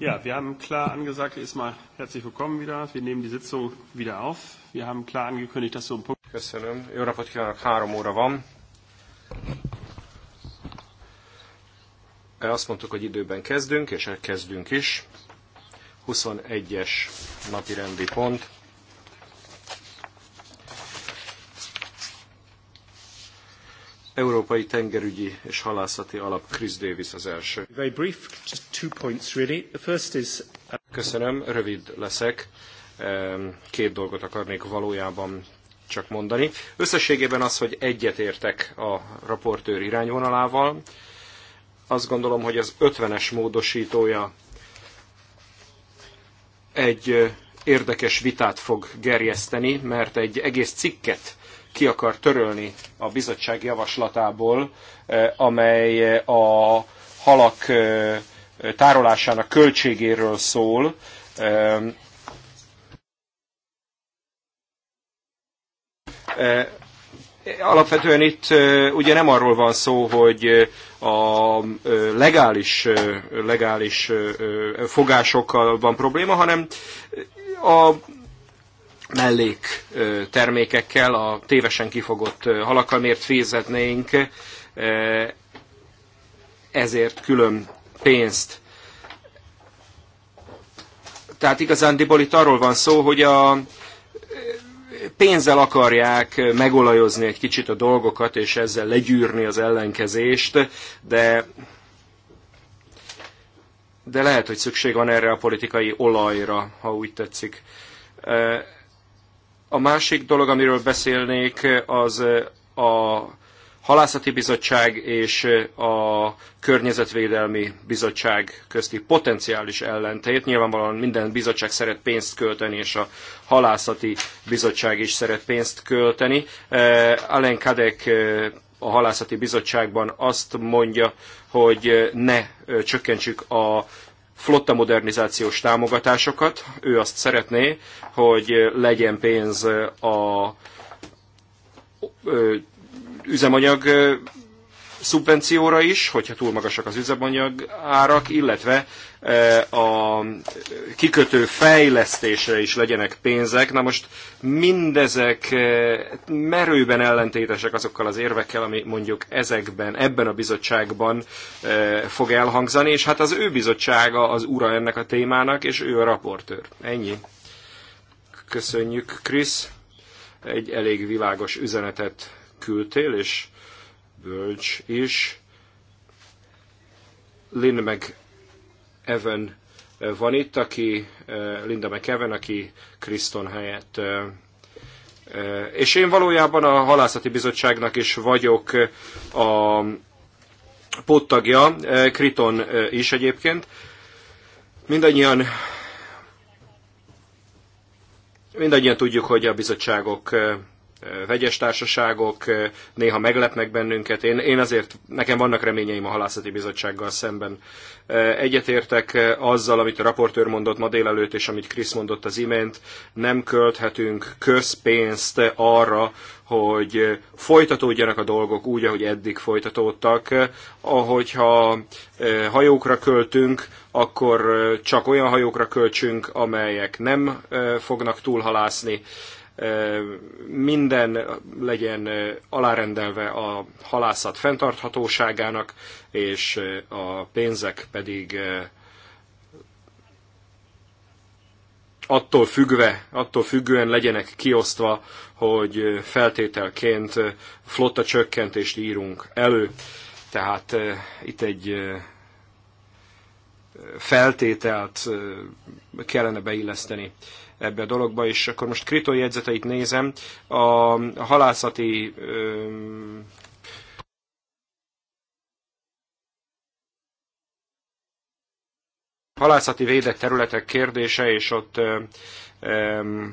Ja, wir haben klar angesagt, erstmal herzlich willkommen wieder. Wir nehmen die Sitzung wieder auf. Wir haben klar angekündigt, dass so ein Punkt. Köszönöm. Jó napot kívánok, három óra van. Azt mondtuk, hogy időben kezdünk, és elkezdünk is. 21-es napi rendi pont. Európai Tengerügyi és Halászati Alap Chris Davis az első. Very brief, just two points really. The first is... Uh, Köszönöm, rövid leszek. Két dolgot akarnék valójában csak mondani. Összességében az, hogy egyetértek a raportőr irányvonalával. Azt gondolom, hogy az 50-es módosítója egy érdekes vitát fog gerjeszteni, mert egy egész cikket ki akar törölni a bizottság javaslatából, amely a halak tárolásának költségéről szól, alapvetően itt ugye nem arról van szó, hogy a legális, legális fogásokkal van probléma, hanem a mellék termékekkel, a tévesen kifogott halakkal miért fizetnénk ezért külön pénzt. Tehát igazán itt arról van szó, hogy a pénzzel akarják megolajozni egy kicsit a dolgokat, és ezzel legyűrni az ellenkezést, de de lehet, hogy szükség van erre a politikai olajra, ha úgy tetszik. A másik dolog, amiről beszélnék, az a halászati bizottság és a környezetvédelmi bizottság közti potenciális ellentét. Nyilvánvalóan minden bizottság szeret pénzt költeni, és a halászati bizottság is szeret pénzt költeni. Alen Kadek a halászati bizottságban azt mondja, hogy ne csökkentsük a flotta modernizációs támogatásokat. Ő azt szeretné, hogy legyen pénz a üzemanyag szubvencióra is, hogyha túl magasak az üzemanyag árak, illetve a kikötő fejlesztésre is legyenek pénzek. Na most mindezek merőben ellentétesek azokkal az érvekkel, ami mondjuk ezekben, ebben a bizottságban fog elhangzani, és hát az ő bizottsága az ura ennek a témának, és ő a raportőr. Ennyi. Köszönjük, Krisz. Egy elég világos üzenetet küldtél, és bölcs is. Lynn meg Evan eh, van itt, aki eh, Linda Evan, aki Kriston helyett. Eh, és én valójában a halászati bizottságnak is vagyok a pottagja, Kriton is egyébként. Mindannyian mindannyian tudjuk, hogy a bizottságok vegyes társaságok néha meglepnek bennünket. Én, én azért, nekem vannak reményeim a halászati bizottsággal szemben. Egyetértek azzal, amit a raportőr mondott ma délelőtt, és amit Krisz mondott az imént, nem költhetünk közpénzt arra, hogy folytatódjanak a dolgok úgy, ahogy eddig folytatódtak. Ahogyha hajókra költünk, akkor csak olyan hajókra költsünk, amelyek nem fognak túlhalászni minden legyen alárendelve a halászat fenntarthatóságának, és a pénzek pedig attól függve, attól függően legyenek kiosztva, hogy feltételként flotta csökkentést írunk elő. Tehát itt egy feltételt kellene beilleszteni ebbe a dologba, és akkor most Krito jegyzeteit nézem, a halászati halászati védett területek kérdése, és ott ö, ö,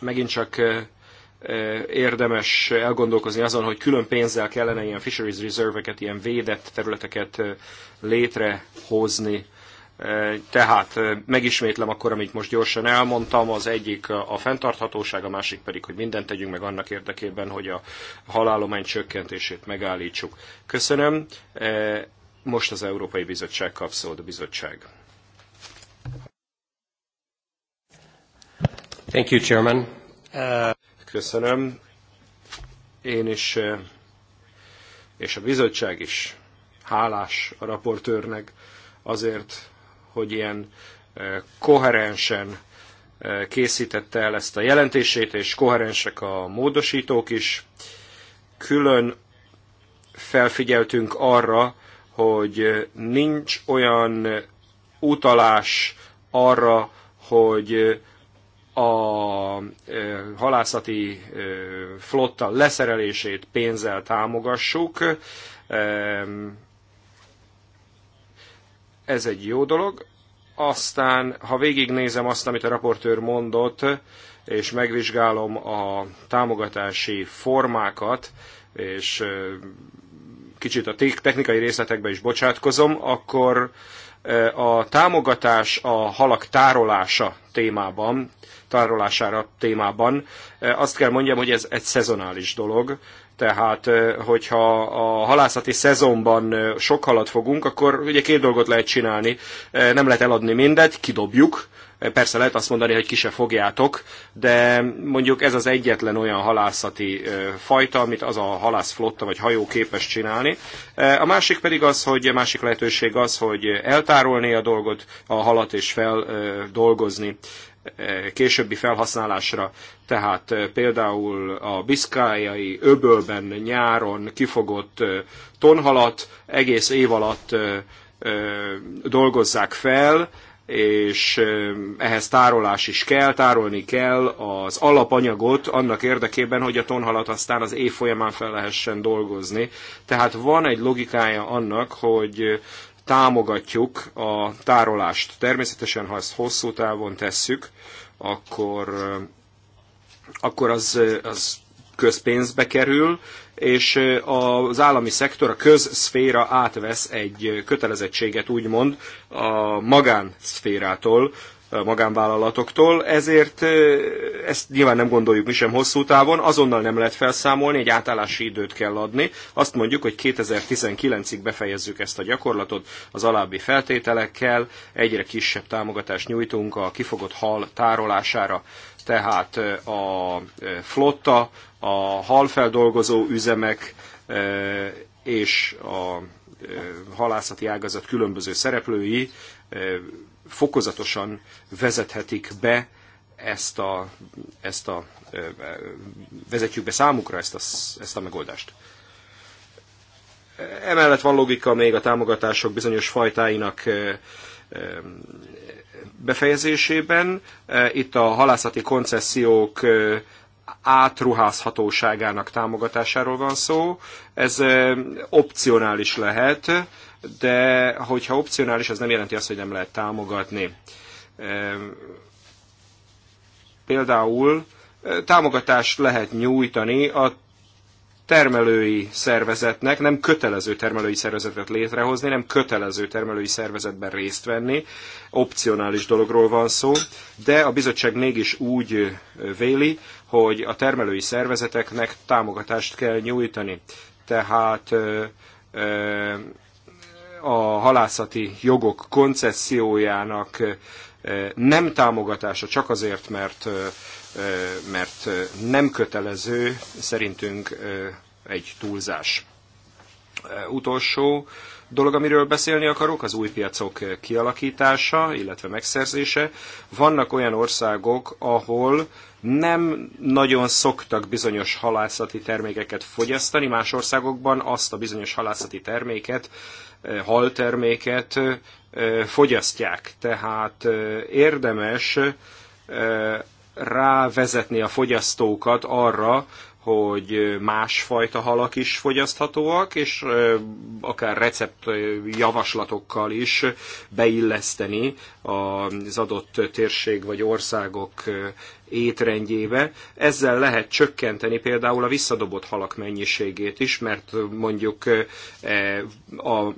megint csak ö, érdemes elgondolkozni azon, hogy külön pénzzel kellene ilyen fisheries reserve-eket, ilyen védett területeket létrehozni. Tehát megismétlem akkor, amit most gyorsan elmondtam, az egyik a fenntarthatóság, a másik pedig, hogy mindent tegyünk meg annak érdekében, hogy a halálomány csökkentését megállítsuk. Köszönöm. Most az Európai Bizottság kap szót, a bizottság. Thank you, Chairman. Köszönöm. Én is, és a bizottság is hálás a raportőrnek, azért, hogy ilyen eh, koherensen eh, készítette el ezt a jelentését, és koherensek a módosítók is. Külön felfigyeltünk arra, hogy eh, nincs olyan utalás arra, hogy a halászati flotta leszerelését pénzzel támogassuk. Ez egy jó dolog. Aztán, ha végignézem azt, amit a raportőr mondott, és megvizsgálom a támogatási formákat, és kicsit a technikai részletekbe is bocsátkozom, akkor a támogatás a halak tárolása témában, tárolására témában, azt kell mondjam, hogy ez egy szezonális dolog. Tehát, hogyha a halászati szezonban sok halat fogunk, akkor ugye két dolgot lehet csinálni. Nem lehet eladni mindet, kidobjuk, Persze lehet azt mondani, hogy ki se fogjátok, de mondjuk ez az egyetlen olyan halászati fajta, amit az a halászflotta vagy hajó képes csinálni. A másik pedig az, hogy a másik lehetőség az, hogy eltárolni a dolgot, a halat és feldolgozni későbbi felhasználásra. Tehát eh, például a biszkájai öbölben nyáron kifogott eh, tonhalat egész év alatt eh, dolgozzák fel, és ehhez tárolás is kell, tárolni kell az alapanyagot annak érdekében, hogy a tonhalat aztán az év folyamán fel lehessen dolgozni. Tehát van egy logikája annak, hogy támogatjuk a tárolást. Természetesen, ha ezt hosszú távon tesszük, akkor, akkor az, az közpénzbe kerül, és az állami szektor, a közszféra átvesz egy kötelezettséget, úgymond, a magánszférától, magánvállalatoktól, ezért ezt nyilván nem gondoljuk mi sem hosszú távon, azonnal nem lehet felszámolni, egy átállási időt kell adni. Azt mondjuk, hogy 2019-ig befejezzük ezt a gyakorlatot az alábbi feltételekkel, egyre kisebb támogatást nyújtunk a kifogott hal tárolására, tehát a flotta, a halfeldolgozó üzemek és a halászati ágazat különböző szereplői fokozatosan vezethetik be ezt a, ezt a vezetjük be számukra ezt a, ezt a megoldást. Emellett van logika még a támogatások bizonyos fajtáinak befejezésében. Itt a halászati koncesziók átruházhatóságának támogatásáról van szó. Ez opcionális lehet, de hogyha opcionális, az nem jelenti azt, hogy nem lehet támogatni. Például támogatást lehet nyújtani a termelői szervezetnek, nem kötelező termelői szervezetet létrehozni, nem kötelező termelői szervezetben részt venni, opcionális dologról van szó, de a bizottság mégis úgy véli, hogy a termelői szervezeteknek támogatást kell nyújtani. Tehát a halászati jogok koncessziójának nem támogatása csak azért, mert, mert nem kötelező, szerintünk egy túlzás. Utolsó dolog, amiről beszélni akarok, az új piacok kialakítása, illetve megszerzése. Vannak olyan országok, ahol nem nagyon szoktak bizonyos halászati termékeket fogyasztani, más országokban azt a bizonyos halászati terméket halterméket fogyasztják. Tehát érdemes rávezetni a fogyasztókat arra, hogy másfajta halak is fogyaszthatóak, és akár recept javaslatokkal is beilleszteni az adott térség vagy országok étrendjébe. Ezzel lehet csökkenteni például a visszadobott halak mennyiségét is, mert mondjuk e, a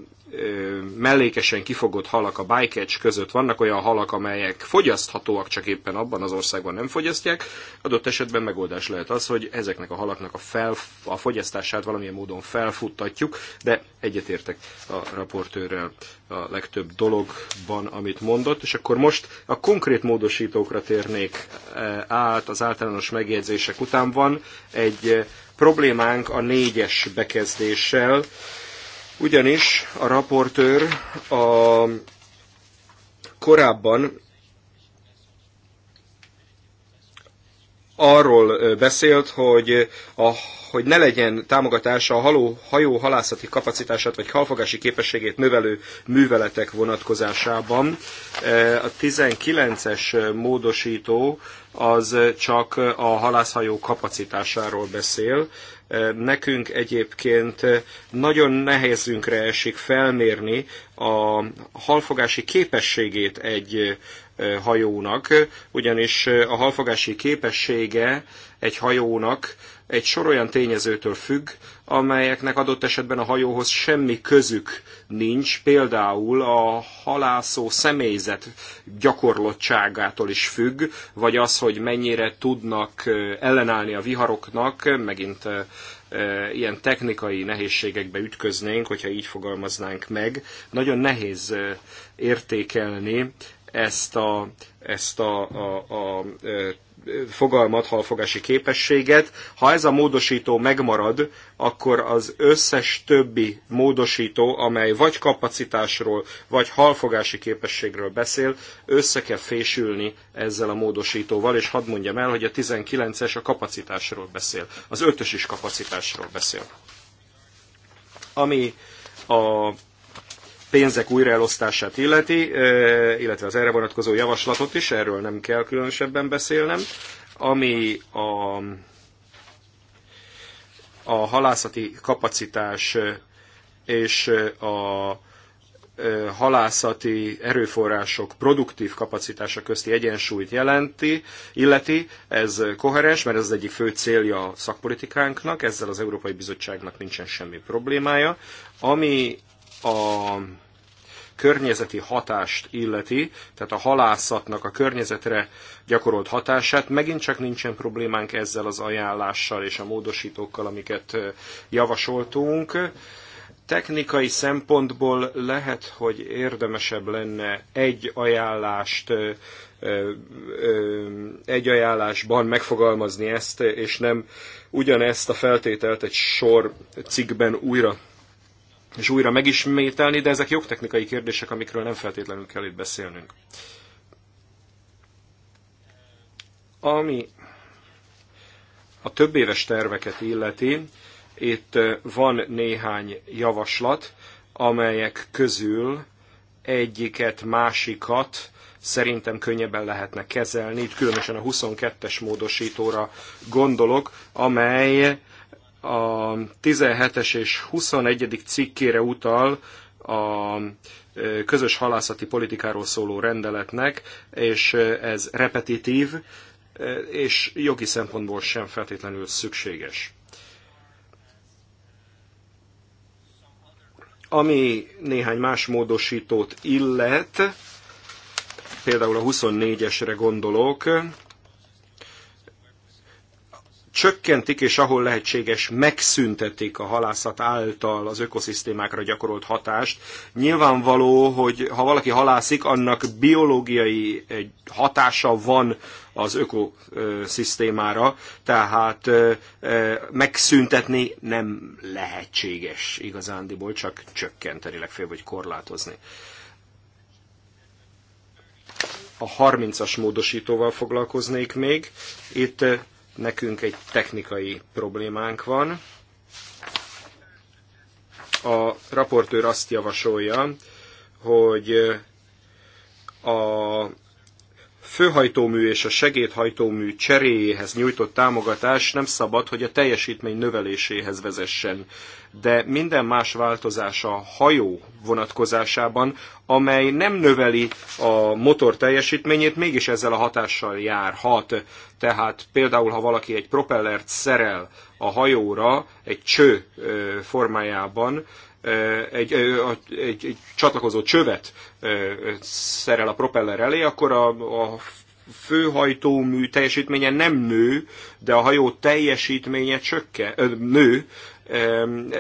mellékesen kifogott halak a bycatch között. Vannak olyan halak, amelyek fogyaszthatóak, csak éppen abban az országban nem fogyasztják. Adott esetben megoldás lehet az, hogy ezeknek a halaknak a, fel, a fogyasztását valamilyen módon felfuttatjuk, de egyetértek a raportőrrel a legtöbb dologban, amit mondott, és akkor most a konkrét módosítókra térnék eh, át, az általános megjegyzések után van egy eh, problémánk a négyes bekezdéssel, ugyanis a raportőr a korábban arról beszélt, hogy, a, hogy ne legyen támogatása a haló, hajó halászati kapacitását vagy halfogási képességét növelő műveletek vonatkozásában. E, a 19-es módosító az csak a halászhajó kapacitásáról beszél. Nekünk egyébként nagyon nehézünkre esik felmérni a halfogási képességét egy hajónak, ugyanis a halfogási képessége egy hajónak egy sor olyan tényezőtől függ, amelyeknek adott esetben a hajóhoz semmi közük nincs, például a halászó személyzet gyakorlottságától is függ, vagy az, hogy mennyire tudnak ellenállni a viharoknak, megint ilyen technikai nehézségekbe ütköznénk, hogyha így fogalmaznánk meg. Nagyon nehéz értékelni ezt a, ezt a, a, a fogalmat, halfogási képességet. Ha ez a módosító megmarad, akkor az összes többi módosító, amely vagy kapacitásról, vagy halfogási képességről beszél, össze kell fésülni ezzel a módosítóval, és hadd mondjam el, hogy a 19-es a kapacitásról beszél. Az 5-ös is kapacitásról beszél. Ami a pénzek újraelosztását illeti, illetve az erre vonatkozó javaslatot is, erről nem kell különösebben beszélnem, ami a, a halászati kapacitás és a halászati erőforrások produktív kapacitása közti egyensúlyt jelenti, illeti, ez koherens, mert ez az egyik fő célja a szakpolitikánknak, ezzel az Európai Bizottságnak nincsen semmi problémája. Ami a környezeti hatást illeti, tehát a halászatnak a környezetre gyakorolt hatását, megint csak nincsen problémánk ezzel az ajánlással és a módosítókkal, amiket javasoltunk. Technikai szempontból lehet, hogy érdemesebb lenne egy ajánlást egy ajánlásban megfogalmazni ezt, és nem ugyanezt a feltételt egy sor cikkben újra és újra megismételni, de ezek jogtechnikai kérdések, amikről nem feltétlenül kell itt beszélnünk. Ami a több éves terveket illeti, itt van néhány javaslat, amelyek közül egyiket, másikat szerintem könnyebben lehetne kezelni, itt különösen a 22-es módosítóra gondolok, amely a 17-es és 21. cikkére utal a közös halászati politikáról szóló rendeletnek, és ez repetitív, és jogi szempontból sem feltétlenül szükséges. Ami néhány más módosítót illet, például a 24-esre gondolok, csökkentik, és ahol lehetséges, megszüntetik a halászat által az ökoszisztémákra gyakorolt hatást. Nyilvánvaló, hogy ha valaki halászik, annak biológiai hatása van az ökoszisztémára, tehát megszüntetni nem lehetséges igazándiból, csak csökkenteni legfőbb, vagy korlátozni a 30-as módosítóval foglalkoznék még. Itt Nekünk egy technikai problémánk van. A raportőr azt javasolja, hogy a főhajtómű és a segédhajtómű cseréjéhez nyújtott támogatás nem szabad, hogy a teljesítmény növeléséhez vezessen, de minden más változás a hajó vonatkozásában, amely nem növeli a motor teljesítményét, mégis ezzel a hatással járhat. Tehát például, ha valaki egy propellert szerel a hajóra, egy cső formájában, egy, egy, egy csatlakozó csövet szerel a propeller elé, akkor a, a főhajtómű teljesítménye nem nő, de a hajó teljesítménye csökken, nő,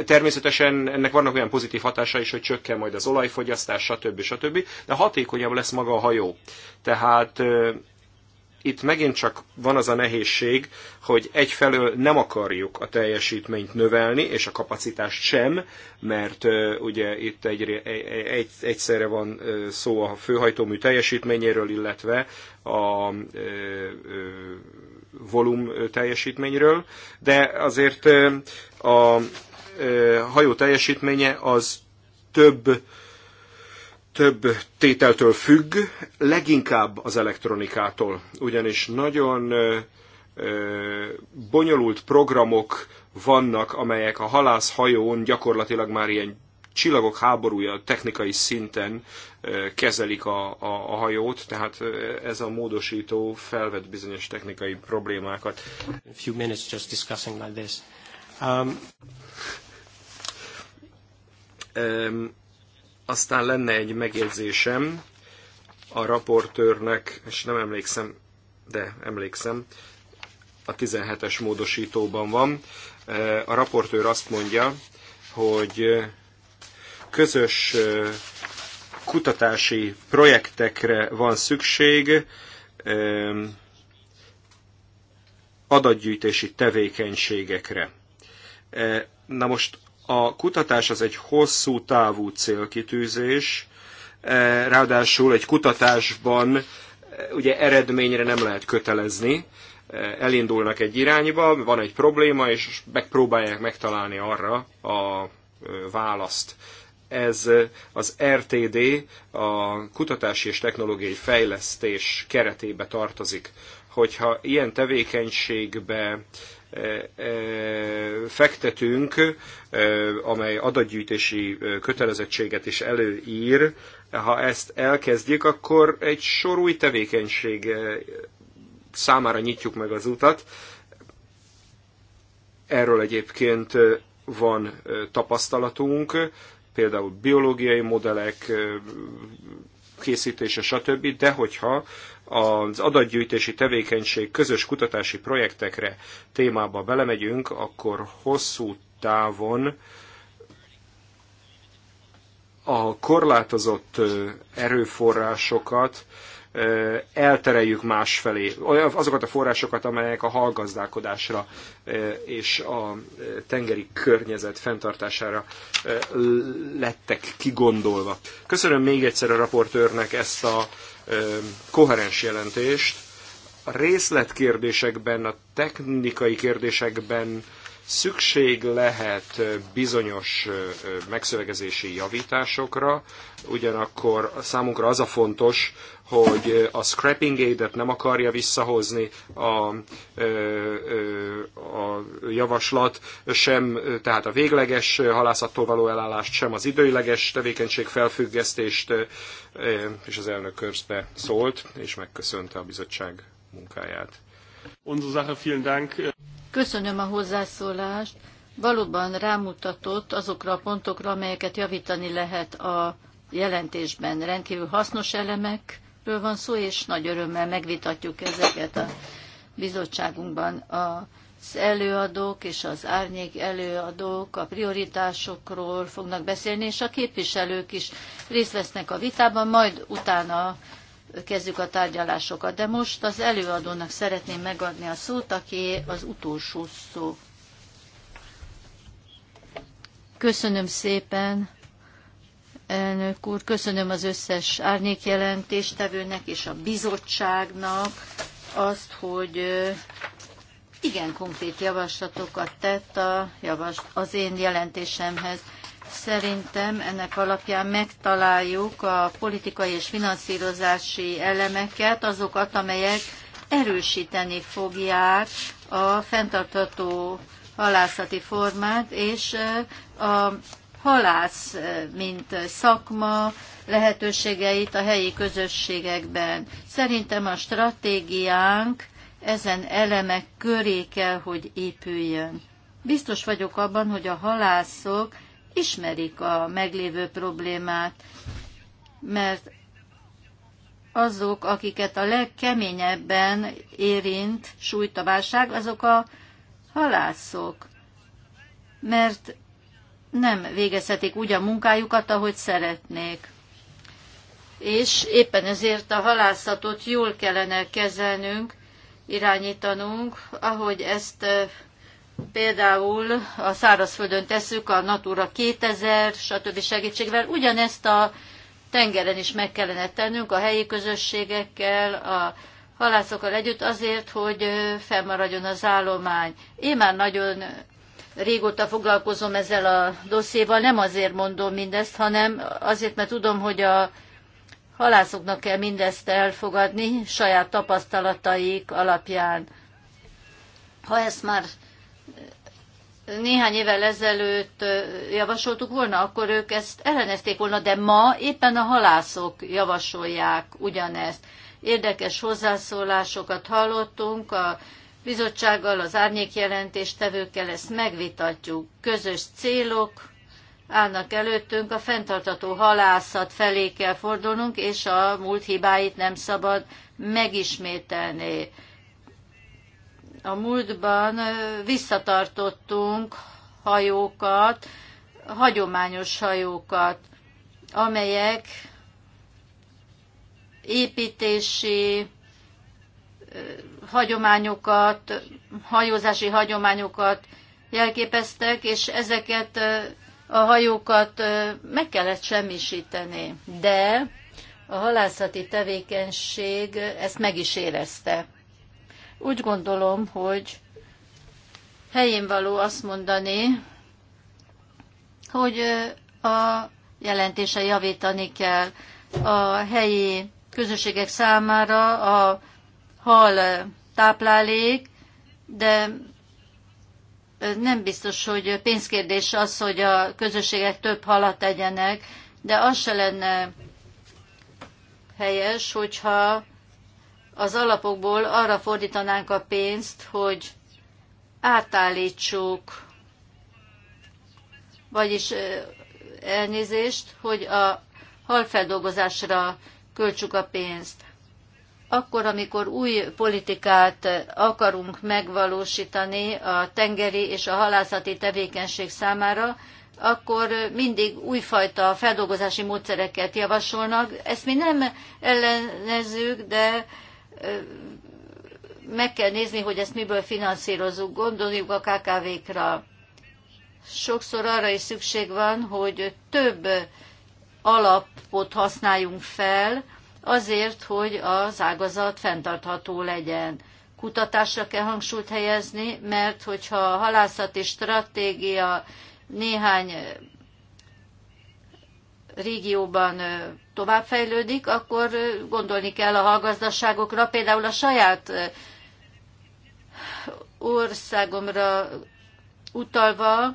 Természetesen ennek vannak olyan pozitív hatása is, hogy csökken majd az olajfogyasztás, stb. stb. De hatékonyabb lesz maga a hajó. Tehát itt megint csak van az a nehézség, hogy egyfelől nem akarjuk a teljesítményt növelni, és a kapacitást sem, mert ugye itt egy, egy, egyszerre van szó a főhajtómű teljesítményéről, illetve a uh, volum teljesítményről, de azért a hajó teljesítménye az több több tételtől függ, leginkább az elektronikától, ugyanis nagyon bonyolult programok vannak, amelyek a halászhajón gyakorlatilag már ilyen csillagok háborúja technikai szinten kezelik a, a, a hajót, tehát ez a módosító felvet bizonyos technikai problémákat. A few minutes just discussing like this. Um... Um, aztán lenne egy megjegyzésem a raportőrnek, és nem emlékszem, de emlékszem, a 17-es módosítóban van. E, a raportőr azt mondja, hogy közös e, kutatási projektekre van szükség, e, adatgyűjtési tevékenységekre. Na most a kutatás az egy hosszú távú célkitűzés, e, ráadásul egy kutatásban e, ugye eredményre nem lehet kötelezni, e, elindulnak egy irányba, van egy probléma, és megpróbálják megtalálni arra a választ. Ez az RTD a kutatási és technológiai fejlesztés keretébe tartozik. Hogyha ilyen tevékenységbe fektetünk, amely adatgyűjtési kötelezettséget is előír, ha ezt elkezdjük, akkor egy sor új tevékenység számára nyitjuk meg az utat. Erről egyébként van tapasztalatunk, például biológiai modellek készítése, stb., de hogyha az adatgyűjtési tevékenység közös kutatási projektekre témába belemegyünk, akkor hosszú távon a korlátozott erőforrásokat eltereljük másfelé azokat a forrásokat, amelyek a hallgazdálkodásra és a tengeri környezet fenntartására lettek kigondolva. Köszönöm még egyszer a raportőrnek ezt a koherens jelentést. A részletkérdésekben, a technikai kérdésekben Szükség lehet bizonyos megszövegezési javításokra, ugyanakkor számunkra az a fontos, hogy a scrapping aidet nem akarja visszahozni a, a javaslat, sem tehát a végleges halászattól való elállást, sem az időleges tevékenység felfüggesztést, és az elnök körzbe szólt, és megköszönte a bizottság munkáját. Unsere Sache, vielen Dank. Köszönöm a hozzászólást. Valóban rámutatott azokra a pontokra, amelyeket javítani lehet a jelentésben. Rendkívül hasznos elemekről van szó, és nagy örömmel megvitatjuk ezeket a bizottságunkban. Az előadók és az árnyék előadók a prioritásokról fognak beszélni, és a képviselők is részt vesznek a vitában, majd utána kezdjük a tárgyalásokat. De most az előadónak szeretném megadni a szót, aki az utolsó szó. Köszönöm szépen, elnök úr, köszönöm az összes árnyékjelentéstevőnek és a bizottságnak azt, hogy igen konkrét javaslatokat tett a javas, az én jelentésemhez. Szerintem ennek alapján megtaláljuk a politikai és finanszírozási elemeket, azokat, amelyek erősíteni fogják a fenntartható halászati formát, és eh, a halász, eh, mint szakma lehetőségeit a helyi közösségekben. Szerintem a stratégiánk ezen elemek köré kell, hogy épüljön. Biztos vagyok abban, hogy a halászok ismerik a meglévő problémát, mert azok, akiket a legkeményebben érint, sújt a válság, azok a halászok, mert nem végezhetik úgy a munkájukat, ahogy szeretnék. És éppen ezért a halászatot jól kellene kezelnünk, irányítanunk, ahogy ezt eh, például a szárazföldön tesszük a Natura 2000, stb. segítségvel, ugyanezt a tengeren is meg kellene tennünk a helyi közösségekkel, a halászokkal együtt azért, hogy fennmaradjon az állomány. Én már nagyon régóta foglalkozom ezzel a dosszéval, nem azért mondom mindezt, hanem azért, mert tudom, hogy a halászoknak kell mindezt elfogadni saját tapasztalataik alapján. Ha ezt már néhány évvel ezelőtt javasoltuk volna, akkor ők ezt ellenezték volna, de ma éppen a halászok javasolják ugyanezt. Érdekes hozzászólásokat hallottunk, a bizottsággal, az árnyékjelentéstevőkkel ezt megvitatjuk. Közös célok állnak előttünk, a fenntartató halászat felé kell fordulnunk, és a múlt hibáit nem szabad megismételni a múltban visszatartottunk hajókat, hagyományos hajókat, amelyek építési hagyományokat, hajózási hagyományokat jelképeztek, és ezeket a hajókat meg kellett semmisíteni. De a halászati tevékenység ezt meg is érezte. Úgy gondolom, hogy helyén való azt mondani, hogy a jelentése javítani kell a helyi közösségek számára a hal táplálék, de nem biztos, hogy pénzkérdés az, hogy a közösségek több halat tegyenek, de az se lenne helyes, hogyha az alapokból arra fordítanánk a pénzt, hogy átállítsuk, vagyis elnézést, hogy a halfeldolgozásra költsük a pénzt. Akkor, amikor új politikát akarunk megvalósítani a tengeri és a halászati tevékenység számára, akkor mindig újfajta feldolgozási módszereket javasolnak. Ezt mi nem ellenezzük, de meg kell nézni, hogy ezt miből finanszírozunk, gondoljuk a KKV-kra. Sokszor arra is szükség van, hogy több alapot használjunk fel, azért, hogy az ágazat fenntartható legyen. Kutatásra kell hangsúlyt helyezni, mert hogyha a halászati stratégia néhány régióban továbbfejlődik, akkor gondolni kell a hallgazdaságokra, például a saját országomra utalva,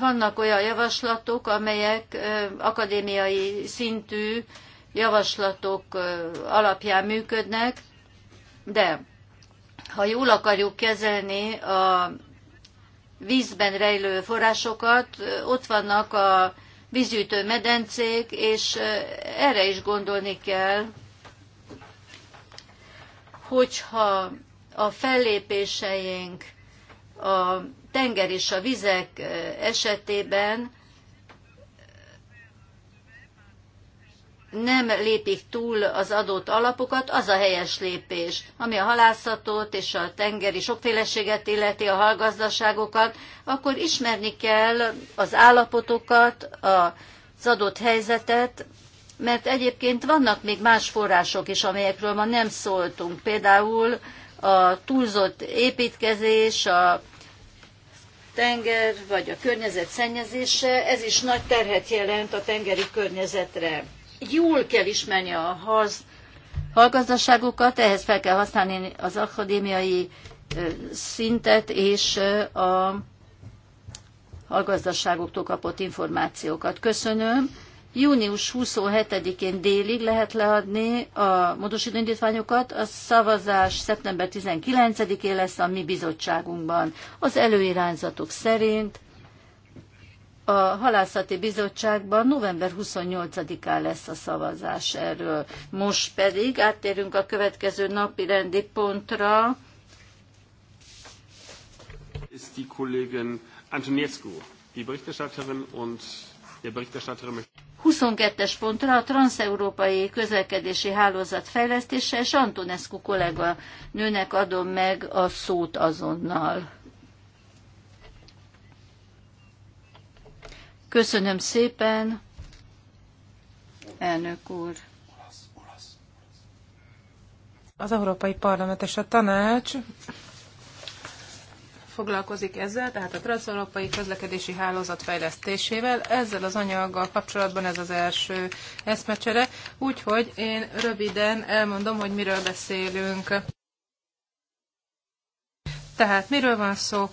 vannak olyan javaslatok, amelyek akadémiai szintű javaslatok alapján működnek, de ha jól akarjuk kezelni a vízben rejlő forrásokat, ott vannak a vízgyűjtő medencék, és erre is gondolni kell, hogyha a fellépéseink a tenger és a vizek esetében nem lépik túl az adott alapokat, az a helyes lépés, ami a halászatot és a tengeri sokféleséget illeti, a hallgazdaságokat, akkor ismerni kell az állapotokat, az adott helyzetet, mert egyébként vannak még más források is, amelyekről ma nem szóltunk. Például a túlzott építkezés, a tenger vagy a környezet szennyezése, ez is nagy terhet jelent a tengeri környezetre jól kell ismerni a haz, hallgazdaságokat, ehhez fel kell használni az akadémiai szintet és a hallgazdaságoktól kapott információkat. Köszönöm. Június 27-én délig lehet leadni a módosító indítványokat, a szavazás szeptember 19-én lesz a mi bizottságunkban. Az előirányzatok szerint a halászati bizottságban november 28-án lesz a szavazás erről. Most pedig áttérünk a következő napi rendi pontra. Ist die Kollegin Antoniescu, die Berichterstatterin und der Berichterstatterin 22-es pontra a transeurópai közlekedési hálózat fejlesztése, és Antonescu kollega nőnek adom meg a szót azonnal. Köszönöm szépen, elnök úr. Az Európai Parlament és a Tanács foglalkozik ezzel, tehát a transzeurópai közlekedési hálózat fejlesztésével. Ezzel az anyaggal kapcsolatban ez az első eszmecsere, úgyhogy én röviden elmondom, hogy miről beszélünk. Tehát miről van szó?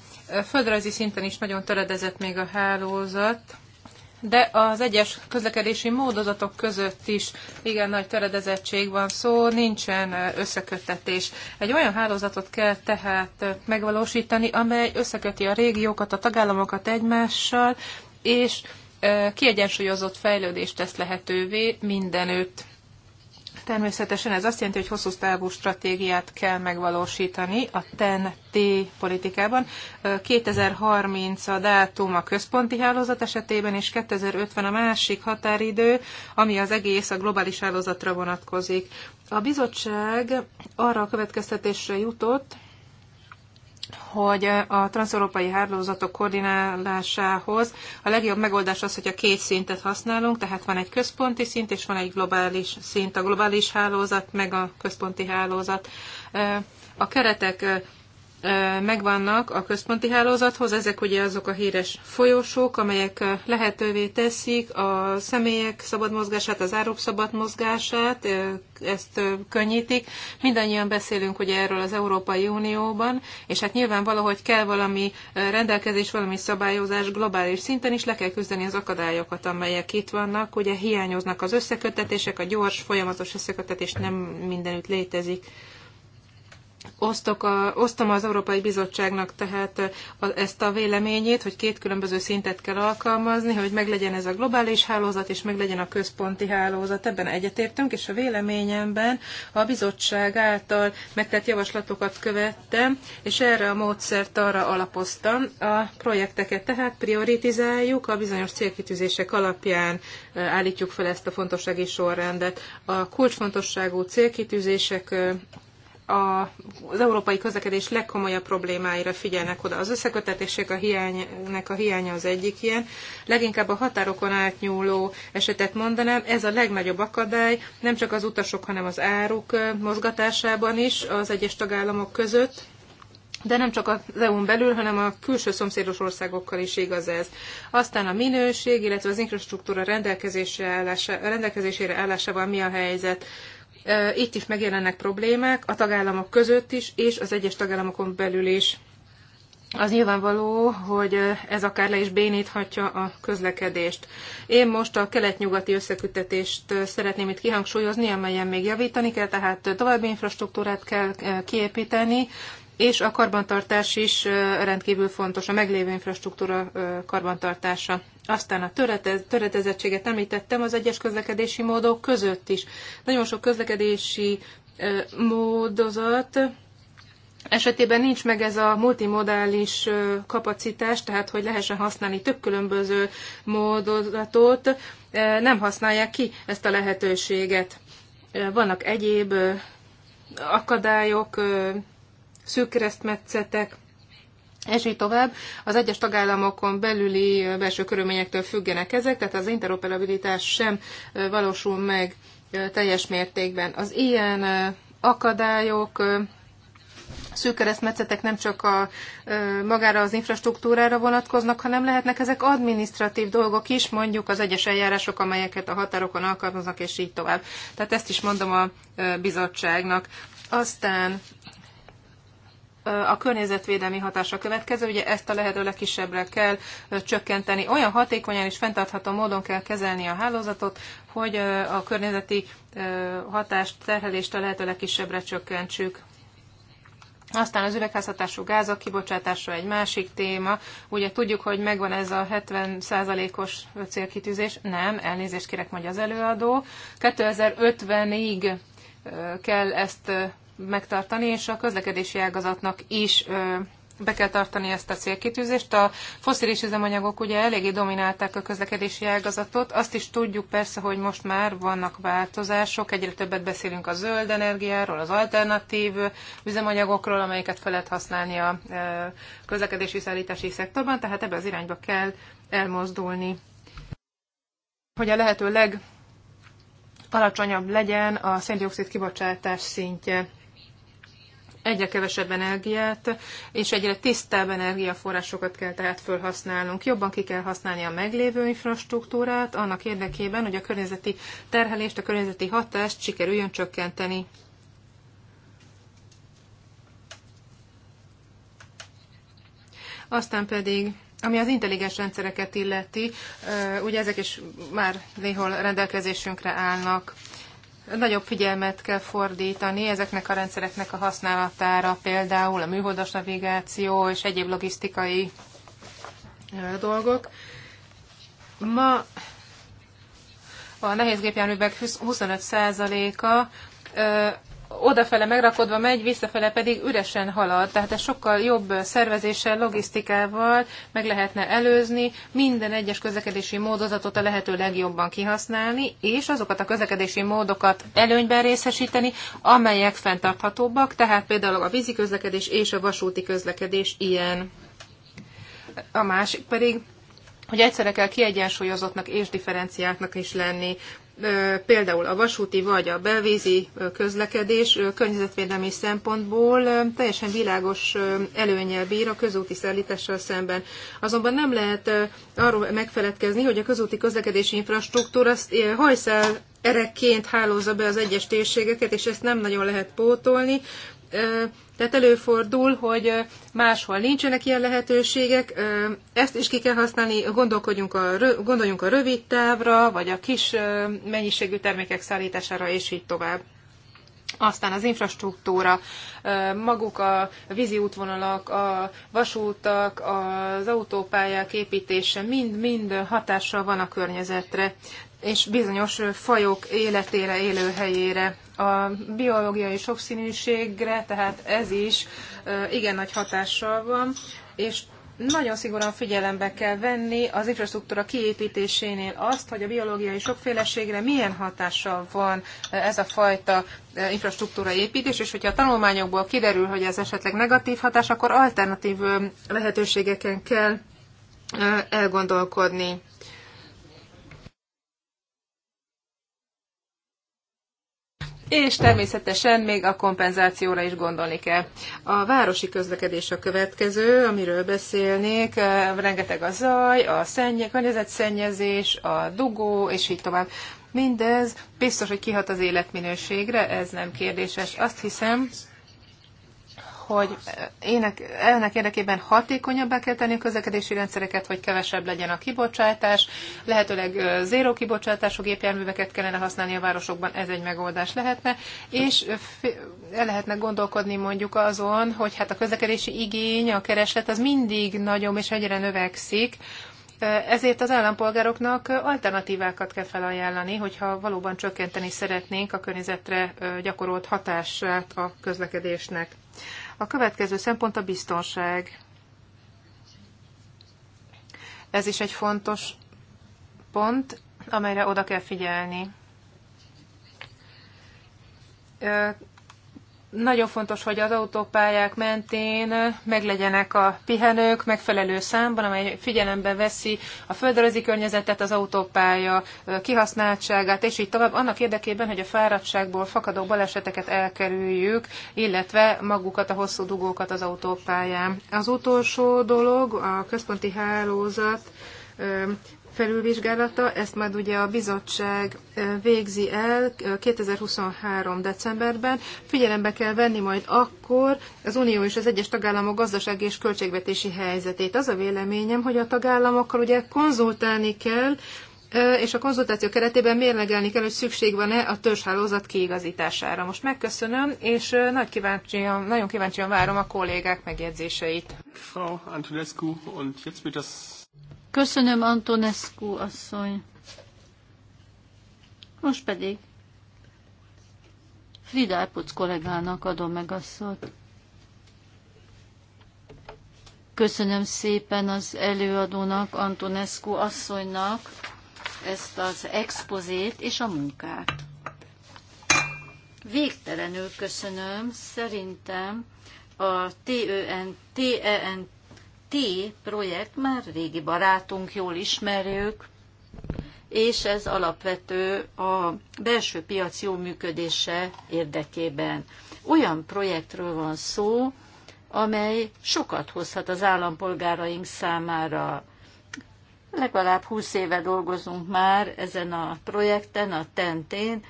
Földrajzi szinten is nagyon töredezett még a hálózat de az egyes közlekedési módozatok között is igen nagy töredezettség van szó, nincsen összeköttetés. Egy olyan hálózatot kell tehát megvalósítani, amely összeköti a régiókat, a tagállamokat egymással, és kiegyensúlyozott fejlődést tesz lehetővé mindenütt. Természetesen ez azt jelenti, hogy hosszú távú stratégiát kell megvalósítani a TEN-T politikában. 2030 a dátum a központi hálózat esetében, és 2050 a másik határidő, ami az egész a globális hálózatra vonatkozik. A bizottság arra a következtetésre jutott, hogy a transzeurópai hálózatok koordinálásához a legjobb megoldás az, hogy a két szintet használunk, tehát van egy központi szint, és van egy globális szint, a globális hálózat, meg a központi hálózat. A keretek megvannak a központi hálózathoz. Ezek ugye azok a híres folyosók, amelyek lehetővé teszik a személyek szabad mozgását, az áruk szabad mozgását, ezt könnyítik. Mindannyian beszélünk ugye erről az Európai Unióban, és hát nyilván valahogy kell valami rendelkezés, valami szabályozás globális szinten is, le kell küzdeni az akadályokat, amelyek itt vannak. Ugye hiányoznak az összekötetések, a gyors, folyamatos összekötetés nem mindenütt létezik. Osztok a, osztom az Európai Bizottságnak tehát a, ezt a véleményét, hogy két különböző szintet kell alkalmazni, hogy meglegyen ez a globális hálózat, és meglegyen a központi hálózat. Ebben egyetértünk, és a véleményemben a bizottság által megtett javaslatokat követtem, és erre a módszert arra alapoztam. A projekteket tehát prioritizáljuk, a bizonyos célkitűzések alapján eh, állítjuk fel ezt a fontossági sorrendet. A kulcsfontosságú célkitűzések eh, a, az európai közlekedés legkomolyabb problémáira figyelnek oda. Az összekötetések a hiánynek a hiánya az egyik ilyen. Leginkább a határokon átnyúló esetet mondanám, ez a legnagyobb akadály, nem csak az utasok, hanem az áruk mozgatásában is az egyes tagállamok között. De nem csak az EU-n belül, hanem a külső szomszédos országokkal is igaz ez. Aztán a minőség, illetve az infrastruktúra rendelkezésre állása, rendelkezésére állásával mi a helyzet. Itt is megjelennek problémák a tagállamok között is, és az egyes tagállamokon belül is. Az nyilvánvaló, hogy ez akár le is béníthatja a közlekedést. Én most a kelet-nyugati összekütetést szeretném itt kihangsúlyozni, amelyen még javítani kell, tehát további infrastruktúrát kell kiépíteni, és a karbantartás is rendkívül fontos, a meglévő infrastruktúra karbantartása. Aztán a törete, töretezettséget említettem az egyes közlekedési módok között is. Nagyon sok közlekedési módozat esetében nincs meg ez a multimodális kapacitás, tehát hogy lehessen használni több különböző módozatot, nem használják ki ezt a lehetőséget. Vannak egyéb akadályok, szűk keresztmetszetek, és így tovább. Az egyes tagállamokon belüli belső körülményektől függenek ezek, tehát az interoperabilitás sem valósul meg teljes mértékben. Az ilyen akadályok, szűk keresztmetszetek nem csak a, magára az infrastruktúrára vonatkoznak, hanem lehetnek ezek administratív dolgok is, mondjuk az egyes eljárások, amelyeket a határokon alkalmaznak, és így tovább. Tehát ezt is mondom a bizottságnak. Aztán a környezetvédelmi hatása következő, ugye ezt a lehető legkisebbre kell csökkenteni. Olyan hatékonyan és fenntartható módon kell kezelni a hálózatot, hogy a környezeti hatást, terhelést a lehető legkisebbre csökkentsük. Aztán az üvegházhatású gázok kibocsátása egy másik téma. Ugye tudjuk, hogy megvan ez a 70%-os célkitűzés. Nem, elnézést kérek, mondja az előadó. 2050-ig kell ezt megtartani, és a közlekedési ágazatnak is be kell tartani ezt a célkitűzést. A foszilis üzemanyagok ugye eléggé dominálták a közlekedési ágazatot. Azt is tudjuk persze, hogy most már vannak változások. Egyre többet beszélünk a zöld energiáról, az alternatív üzemanyagokról, amelyeket fel lehet használni a közlekedési szállítási szektorban, tehát ebbe az irányba kell elmozdulni. Hogy a lehető leg alacsonyabb legyen a széndiokszid kibocsátás szintje egyre kevesebb energiát, és egyre tisztább energiaforrásokat kell tehát felhasználnunk. Jobban ki kell használni a meglévő infrastruktúrát annak érdekében, hogy a környezeti terhelést, a környezeti hatást sikerüljön csökkenteni. Aztán pedig ami az intelligens rendszereket illeti, ugye ezek is már néhol rendelkezésünkre állnak nagyobb figyelmet kell fordítani ezeknek a rendszereknek a használatára, például a műholdas navigáció és egyéb logisztikai dolgok. Ma a nehézgépjárművek 25%-a odafele megrakodva megy, visszafele pedig üresen halad. Tehát ez sokkal jobb szervezéssel, logisztikával meg lehetne előzni, minden egyes közlekedési módozatot a lehető legjobban kihasználni, és azokat a közlekedési módokat előnyben részesíteni, amelyek fenntarthatóbbak, tehát például a vízi közlekedés és a vasúti közlekedés ilyen. A másik pedig hogy egyszerre kell kiegyensúlyozottnak és differenciáknak is lenni például a vasúti vagy a belvízi közlekedés környezetvédelmi szempontból teljesen világos előnyel bír a közúti szállítással szemben. Azonban nem lehet arról megfeledkezni, hogy a közúti közlekedési infrastruktúra hajszál erekként hálózza be az egyes térségeket, és ezt nem nagyon lehet pótolni tehát előfordul, hogy máshol nincsenek ilyen lehetőségek, ezt is ki kell használni, gondolkodjunk a, gondoljunk a rövid távra, vagy a kis mennyiségű termékek szállítására, és így tovább. Aztán az infrastruktúra, maguk a vízi útvonalak, a vasútak, az autópályák építése mind-mind hatással van a környezetre és bizonyos fajok életére, élőhelyére, a biológiai sokszínűségre, tehát ez is igen nagy hatással van, és nagyon szigorúan figyelembe kell venni az infrastruktúra kiépítésénél azt, hogy a biológiai sokféleségre milyen hatással van ez a fajta infrastruktúra építés, és hogyha a tanulmányokból kiderül, hogy ez esetleg negatív hatás, akkor alternatív lehetőségeken kell elgondolkodni. és természetesen még a kompenzációra is gondolni kell. A városi közlekedés a következő, amiről beszélnék, rengeteg a zaj, a szennye, környezetszennyezés, a dugó, és így tovább. Mindez biztos, hogy kihat az életminőségre, ez nem kérdéses. Azt hiszem, hogy ének, ennek érdekében hatékonyabbá kell tenni a közlekedési rendszereket, hogy kevesebb legyen a kibocsátás, lehetőleg zéró kibocsátású gépjárműveket kellene használni a városokban, ez egy megoldás lehetne, és el lehetne gondolkodni mondjuk azon, hogy hát a közlekedési igény, a kereslet az mindig nagyobb és egyre növekszik, ezért az állampolgároknak alternatívákat kell felajánlani, hogyha valóban csökkenteni szeretnénk a környezetre gyakorolt hatását a közlekedésnek. A következő szempont a biztonság. Ez is egy fontos pont, amelyre oda kell figyelni nagyon fontos, hogy az autópályák mentén meglegyenek a pihenők megfelelő számban, amely figyelembe veszi a földrajzi környezetet, az autópálya kihasználtságát, és így tovább, annak érdekében, hogy a fáradtságból fakadó baleseteket elkerüljük, illetve magukat a hosszú dugókat az autópályán. Az utolsó dolog a központi hálózat felülvizsgálata, ezt majd ugye a bizottság végzi el 2023. decemberben. Figyelembe kell venni majd akkor az Unió és az egyes tagállamok gazdasági és költségvetési helyzetét. Az a véleményem, hogy a tagállamokkal ugye konzultálni kell, és a konzultáció keretében mérlegelni kell, hogy szükség van-e a törzshálózat kiigazítására. Most megköszönöm, és nagy kíváncsian, nagyon kíváncsian várom a kollégák megjegyzéseit. Frau Antonescu, und jetzt wird das Köszönöm, Antonescu asszony. Most pedig Frida Epuc kollégának adom meg a szót. Köszönöm szépen az előadónak, Antonescu asszonynak ezt az expozét és a munkát. Végtelenül köszönöm, szerintem a TEN, TENT T projekt már régi barátunk, jól ismerjük, és ez alapvető a belső piac jó működése érdekében. Olyan projektről van szó, amely sokat hozhat az állampolgáraink számára. Legalább 20 éve dolgozunk már ezen a projekten, a Tentén,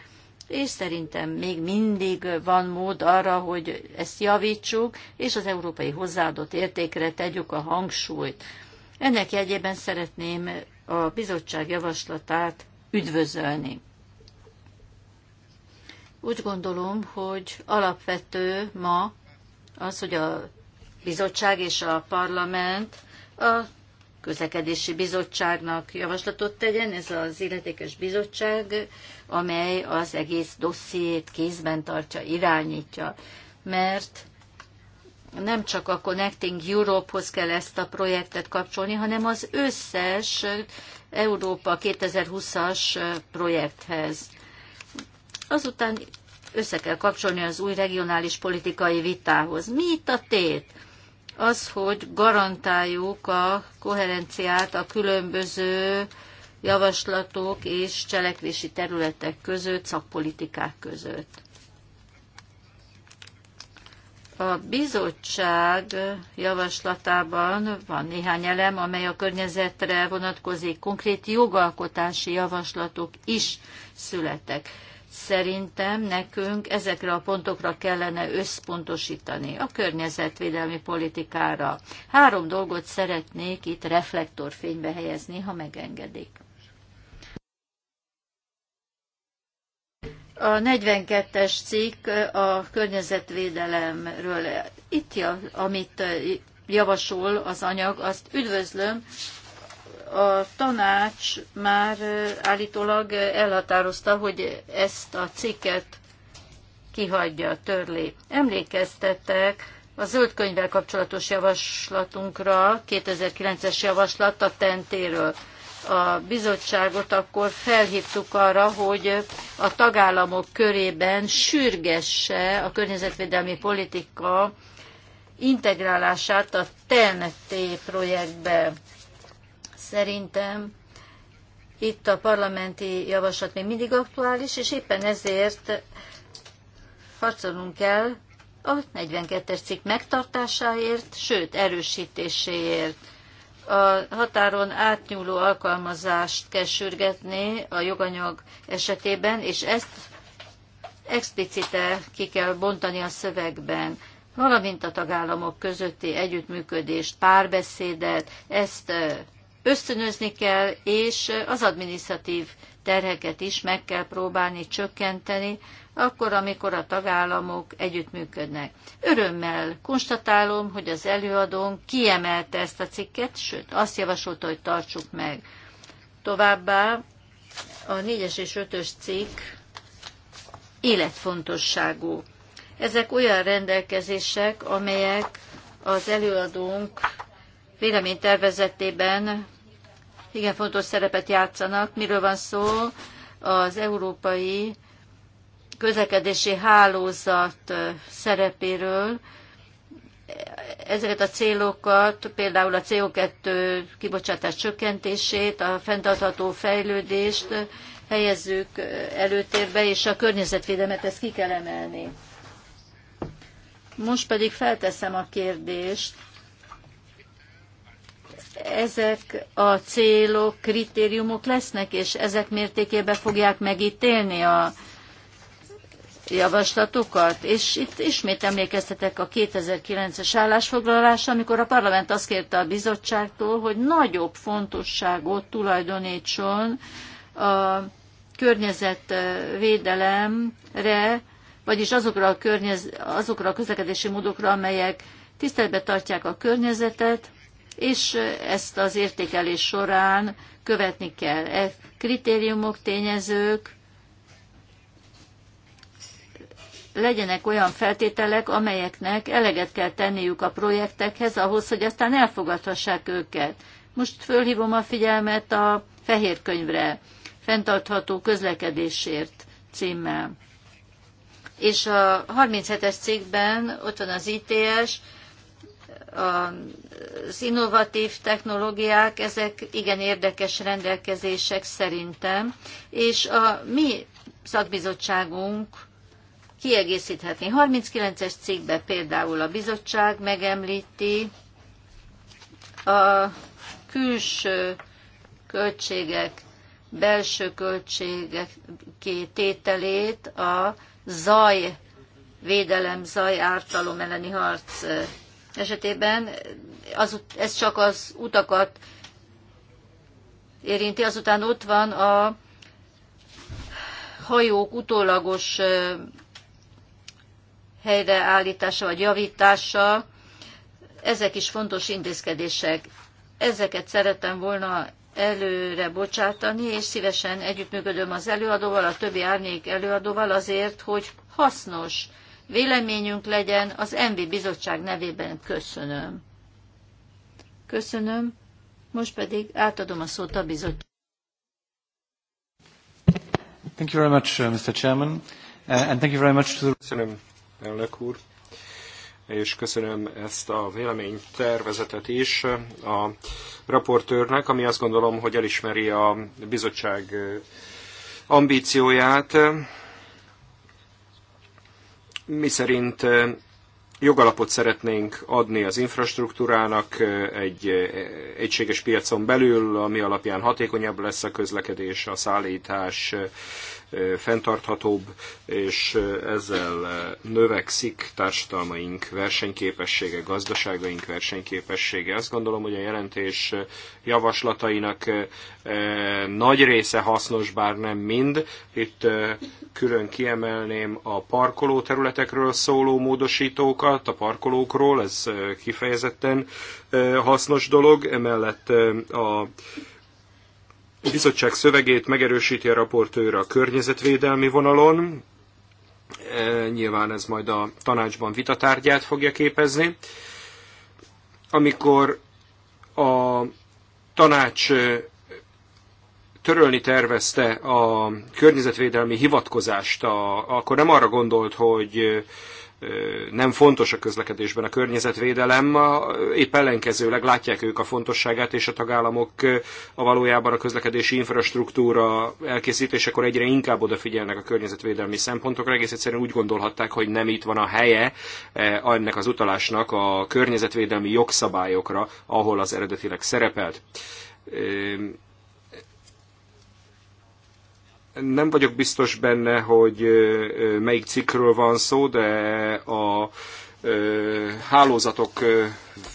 és szerintem még mindig van mód arra, hogy ezt javítsuk, és az európai hozzáadott értékre tegyük a hangsúlyt. Ennek jegyében szeretném a bizottság javaslatát üdvözölni. Úgy gondolom, hogy alapvető ma az, hogy a bizottság és a parlament a közlekedési bizottságnak javaslatot tegyen, ez az illetékes bizottság, amely az egész dossziét kézben tartja, irányítja, mert nem csak a Connecting Europe-hoz kell ezt a projektet kapcsolni, hanem az összes Európa 2020-as projekthez. Azután össze kell kapcsolni az új regionális politikai vitához. Mi itt a tét? az, hogy garantáljuk a koherenciát a különböző javaslatok és cselekvési területek között, szakpolitikák között. A bizottság javaslatában van néhány elem, amely a környezetre vonatkozik, konkrét jogalkotási javaslatok is születtek szerintem nekünk ezekre a pontokra kellene összpontosítani, a környezetvédelmi politikára. Három dolgot szeretnék itt reflektorfénybe helyezni, ha megengedik. A 42-es cikk a környezetvédelemről. Itt, amit javasol az anyag, azt üdvözlöm, a tanács már állítólag elhatározta, hogy ezt a cikket kihagyja, a törli. Emlékeztettek a zöld könyvvel kapcsolatos javaslatunkra, 2009-es javaslat a tentéről. A bizottságot akkor felhívtuk arra, hogy a tagállamok körében sürgesse a környezetvédelmi politika integrálását a TNT projektbe Szerintem itt a parlamenti javaslat még mindig aktuális, és éppen ezért harcolnunk kell a 42-es cikk megtartásáért, sőt erősítéséért. A határon átnyúló alkalmazást kell sürgetni a joganyag esetében, és ezt explicite ki kell bontani a szövegben, valamint a tagállamok közötti együttműködést, párbeszédet, ezt ösztönözni kell, és az adminisztratív terheket is meg kell próbálni csökkenteni, akkor, amikor a tagállamok együttműködnek. Örömmel konstatálom, hogy az előadónk kiemelte ezt a cikket, sőt, azt javasolta, hogy tartsuk meg. Továbbá a 4-es és 5-ös cikk életfontosságú. Ezek olyan rendelkezések, amelyek az előadónk véleménytervezetében igen fontos szerepet játszanak. Miről van szó? Az európai közlekedési hálózat szerepéről. Ezeket a célokat, például a CO2 kibocsátás csökkentését, a fenntartható fejlődést helyezzük előtérbe, és a környezetvédelmet ezt ki kell emelni. Most pedig felteszem a kérdést, ezek a célok, kritériumok lesznek, és ezek mértékében fogják megítélni a javaslatokat. És itt ismét emlékeztetek a 2009-es állásfoglalásra, amikor a parlament azt kérte a bizottságtól, hogy nagyobb fontosságot tulajdonítson a környezetvédelemre, vagyis azokra a, környez, azokra a közlekedési módokra, amelyek tiszteletbe tartják a környezetet, és ezt az értékelés során követni kell. E kritériumok, tényezők, legyenek olyan feltételek, amelyeknek eleget kell tenniük a projektekhez ahhoz, hogy aztán elfogadhassák őket. Most fölhívom a figyelmet a fehér könyvre, fenntartható közlekedésért címmel. És a 37-es cikkben ott van az ITS, az innovatív technológiák, ezek igen érdekes rendelkezések szerintem, és a mi szakbizottságunk kiegészíthetni. 39-es cikkben például a bizottság megemlíti a külső költségek, belső költségek kétételét a zaj, védelem, zaj ártalom elleni harc esetében az, ez csak az utakat érinti, azután ott van a hajók utólagos helyreállítása vagy javítása, ezek is fontos intézkedések. Ezeket szeretem volna előre bocsátani, és szívesen együttműködöm az előadóval, a többi árnyék előadóval azért, hogy hasznos véleményünk legyen. Az Envi Bizottság nevében köszönöm. Köszönöm. Most pedig átadom a szót a bizottság. Thank you very much, uh, Mr. Chairman, uh, and thank you very much to the... Köszönöm, elnök úr, és köszönöm ezt a véleménytervezetet is a raportőrnek, ami azt gondolom, hogy elismeri a bizottság uh, ambícióját, mi szerint jogalapot szeretnénk adni az infrastruktúrának egy egységes piacon belül, ami alapján hatékonyabb lesz a közlekedés, a szállítás, fenntarthatóbb, és ezzel növekszik társadalmaink versenyképessége, gazdaságaink versenyképessége. Azt gondolom, hogy a jelentés javaslatainak nagy része hasznos, bár nem mind. Itt külön kiemelném a parkoló területekről szóló módosítókat, a parkolókról, ez kifejezetten hasznos dolog, emellett a bizottság szövegét megerősíti a raportőr a környezetvédelmi vonalon. E, nyilván ez majd a tanácsban vitatárgyát fogja képezni. Amikor a tanács e, törölni tervezte a környezetvédelmi hivatkozást, a, akkor nem arra gondolt, hogy e, nem fontos a közlekedésben a környezetvédelem, épp ellenkezőleg látják ők a fontosságát, és a tagállamok a valójában a közlekedési infrastruktúra elkészítésekor egyre inkább odafigyelnek a környezetvédelmi szempontokra. Egész egyszerűen úgy gondolhatták, hogy nem itt van a helye ennek az utalásnak a környezetvédelmi jogszabályokra, ahol az eredetileg szerepelt nem vagyok biztos benne, hogy melyik cikkről van szó, de a hálózatok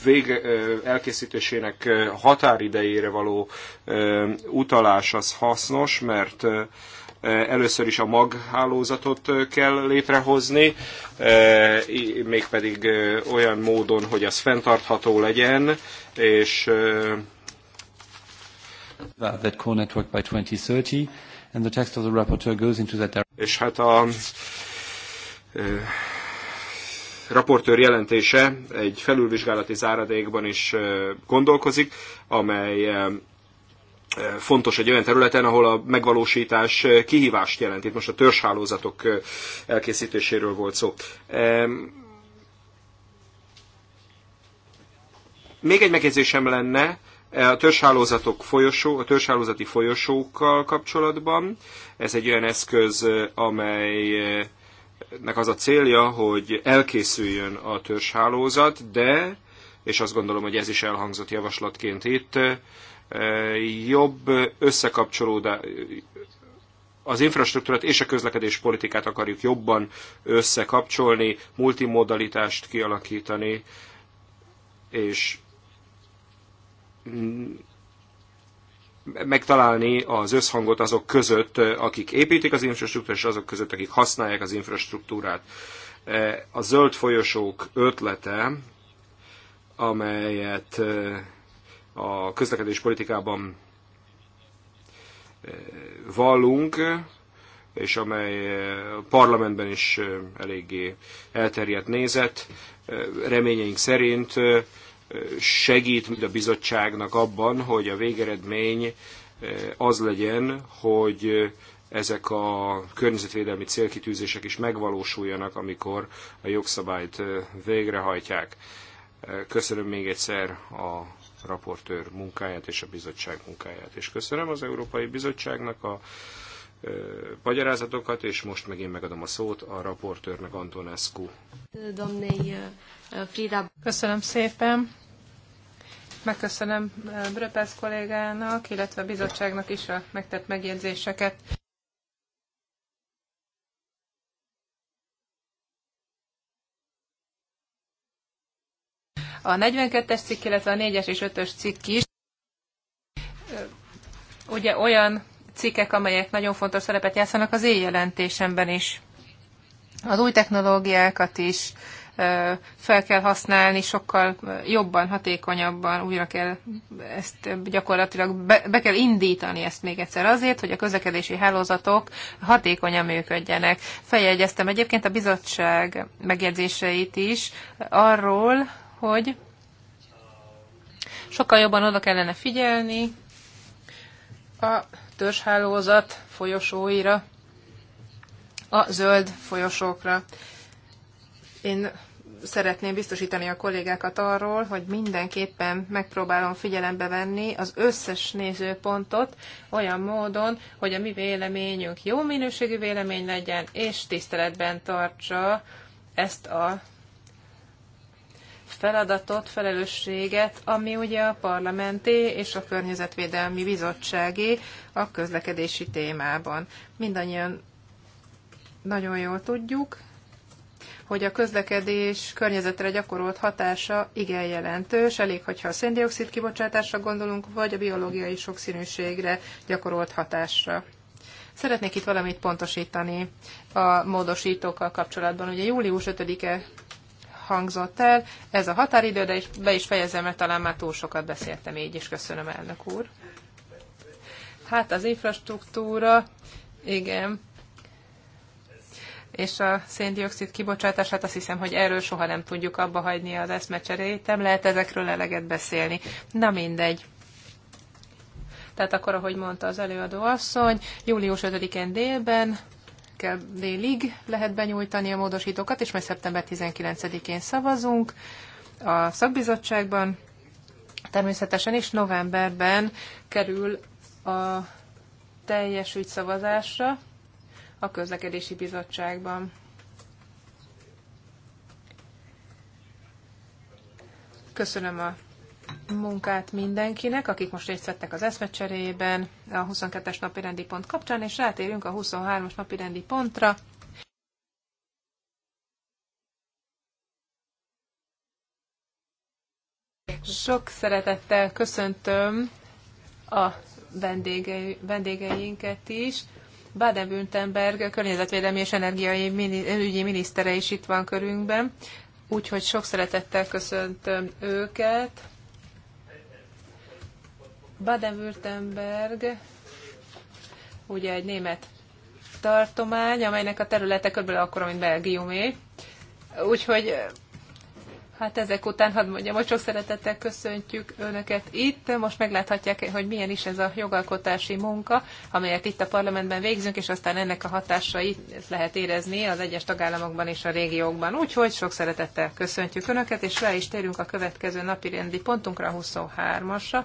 vég elkészítésének határidejére való utalás az hasznos, mert először is a mag hálózatot kell létrehozni, mégpedig olyan módon, hogy az fenntartható legyen, és that core network by 2030 and the text of the rapporteur goes into that direction. És hát a raportőr jelentése egy felülvizsgálati záradékban is gondolkozik, amely fontos egy olyan területen, ahol a megvalósítás kihívást jelent. Itt most a törzshálózatok elkészítéséről volt szó. Még egy megjegyzésem lenne, E, a törzshálózatok folyosó, a törzshálózati folyosókkal kapcsolatban. Ez egy olyan eszköz, e, amelynek az a célja, hogy elkészüljön a törzshálózat, de, és azt gondolom, hogy ez is elhangzott javaslatként itt, e, jobb összekapcsolódás, az infrastruktúrát és a közlekedés politikát akarjuk jobban összekapcsolni, multimodalitást kialakítani, és megtalálni az összhangot azok között, eh, akik építik az infrastruktúrát, és azok között, akik használják az infrastruktúrát. Eh, a zöld folyosók ötlete, amelyet eh, a közlekedés politikában vallunk, és amely parlamentben is eléggé elterjedt nézet. Reményeink szerint segít a bizottságnak abban, hogy a végeredmény eh, az legyen, hogy eh, ezek a környezetvédelmi célkitűzések is megvalósuljanak, amikor a jogszabályt eh, végrehajtják. Köszönöm még egyszer a raportőr munkáját és a bizottság munkáját, és köszönöm az Európai Bizottságnak a magyarázatokat, és most megint megadom a szót a raportőrnek, Antonescu. Doamnei Frida. Köszönöm szépen. Megköszönöm eh, Bröpesz kollégának, illetve a bizottságnak is a megtett megjegyzéseket. A 42-es cikk, illetve a 4-es és 5-ös cikk is eh, ugye olyan cikkek, amelyek nagyon fontos szerepet játszanak az éjjelentésemben is. Az új technológiákat is fel kell használni, sokkal jobban, hatékonyabban újra kell ezt gyakorlatilag be, be kell indítani ezt még egyszer azért, hogy a közlekedési hálózatok hatékonyan működjenek. Feljegyeztem egyébként a bizottság megjegyzéseit is arról, hogy sokkal jobban oda kellene figyelni a törzshálózat folyosóira, a zöld folyosókra. Én szeretném biztosítani a kollégákat arról, hogy mindenképpen megpróbálom figyelembe venni az összes nézőpontot olyan módon, hogy a mi véleményünk jó minőségű vélemény legyen, és tiszteletben tartsa ezt a feladatot, felelősséget, ami ugye a parlamenti és a környezetvédelmi bizottsági a közlekedési témában. Mindannyian nagyon jól tudjuk, hogy a közlekedés környezetre gyakorolt hatása igen jelentős, elég, hogyha a széndiokszid kibocsátásra gondolunk, vagy a biológiai sokszínűségre gyakorolt hatásra. Szeretnék itt valamit pontosítani a módosítókkal kapcsolatban. Ugye július 5-e hangzott el ez a határidő, de is, be is fejezem, mert talán már túl sokat beszéltem így és Köszönöm, elnök úr. Hát az infrastruktúra, igen, és a széndiokszid kibocsátását, azt hiszem, hogy erről soha nem tudjuk abba hagyni az eszmecserét, nem lehet ezekről eleget beszélni. Na mindegy. Tehát akkor, ahogy mondta az előadó asszony, július 5-én délben kell délig lehet benyújtani a módosítókat, és majd szeptember 19-én szavazunk a szakbizottságban. Természetesen is novemberben kerül a teljes ügyszavazásra, a közlekedési bizottságban. Köszönöm a munkát mindenkinek, akik most részt vettek az eszmecserében a 22-es rendi pont kapcsán, és rátérünk a 23-as rendi pontra. Sok szeretettel köszöntöm a vendégeinket is. Baden-Württemberg környezetvédelmi és energiai ügyi minisztere is itt van körünkben, úgyhogy sok szeretettel köszöntöm őket. Baden-Württemberg ugye egy német tartomány, amelynek a területe kb. akkora, mint Belgiumé. Úgyhogy Hát ezek után, hadd mondjam, hogy sok szeretettel köszöntjük Önöket itt. Most megláthatják, hogy milyen is ez a jogalkotási munka, amelyet itt a parlamentben végzünk, és aztán ennek a hatásai lehet érezni az egyes tagállamokban és a régiókban. Úgyhogy sok szeretettel köszöntjük Önöket, és rá is térünk a következő napi rendi pontunkra, 23-asra.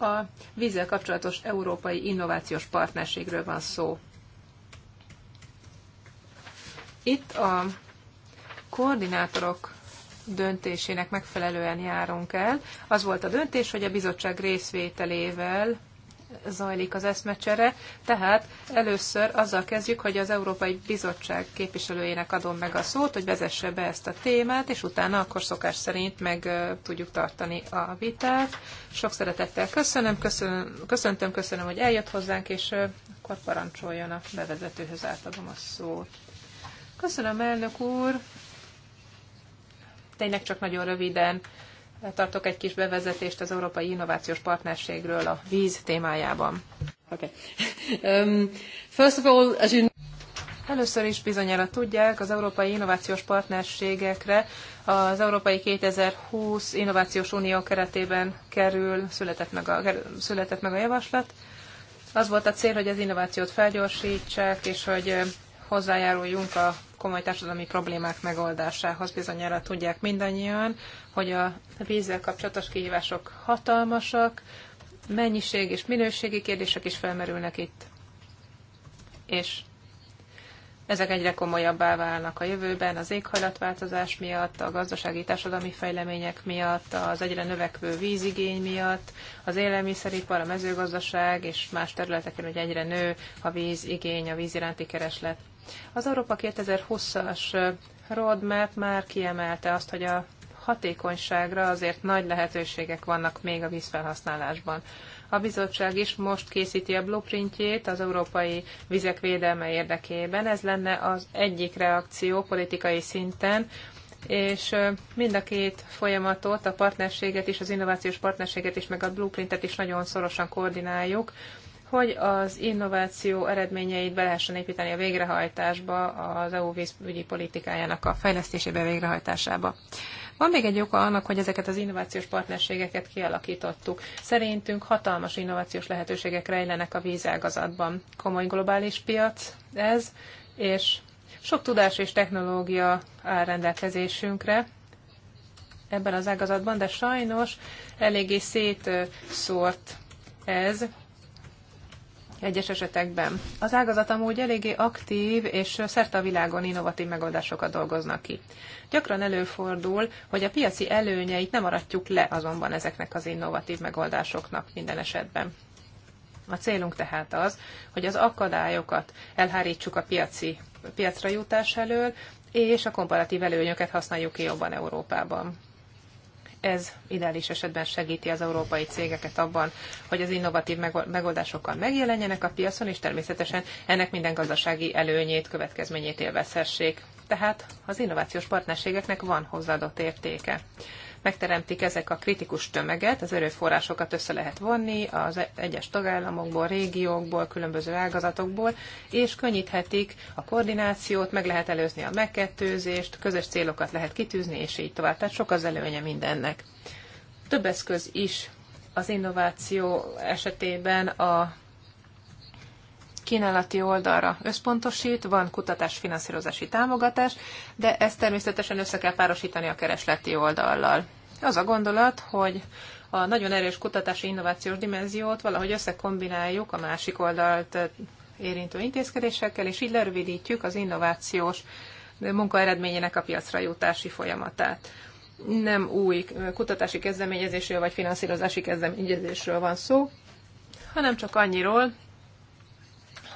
A vízzel kapcsolatos Európai Innovációs Partnerségről van szó. Itt a koordinátorok döntésének megfelelően járunk el. Az volt a döntés, hogy a bizottság részvételével zajlik az eszmecsere, tehát először azzal kezdjük, hogy az Európai Bizottság képviselőjének adom meg a szót, hogy vezesse be ezt a témát, és utána akkor szokás szerint meg tudjuk tartani a vitát. Sok szeretettel köszönöm, köszönöm köszöntöm, köszönöm, hogy eljött hozzánk, és akkor parancsoljon a bevezetőhöz átadom a szót. Köszönöm, elnök úr, Tényleg csak nagyon röviden tartok egy kis bevezetést az Európai Innovációs Partnerségről a víz témájában. Okay. Um, first of all, as you... Először is bizonyára tudják, az Európai Innovációs Partnerségekre az Európai 2020 Innovációs Unió keretében kerül, született meg a, született meg a javaslat. Az volt a cél, hogy az innovációt felgyorsítsák, és hogy hozzájáruljunk a komoly társadalmi problémák megoldásához. Bizonyára tudják mindannyian, hogy a vízzel kapcsolatos kihívások hatalmasak, mennyiség és minőségi kérdések is felmerülnek itt. És ezek egyre komolyabbá válnak a jövőben az éghajlatváltozás miatt, a gazdasági társadalmi fejlemények miatt, az egyre növekvő vízigény miatt, az élelmiszeripar, a mezőgazdaság és más területeken, hogy egyre nő a vízigény, a víz iránti kereslet. Az Európa 2020-as roadmap már kiemelte azt, hogy a hatékonyságra azért nagy lehetőségek vannak még a vízfelhasználásban. A bizottság is most készíti a blueprintjét az európai vizek védelme érdekében. Ez lenne az egyik reakció politikai szinten, és mind a két folyamatot, a partnerséget is, az innovációs partnerséget is, meg a blueprintet is nagyon szorosan koordináljuk, hogy az innováció eredményeit be lehessen építeni a végrehajtásba, az EU vízügyi politikájának a fejlesztésébe, végrehajtásába. Van még egy oka annak, hogy ezeket az innovációs partnerségeket kialakítottuk. Szerintünk hatalmas innovációs lehetőségek rejlenek a vízágazatban. Komoly globális piac ez, és sok tudás és technológia áll rendelkezésünkre ebben az ágazatban, de sajnos eléggé szétszórt ez egyes esetekben. Az ágazat amúgy eléggé aktív, és szerte a világon innovatív megoldásokat dolgoznak ki. Gyakran előfordul, hogy a piaci előnyeit nem aratjuk le azonban ezeknek az innovatív megoldásoknak minden esetben. A célunk tehát az, hogy az akadályokat elhárítsuk a piaci, piacra jutás elől, és a komparatív előnyöket használjuk ki jobban Európában. Ez ideális esetben segíti az európai cégeket abban, hogy az innovatív megoldásokkal megjelenjenek a piacon, és természetesen ennek minden gazdasági előnyét, következményét élvezhessék. Tehát az innovációs partnerségeknek van hozzáadott értéke megteremtik ezek a kritikus tömeget, az erőforrásokat össze lehet vonni az egyes tagállamokból, régiókból, különböző ágazatokból, és könnyíthetik a koordinációt, meg lehet előzni a megkettőzést, közös célokat lehet kitűzni, és így tovább. Tehát sok az előnye mindennek. Több eszköz is az innováció esetében a kínálati oldalra összpontosít, van kutatásfinanszírozási támogatás, de ezt természetesen össze kell párosítani a keresleti oldallal. Az a gondolat, hogy a nagyon erős kutatási innovációs dimenziót valahogy összekombináljuk a másik oldalt eh, érintő intézkedésekkel, és így lerövidítjük az innovációs munka eredményének a piacra jutási folyamatát. Nem új kutatási kezdeményezésről vagy finanszírozási kezdeményezésről van szó, hanem csak annyiról,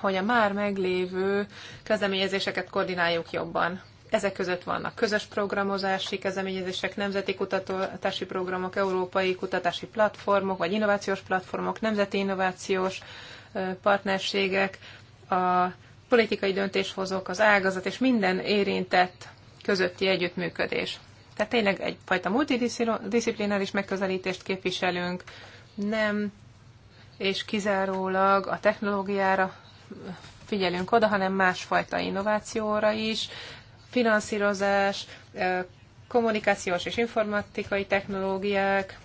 hogy a már meglévő kezdeményezéseket koordináljuk jobban. Ezek között vannak közös programozási kezdeményezések, nemzeti kutatási programok, európai kutatási platformok, vagy innovációs platformok, nemzeti innovációs partnerségek, a politikai döntéshozók, az ágazat és minden érintett közötti együttműködés. Tehát tényleg egyfajta multidisziplinális megközelítést képviselünk, nem és kizárólag a technológiára figyelünk oda, hanem másfajta innovációra is, finanszírozás, kommunikációs és informatikai technológiák,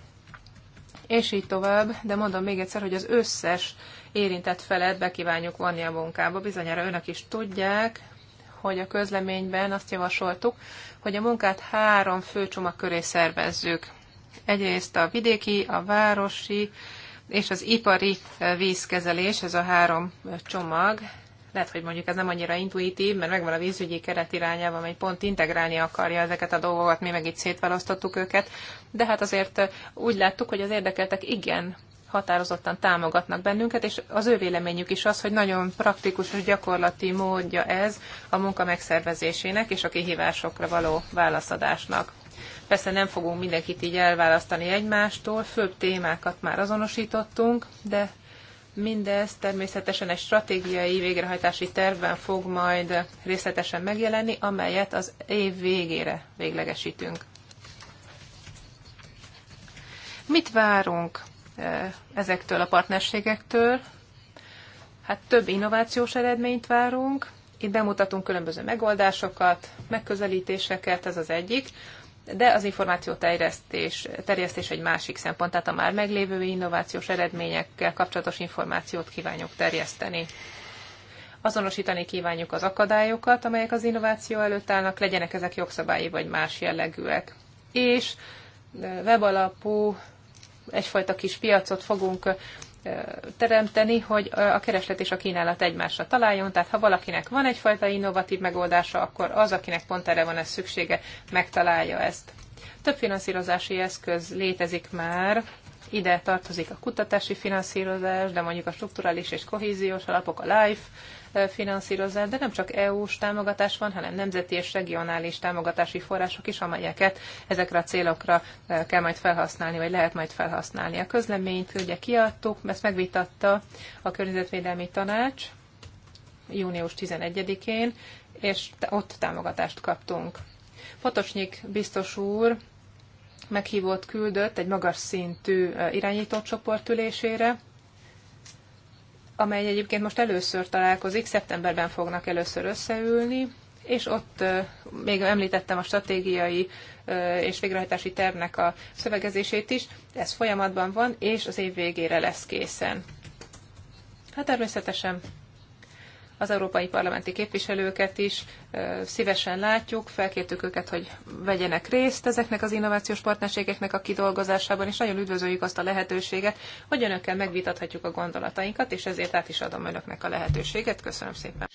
és így tovább, de mondom még egyszer, hogy az összes érintett felet bekívánjuk vonni a munkába. Bizonyára önök is tudják, hogy a közleményben azt javasoltuk, hogy a munkát három fő csomag köré szervezzük. Egyrészt a vidéki, a városi és az ipari vízkezelés, ez a három csomag, lehet, hogy mondjuk ez nem annyira intuitív, mert megvan a vízügyi keret irányelv, amely pont integrálni akarja ezeket a dolgokat, mi meg itt szétválasztottuk őket, de hát azért úgy láttuk, hogy az érdekeltek igen határozottan támogatnak bennünket, és az ő véleményük is az, hogy nagyon praktikus és gyakorlati módja ez a munka megszervezésének és a kihívásokra való válaszadásnak. Persze nem fogunk mindenkit így elválasztani egymástól, főbb témákat már azonosítottunk, de Mindez természetesen egy stratégiai végrehajtási tervben fog majd részletesen megjelenni, amelyet az év végére véglegesítünk. Mit várunk eh, ezektől a partnerségektől? Hát több innovációs eredményt várunk, itt bemutatunk különböző megoldásokat, megközelítéseket, ez az egyik de az információ terjesztés, terjesztés egy másik szempont, tehát a már meglévő innovációs eredményekkel kapcsolatos információt kívánjuk terjeszteni. Azonosítani kívánjuk az akadályokat, amelyek az innováció előtt állnak, legyenek ezek jogszabályi vagy más jellegűek. És webalapú egyfajta kis piacot fogunk teremteni, hogy a kereslet és a kínálat egymásra találjon, tehát ha valakinek van egyfajta innovatív megoldása, akkor az, akinek pont erre van ez szüksége, megtalálja ezt. Több finanszírozási eszköz létezik már, ide tartozik a kutatási finanszírozás, de mondjuk a strukturális és kohéziós alapok, a LIFE, finanszírozzák, de nem csak EU-s támogatás van, hanem nemzeti és regionális támogatási források is, amelyeket ezekre a célokra kell majd felhasználni, vagy lehet majd felhasználni. A közleményt ugye kiadtuk, ezt megvitatta a Környezetvédelmi Tanács június 11-én, és ott támogatást kaptunk. Potosnyik biztos úr meghívott küldött egy magas szintű ülésére, amely egyébként most először találkozik, szeptemberben fognak először összeülni, és ott még említettem a stratégiai és végrehajtási tervnek a szövegezését is, ez folyamatban van, és az év végére lesz készen. Hát természetesen az európai parlamenti képviselőket is szívesen látjuk, felkértük őket, hogy vegyenek részt ezeknek az innovációs partnerségeknek a kidolgozásában, és nagyon üdvözöljük azt a lehetőséget, hogy önökkel megvitathatjuk a gondolatainkat, és ezért át is adom önöknek a lehetőséget. Köszönöm szépen.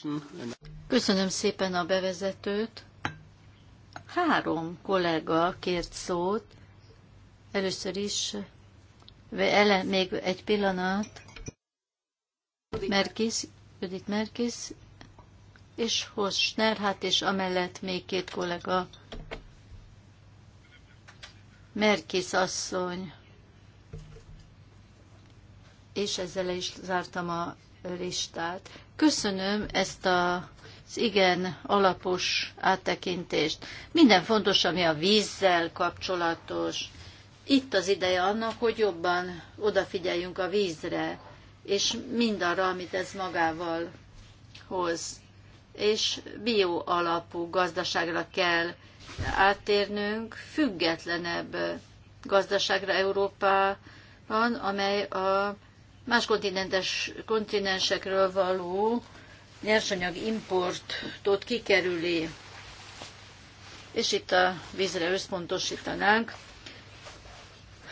Köszönöm szépen a bevezetőt. Három kollega kért szót. Először is, ele, még egy pillanat, mert kész, Judit Merkis, és Horst Schnerhát, és amellett még két kollega. Merkis asszony. És ezzel is zártam a listát. Köszönöm ezt a az igen alapos áttekintést. Minden fontos, ami a vízzel kapcsolatos. Itt az ideje annak, hogy jobban odafigyeljünk a vízre és mindarra, amit ez magával hoz. És bio alapú gazdaságra kell áttérnünk, függetlenebb gazdaságra Európában, amely a más kontinentes, kontinensekről való nyersanyag importot kikerüli. És itt a vízre összpontosítanánk.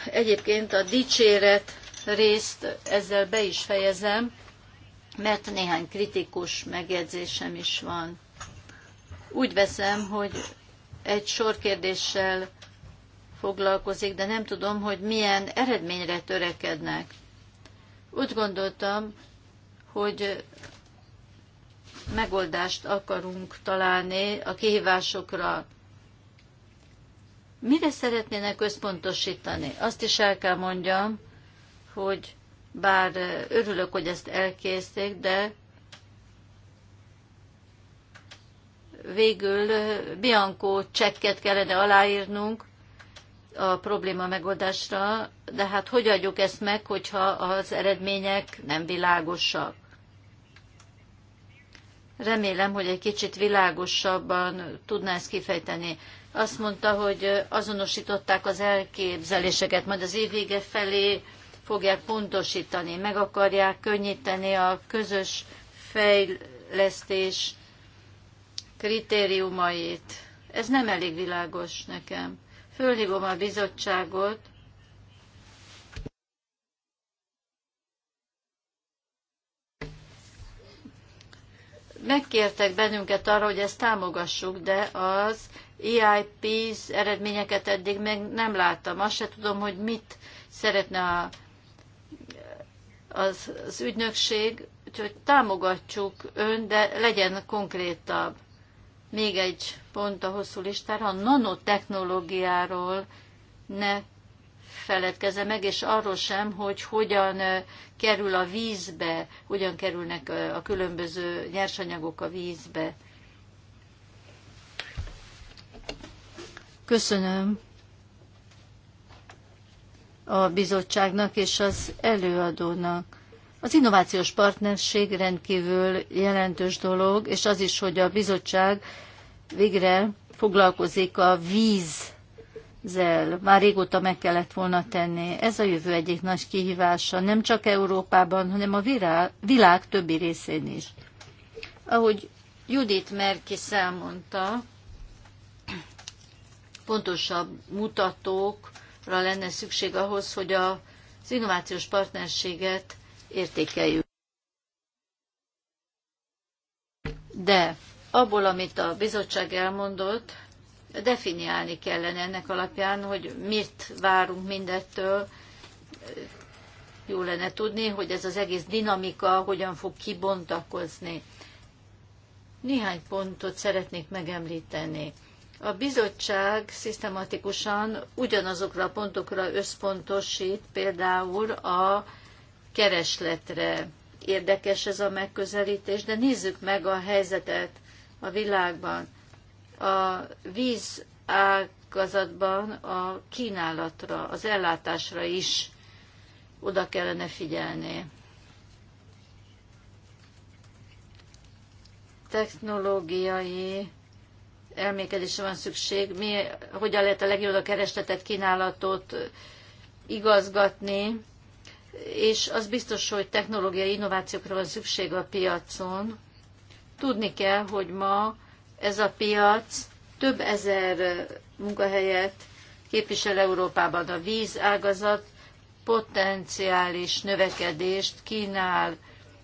Egyébként a dicséret részt ezzel be is fejezem, mert néhány kritikus megjegyzésem is van. Úgy veszem, hogy egy sor kérdéssel foglalkozik, de nem tudom, hogy milyen eredményre törekednek. Úgy gondoltam, hogy megoldást akarunk találni a kihívásokra. Mire szeretnének összpontosítani? Azt is el kell mondjam, hogy bár örülök, hogy ezt elkészték, de végül Bianco csekket kellene aláírnunk a probléma megoldásra, de hát hogy adjuk ezt meg, hogyha az eredmények nem világosak? Remélem, hogy egy kicsit világosabban tudná ezt kifejteni. Azt mondta, hogy azonosították az elképzeléseket, majd az év felé fogják pontosítani, meg akarják könnyíteni a közös fejlesztés kritériumait. Ez nem elég világos nekem. Fölhívom a bizottságot, megkértek bennünket arra, hogy ezt támogassuk, de az EIP eredményeket eddig még nem láttam. Azt se tudom, hogy mit szeretne a az, az ügynökség, úgyhogy támogatjuk ön, de legyen konkrétabb. Még egy pont a hosszú listára, a nanotechnológiáról ne feledkezze meg, és arról sem, hogy hogyan kerül a vízbe, hogyan kerülnek a különböző nyersanyagok a vízbe. Köszönöm a bizottságnak és az előadónak. Az innovációs partnerség rendkívül jelentős dolog, és az is, hogy a bizottság végre foglalkozik a vízzel. Már régóta meg kellett volna tenni. Ez a jövő egyik nagy kihívása, nem csak Európában, hanem a világ többi részén is. Ahogy Judit Merkis elmondta, pontosabb mutatók lenne szükség ahhoz, hogy az innovációs partnerséget értékeljük. De abból, amit a bizottság elmondott, definiálni kellene ennek alapján, hogy mit várunk mindettől. Jó lenne tudni, hogy ez az egész dinamika hogyan fog kibontakozni. Néhány pontot szeretnék megemlíteni. A bizottság szisztematikusan ugyanazokra a pontokra összpontosít, például a keresletre. Érdekes ez a megközelítés, de nézzük meg a helyzetet a világban. A víz ágazatban a kínálatra, az ellátásra is oda kellene figyelni. Technológiai elmékedésre van szükség, mi, hogyan lehet a legjobb a keresletet, kínálatot igazgatni, és az biztos, hogy technológiai innovációkra van szükség a piacon. Tudni kell, hogy ma ez a piac több ezer munkahelyet képvisel Európában. A vízágazat potenciális növekedést kínál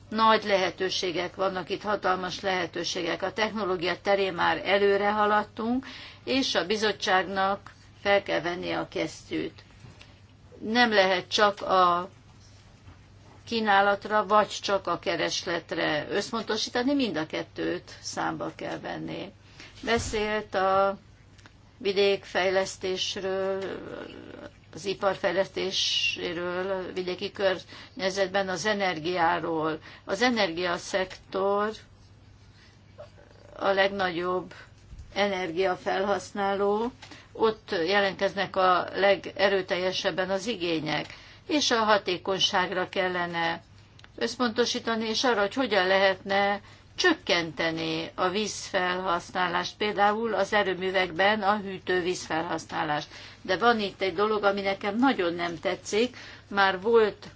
nagy lehetőségek vannak itt, hatalmas lehetőségek. A technológia terén már előre haladtunk, és a bizottságnak fel kell venni a kesztyűt. Nem lehet csak a kínálatra, vagy csak a keresletre összpontosítani, mind a kettőt számba kell venni. Beszélt a vidékfejlesztésről, az iparfejlesztéséről, vidéki környezetben az energiáról. Az energiaszektor a legnagyobb energiafelhasználó, ott jelentkeznek a legerőteljesebben az igények, és a hatékonyságra kellene összpontosítani, és arra, hogy hogyan lehetne csökkenteni a vízfelhasználást, például az erőművekben a hűtő vízfelhasználást. De van itt egy dolog, ami nekem nagyon nem tetszik, már volt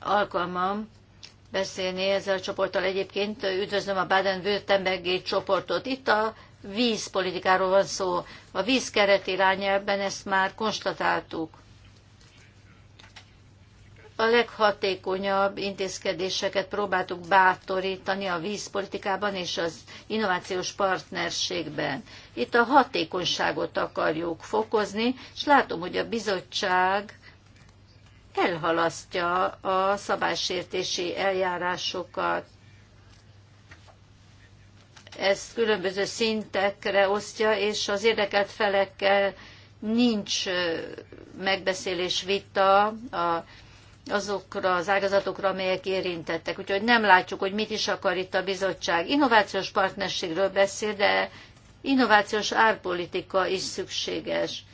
alkalmam beszélni ezzel a csoporttal egyébként, üdvözlöm a baden württemberg csoportot. Itt a vízpolitikáról van szó. A vízkeret irányelben ezt már konstatáltuk a leghatékonyabb intézkedéseket próbáltuk bátorítani a vízpolitikában és az innovációs partnerségben. Itt a hatékonyságot akarjuk fokozni, és látom, hogy a bizottság elhalasztja a szabálysértési eljárásokat. Ezt különböző szintekre osztja, és az érdekelt felekkel nincs megbeszélés vita a azokra az ágazatokra, amelyek érintettek. Úgyhogy nem látjuk, hogy mit is akar itt a bizottság. Innovációs partnerségről beszél, de innovációs árpolitika is szükséges.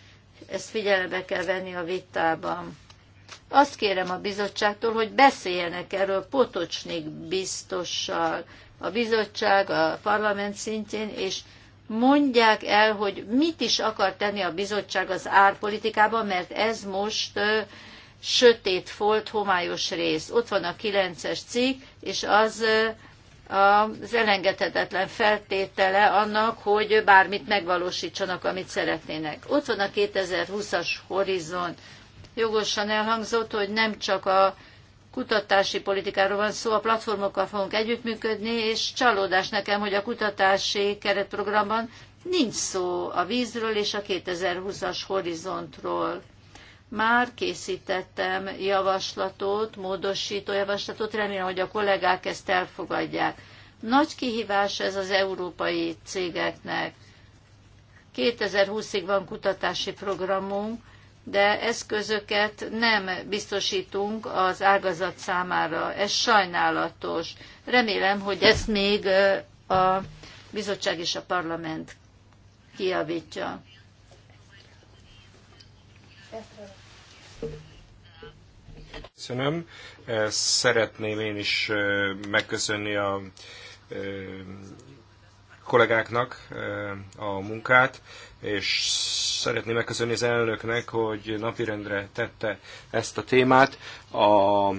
Ezt figyelembe kell venni a vitában. Azt kérem a bizottságtól, hogy beszéljenek erről Potocsnik biztossal, a bizottság, a parlament szintjén, és mondják el, hogy mit is akar tenni a bizottság az árpolitikában, mert ez most sötét folt, homályos rész. Ott van a 9-es cikk, és az az elengedhetetlen feltétele annak, hogy bármit megvalósítsanak, amit szeretnének. Ott van a 2020-as horizont. Jogosan elhangzott, hogy nem csak a kutatási politikáról van szó, a platformokkal fogunk együttműködni, és csalódás nekem, hogy a kutatási keretprogramban nincs szó a vízről és a 2020-as horizontról. Már készítettem javaslatot, módosító javaslatot, remélem, hogy a kollégák ezt elfogadják. Nagy kihívás ez az európai cégeknek. 2020-ig van kutatási programunk, de eszközöket nem biztosítunk az ágazat számára. Ez sajnálatos. Remélem, hogy ezt még a bizottság és a parlament kiavítja. Köszönöm. Szeretném én is megköszönni a kollégáknak a munkát, és szeretném megköszönni az elnöknek, hogy napirendre tette ezt a témát. A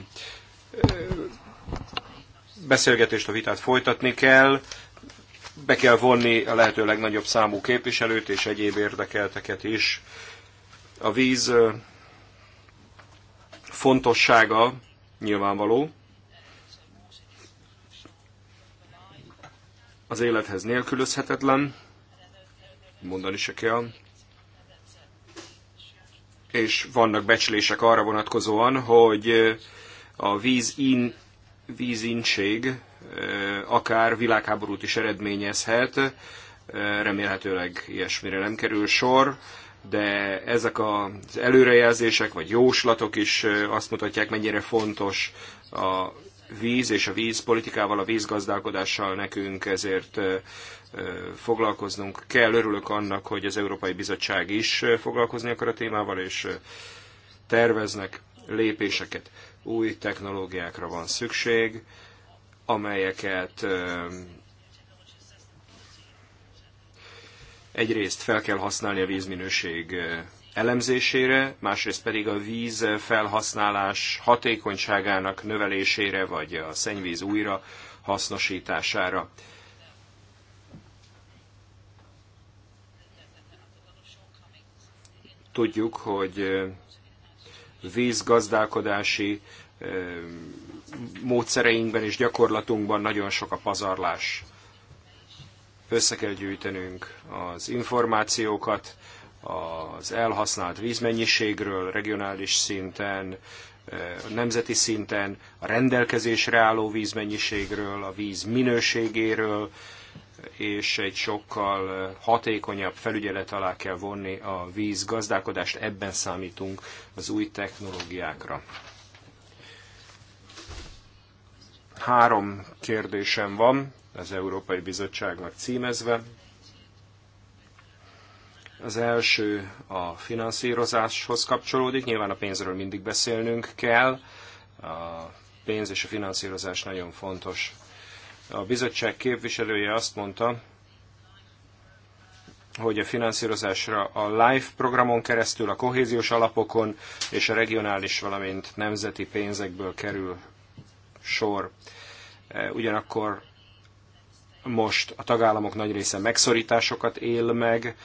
beszélgetést, a vitát folytatni kell, be kell vonni a lehető legnagyobb számú képviselőt és egyéb érdekelteket is. A víz fontossága nyilvánvaló. Az élethez nélkülözhetetlen, mondani se kell, és vannak becslések arra vonatkozóan, hogy a in, vízintség eh, akár világháborút is eredményezhet, eh, remélhetőleg ilyesmire nem kerül sor de ezek az előrejelzések vagy jóslatok is azt mutatják, mennyire fontos a víz és a vízpolitikával, a vízgazdálkodással nekünk, ezért foglalkoznunk kell. Örülök annak, hogy az Európai Bizottság is foglalkozni akar a témával, és terveznek lépéseket. Új technológiákra van szükség, amelyeket Egyrészt fel kell használni a vízminőség elemzésére, másrészt pedig a víz felhasználás hatékonyságának növelésére, vagy a szennyvíz újra hasznosítására. Tudjuk, hogy vízgazdálkodási módszereinkben és gyakorlatunkban nagyon sok a pazarlás össze kell gyűjtenünk az információkat az elhasznált vízmennyiségről regionális szinten, nemzeti szinten, a rendelkezésre álló vízmennyiségről, a víz minőségéről, és egy sokkal hatékonyabb felügyelet alá kell vonni a vízgazdálkodást, ebben számítunk az új technológiákra. Három kérdésem van az Európai Bizottságnak címezve. Az első a finanszírozáshoz kapcsolódik, nyilván a pénzről mindig beszélnünk kell, a pénz és a finanszírozás nagyon fontos. A bizottság képviselője azt mondta, hogy a finanszírozásra a LIFE programon keresztül, a kohéziós alapokon és a regionális, valamint nemzeti pénzekből kerül sor. E, ugyanakkor most a tagállamok nagy része megszorításokat él meg,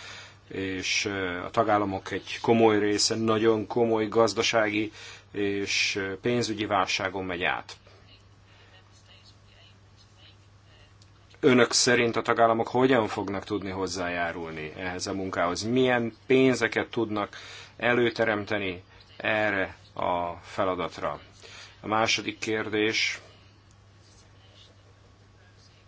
és a tagállamok egy komoly része nagyon komoly gazdasági és pénzügyi válságon megy át. önök szerint a tagállamok hogyan fognak tudni hozzájárulni ehhez a munkához? Milyen pénzeket tudnak előteremteni erre a feladatra? A második kérdés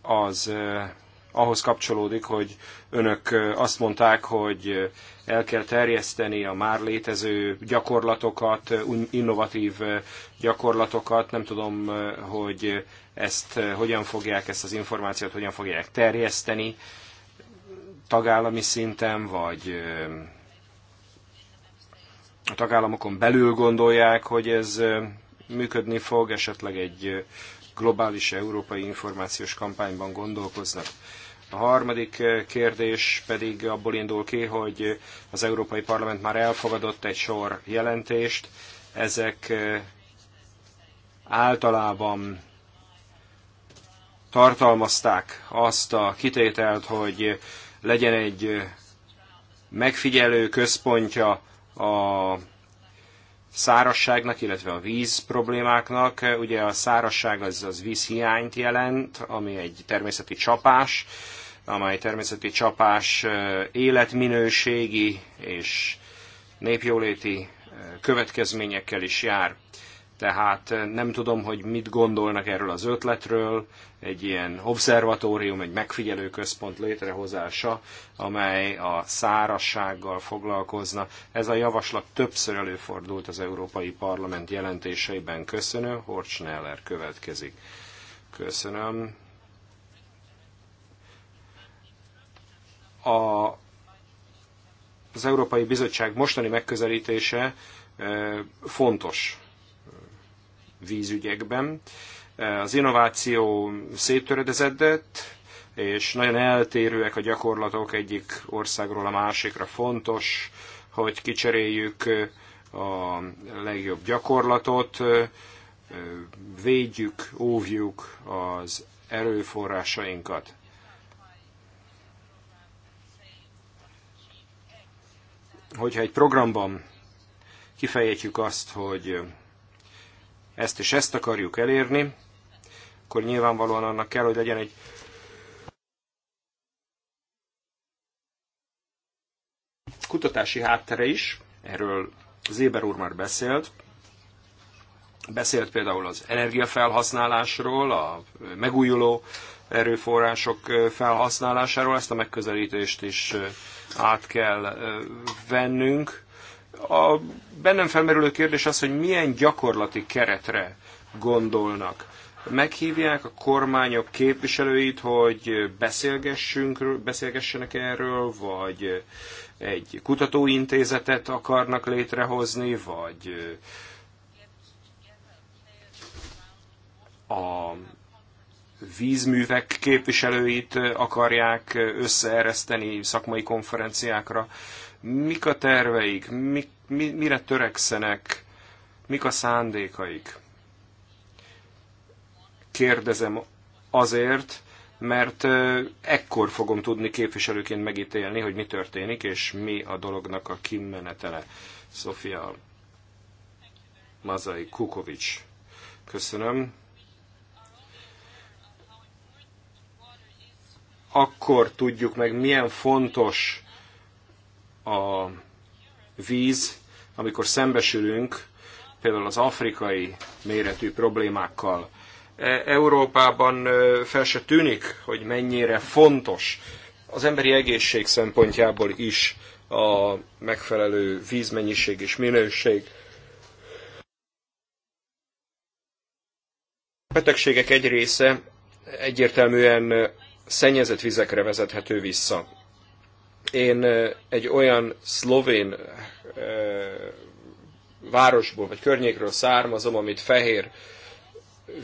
az eh, ahhoz kapcsolódik, hogy önök eh, azt mondták, hogy eh, el kell terjeszteni a már létező gyakorlatokat, innovatív gyakorlatokat. Nem tudom, hogy ezt hogyan fogják, ezt az információt hogyan fogják terjeszteni tagállami szinten, vagy a tagállamokon belül gondolják, hogy ez működni fog, esetleg egy globális európai információs kampányban gondolkoznak. A harmadik eh, kérdés pedig abból indul ki, hogy az Európai Parlament már elfogadott egy sor jelentést, ezek eh, általában tartalmazták azt a kitételt, hogy legyen egy eh, megfigyelő központja a szárasságnak, illetve a víz problémáknak. Ugye a szárasság az, az vízhiányt jelent, ami egy természeti csapás, amely természeti csapás életminőségi és népjóléti következményekkel is jár. Tehát eh, nem tudom, hogy mit gondolnak erről az ötletről, egy ilyen obszervatórium, egy megfigyelő központ létrehozása, amely a szárassággal foglalkozna. Ez a javaslat többször előfordult az Európai Parlament jelentéseiben. Köszönöm, Horchneller következik. Köszönöm. A, az Európai Bizottság mostani megközelítése eh, fontos vízügyekben. Az innováció széttöredezett, és nagyon eltérőek a gyakorlatok egyik országról a másikra. Fontos, hogy kicseréljük a legjobb gyakorlatot, védjük, óvjuk az erőforrásainkat. Hogyha egy programban kifejtjük azt, hogy ezt és ezt akarjuk elérni, akkor nyilvánvalóan annak kell, hogy legyen egy kutatási háttere is, erről Zéber úr már beszélt, beszélt például az energiafelhasználásról, a megújuló erőforrások felhasználásáról, ezt a megközelítést is át kell vennünk. A bennem felmerülő kérdés az, hogy milyen gyakorlati keretre gondolnak. Meghívják a kormányok képviselőit, hogy beszélgessünk, beszélgessenek erről, vagy egy kutatóintézetet akarnak létrehozni, vagy a vízművek képviselőit akarják összeereszteni szakmai konferenciákra mik a terveik, mik, mi, mire törekszenek, mik a szándékaik. Kérdezem azért, mert ekkor fogom tudni képviselőként megítélni, hogy mi történik, és mi a dolognak a kimenetele. Sofia Mazai Kukovics. Köszönöm. Akkor tudjuk meg, milyen fontos a víz, amikor szembesülünk például az afrikai méretű problémákkal. E, Európában fel se tűnik, hogy mennyire fontos az emberi egészség szempontjából is a megfelelő vízmennyiség és minőség. A betegségek egy része egyértelműen szennyezett vizekre vezethető vissza. Én egy olyan szlovén városból vagy környékről származom, amit fehér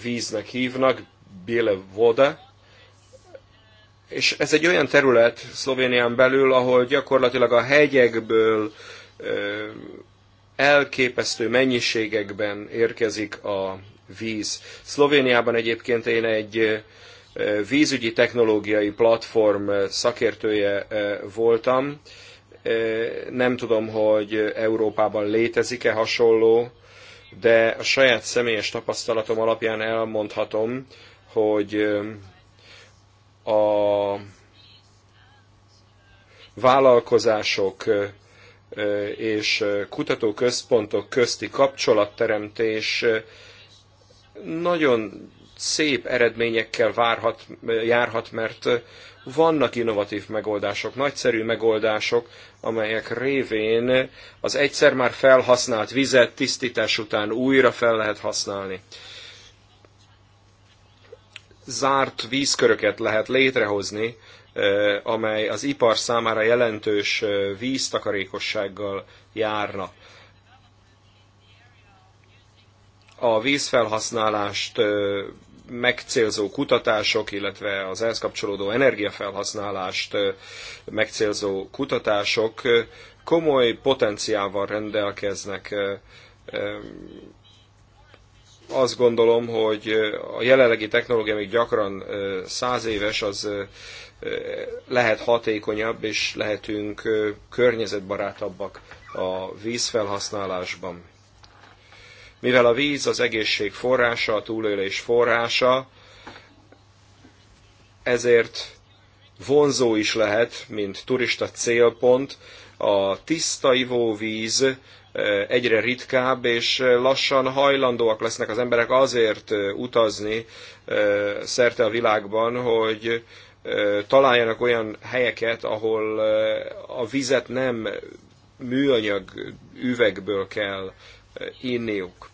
víznek hívnak, Biele Voda, és ez egy olyan terület Szlovénián belül, ahol gyakorlatilag a hegyekből elképesztő mennyiségekben érkezik a víz. Szlovéniában egyébként én egy vízügyi technológiai platform eh, szakértője eh, voltam. Eh, nem tudom, hogy Európában létezik-e hasonló, de a saját személyes tapasztalatom alapján elmondhatom, hogy a vállalkozások és kutatóközpontok közti kapcsolatteremtés nagyon szép eredményekkel várhat, járhat, mert vannak innovatív megoldások, nagyszerű megoldások, amelyek révén az egyszer már felhasznált vizet tisztítás után újra fel lehet használni. Zárt vízköröket lehet létrehozni, amely az ipar számára jelentős víztakarékossággal járna. A vízfelhasználást megcélzó kutatások, illetve az ehhez kapcsolódó energiafelhasználást megcélzó kutatások komoly potenciával rendelkeznek. Azt gondolom, hogy a jelenlegi technológia még gyakran száz éves, az lehet hatékonyabb, és lehetünk környezetbarátabbak a vízfelhasználásban. Mivel a víz az egészség forrása, a túlélés forrása, ezért vonzó is lehet, mint turista célpont. A tiszta ivóvíz eh, egyre ritkább, és eh, lassan hajlandóak lesznek az emberek azért eh, utazni szerte a világban, hogy találjanak olyan helyeket, ahol a vizet nem műanyag üvegből kell inniuk.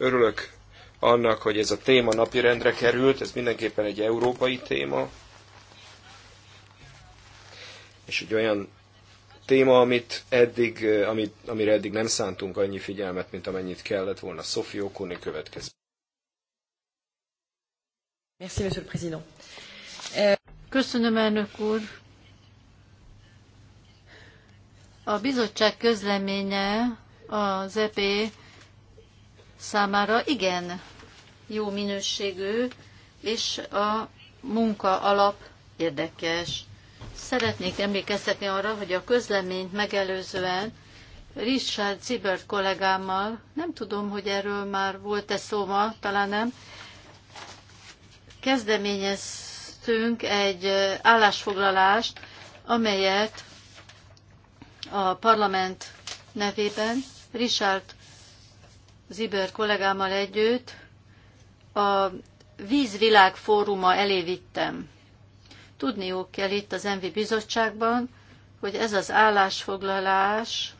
Örülök annak, hogy ez a téma napirendre került, ez mindenképpen egy európai téma, és egy olyan téma, amit eddig, amit, amire eddig nem szántunk annyi figyelmet, mint amennyit kellett volna. Sophie Okoni következő. Merci, monsieur le président. Köszönöm, elnök úr. A bizottság közleménye az EP számára igen jó minőségű, és a munka alap érdekes. Szeretnék emlékeztetni arra, hogy a közleményt megelőzően Richard Zibert kollégámmal, nem tudom, hogy erről már volt-e szó ma, talán nem, kezdeményeztünk egy állásfoglalást, amelyet a parlament nevében Richard Zibert kollégámmal együtt a Vízvilág fóruma elé vittem. Tudniuk kell itt az Envi Bizottságban, hogy ez az állásfoglalás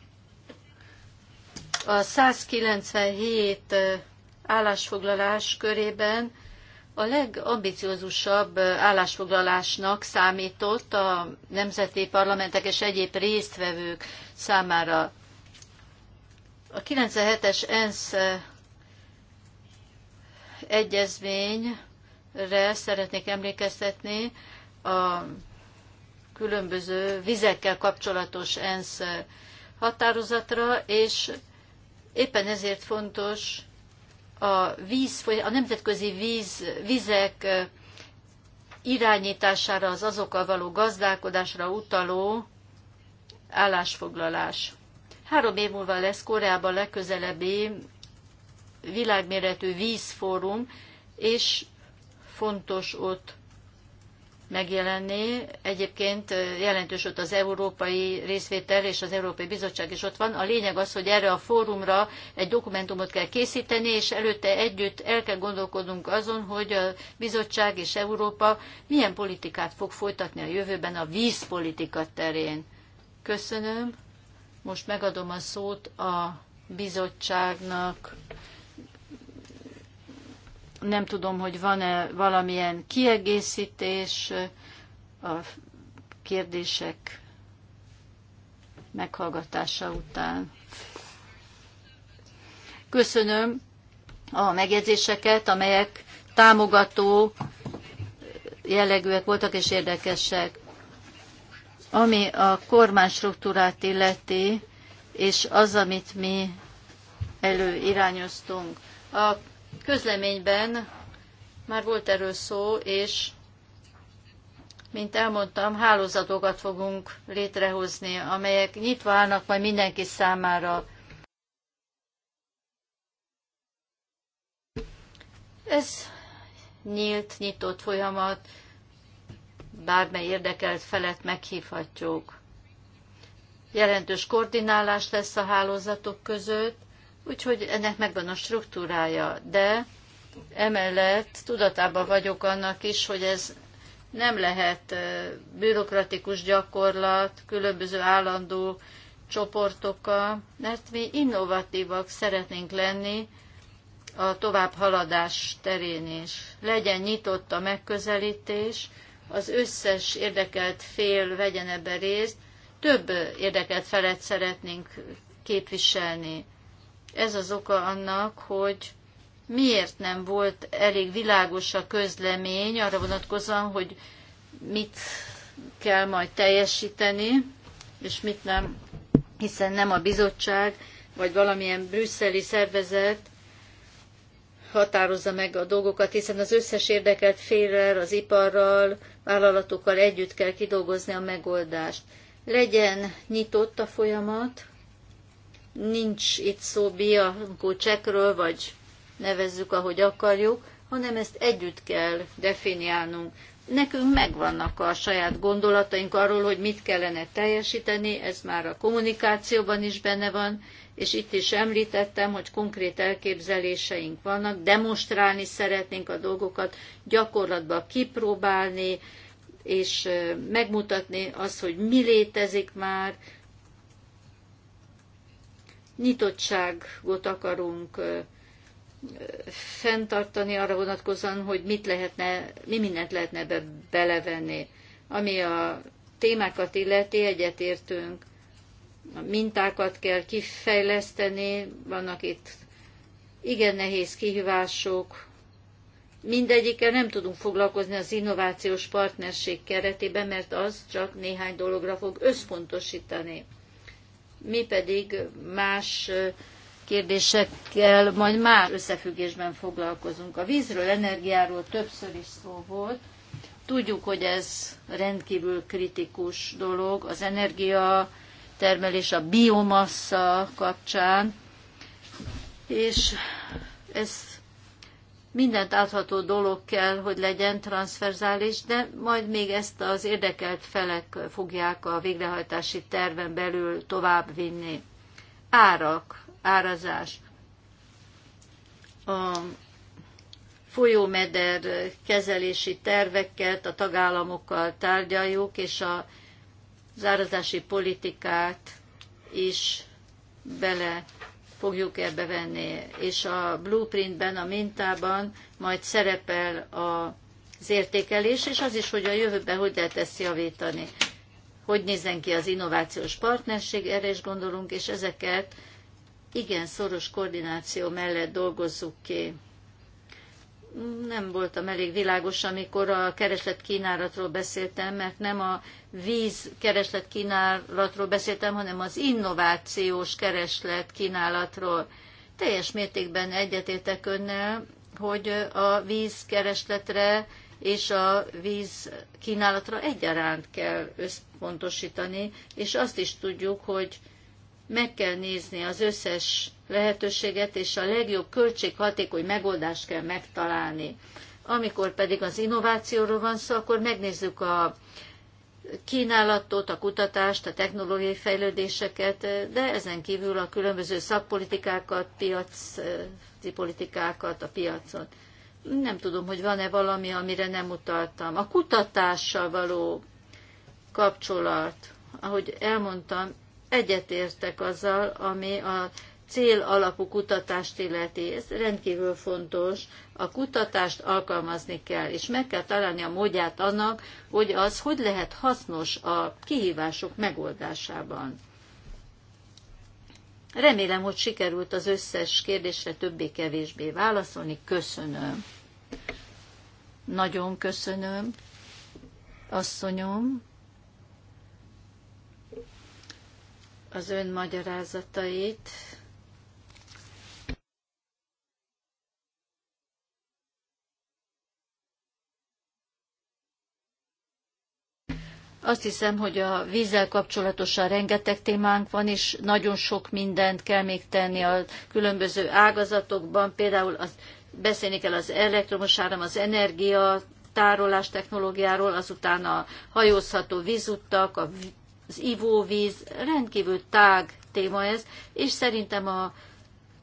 a 197 állásfoglalás körében a legambiciózusabb állásfoglalásnak számított a nemzeti parlamentek és egyéb résztvevők számára. A 97-es ENSZ eh, egyezményre szeretnék emlékeztetni a különböző vizekkel kapcsolatos ENSZ eh, határozatra, és éppen ezért fontos a, víz, a nemzetközi víz, vizek eh, irányítására, az azokkal való gazdálkodásra utaló állásfoglalás. Három év múlva lesz Koreában legközelebbi világméretű vízfórum, és fontos ott megjelenni. Egyébként jelentős ott az európai részvétel és az Európai Bizottság is ott van. A lényeg az, hogy erre a fórumra egy dokumentumot kell készíteni, és előtte együtt el kell gondolkodnunk azon, hogy a bizottság és Európa milyen politikát fog folytatni a jövőben a vízpolitika terén. Köszönöm. Most megadom a szót a bizottságnak. Nem tudom, hogy van-e valamilyen kiegészítés a kérdések meghallgatása után. Köszönöm a megjegyzéseket, amelyek támogató jellegűek voltak és érdekesek. Ami a kormánystruktúrát illeti, és az, amit mi előirányoztunk. A közleményben már volt erről szó, és mint elmondtam, hálózatokat fogunk létrehozni, amelyek nyitva állnak majd mindenki számára. Ez nyílt, nyitott folyamat, bármely érdekelt felet meghívhatjuk. Jelentős koordinálás lesz a hálózatok között, úgyhogy ennek megvan a struktúrája, de emellett tudatában vagyok annak is, hogy ez nem lehet bürokratikus gyakorlat, különböző állandó csoportokkal, mert mi innovatívak szeretnénk lenni a továbbhaladás terén is. Legyen nyitott a megközelítés, az összes érdekelt fél vegyen ebbe részt, több érdekelt felet szeretnénk képviselni. Ez az oka annak, hogy miért nem volt elég világos a közlemény arra vonatkozóan, hogy mit kell majd teljesíteni, és mit nem, hiszen nem a bizottság, vagy valamilyen brüsszeli szervezet határozza meg a dolgokat, hiszen az összes érdekelt félrel, az iparral, vállalatokkal együtt kell kidolgozni a megoldást. Legyen nyitott a folyamat, nincs itt szó Bianco csekről, vagy nevezzük, ahogy akarjuk, hanem ezt együtt kell definiálnunk. Nekünk megvannak a saját gondolataink arról, hogy mit kellene teljesíteni, ez már a kommunikációban is benne van, és itt is említettem, hogy konkrét elképzeléseink vannak, demonstrálni szeretnénk a dolgokat, gyakorlatban kipróbálni, és megmutatni azt, hogy mi létezik már, nyitottságot akarunk fenntartani arra vonatkozóan, hogy mit lehetne, mi mindent lehetne be belevenni. Ami a témákat illeti, egyetértünk mintákat kell kifejleszteni, vannak itt igen nehéz kihívások, mindegyikkel nem tudunk foglalkozni az innovációs partnerség keretében, mert az csak néhány dologra fog összpontosítani. Mi pedig más kérdésekkel majd már összefüggésben foglalkozunk. A vízről, energiáról többször is szó volt. Tudjuk, hogy ez rendkívül kritikus dolog. Az energia termelés a biomassa kapcsán, és ez mindent átható dolog kell, hogy legyen transferzális, de majd még ezt az érdekelt felek fogják a végrehajtási terven belül továbbvinni. Árak, árazás. A folyómeder kezelési terveket a tagállamokkal tárgyaljuk, és a az árazási politikát is bele fogjuk ebbe venni. És a blueprintben, a mintában majd szerepel az értékelés, és az is, hogy a jövőben hogy lehet ezt javítani. Hogy nézzen ki az innovációs partnerség, erre is gondolunk, és ezeket igen szoros koordináció mellett dolgozzuk ki nem voltam elég világos, amikor a keresletkínálatról beszéltem, mert nem a víz keresletkínálatról beszéltem, hanem az innovációs keresletkínálatról. Teljes mértékben egyetértek önnel, hogy a vízkeresletre és a vízkínálatra egyaránt kell összpontosítani, és azt is tudjuk, hogy meg kell nézni az összes lehetőséget, és a legjobb költséghatékony megoldást kell megtalálni. Amikor pedig az innovációról van szó, akkor megnézzük a kínálatot, a kutatást, a technológiai fejlődéseket, de ezen kívül a különböző szakpolitikákat, piaci politikákat, a piacot. Nem tudom, hogy van-e valami, amire nem utaltam. A kutatással való kapcsolat, ahogy elmondtam, egyetértek azzal, ami a cél alapú kutatást illeti. Ez rendkívül fontos. A kutatást alkalmazni kell, és meg kell találni a módját annak, hogy az hogy lehet hasznos a kihívások megoldásában. Remélem, hogy sikerült az összes kérdésre többé-kevésbé válaszolni. Köszönöm. Nagyon köszönöm, asszonyom. az ön magyarázatait. Azt hiszem, hogy a vízzel kapcsolatosan rengeteg témánk van, és nagyon sok mindent kell még tenni a különböző ágazatokban, például az, beszélni kell az elektromos áram, az energia, tárolás technológiáról, azután a hajózható vízuttak, a az ivóvíz, rendkívül tág téma ez, és szerintem a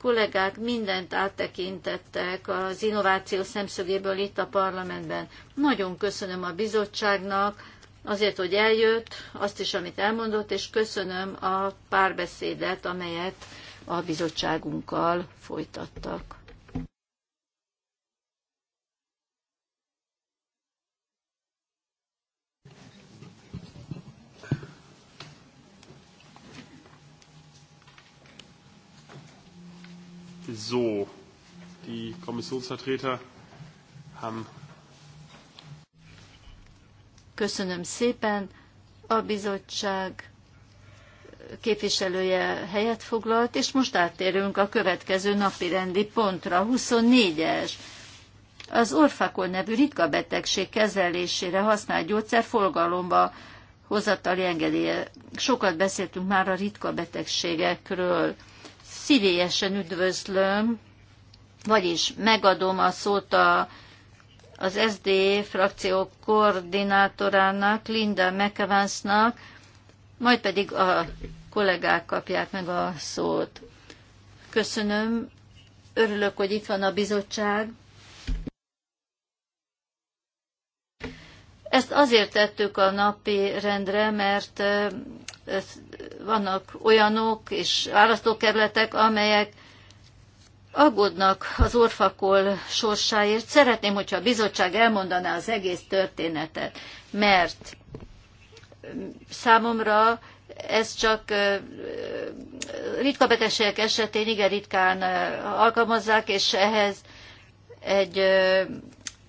kollégák mindent áttekintettek az innováció szemszögéből itt a parlamentben. Nagyon köszönöm a bizottságnak, azért, hogy eljött, azt is, amit elmondott, és köszönöm a párbeszédet, amelyet a bizottságunkkal folytattak. So, die Kommissionsvertreter haben. Köszönöm szépen. A bizottság képviselője helyet foglalt, és most áttérünk a következő napi rendi pontra, 24-es. Az orfakol nevű ritka betegség kezelésére használt gyógyszer forgalomba hozatali engedélye. Sokat beszéltünk már a ritka betegségekről szívélyesen üdvözlöm, vagyis megadom a szót a, az SD frakció koordinátorának, Linda McEvansnak, majd pedig a kollégák kapják meg a szót. Köszönöm, örülök, hogy itt van a bizottság. Ezt azért tettük a napi rendre, mert vannak olyanok és választókerületek, amelyek aggódnak az orfakol sorsáért. Szeretném, hogyha a bizottság elmondaná az egész történetet, mert számomra ez csak ritka betegségek esetén igen ritkán alkalmazzák, és ehhez egy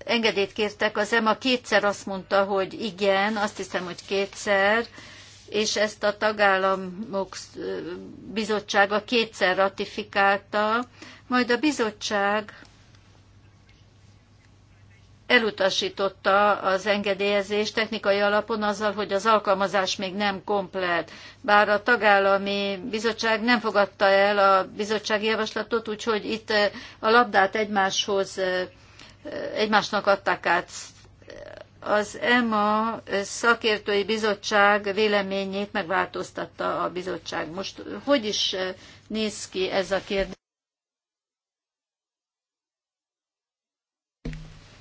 engedélyt kértek. Az EMA kétszer azt mondta, hogy igen, azt hiszem, hogy kétszer, és ezt a tagállamok bizottsága kétszer ratifikálta, majd a bizottság elutasította az engedélyezést technikai alapon azzal, hogy az alkalmazás még nem komplet. Bár a tagállami bizottság nem fogadta el a bizottsági javaslatot, úgyhogy itt a labdát egymáshoz egymásnak adták át az EMA szakértői bizottság véleményét megváltoztatta a bizottság. Most eh, hogy is eh, néz ki ez a kérdés?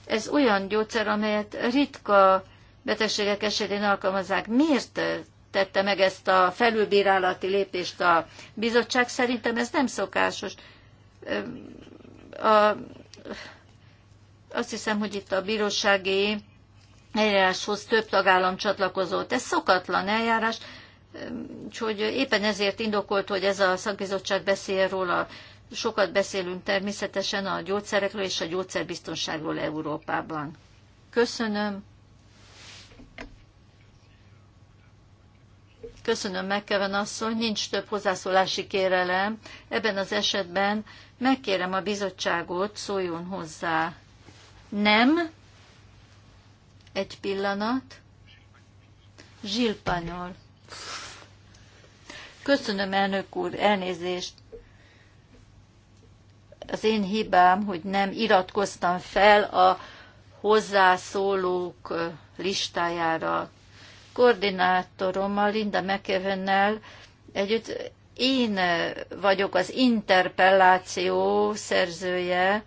Ez olyan gyógyszer, amelyet ritka betegségek esetén alkalmazzák. Miért eh, tette meg ezt a felülbírálati lépést a bizottság? Szerintem ez nem szokásos. A, azt hiszem, hogy itt a bírósági eljáráshoz több tagállam csatlakozott. Ez szokatlan eljárás, úgyhogy éppen ezért indokolt, hogy ez a szakbizottság beszél róla. Sokat beszélünk természetesen a gyógyszerekről és a gyógyszerbiztonságról Európában. Köszönöm. Köszönöm, megkeven asszony, nincs több hozzászólási kérelem. Ebben az esetben megkérem a bizottságot, szóljon hozzá. Nem? Egy pillanat. Zsilpanyol. Köszönöm, elnök úr, elnézést. Az én hibám, hogy nem iratkoztam fel a hozzászólók listájára. Koordinátorom a Linda McEvennel együtt én vagyok az interpelláció szerzője,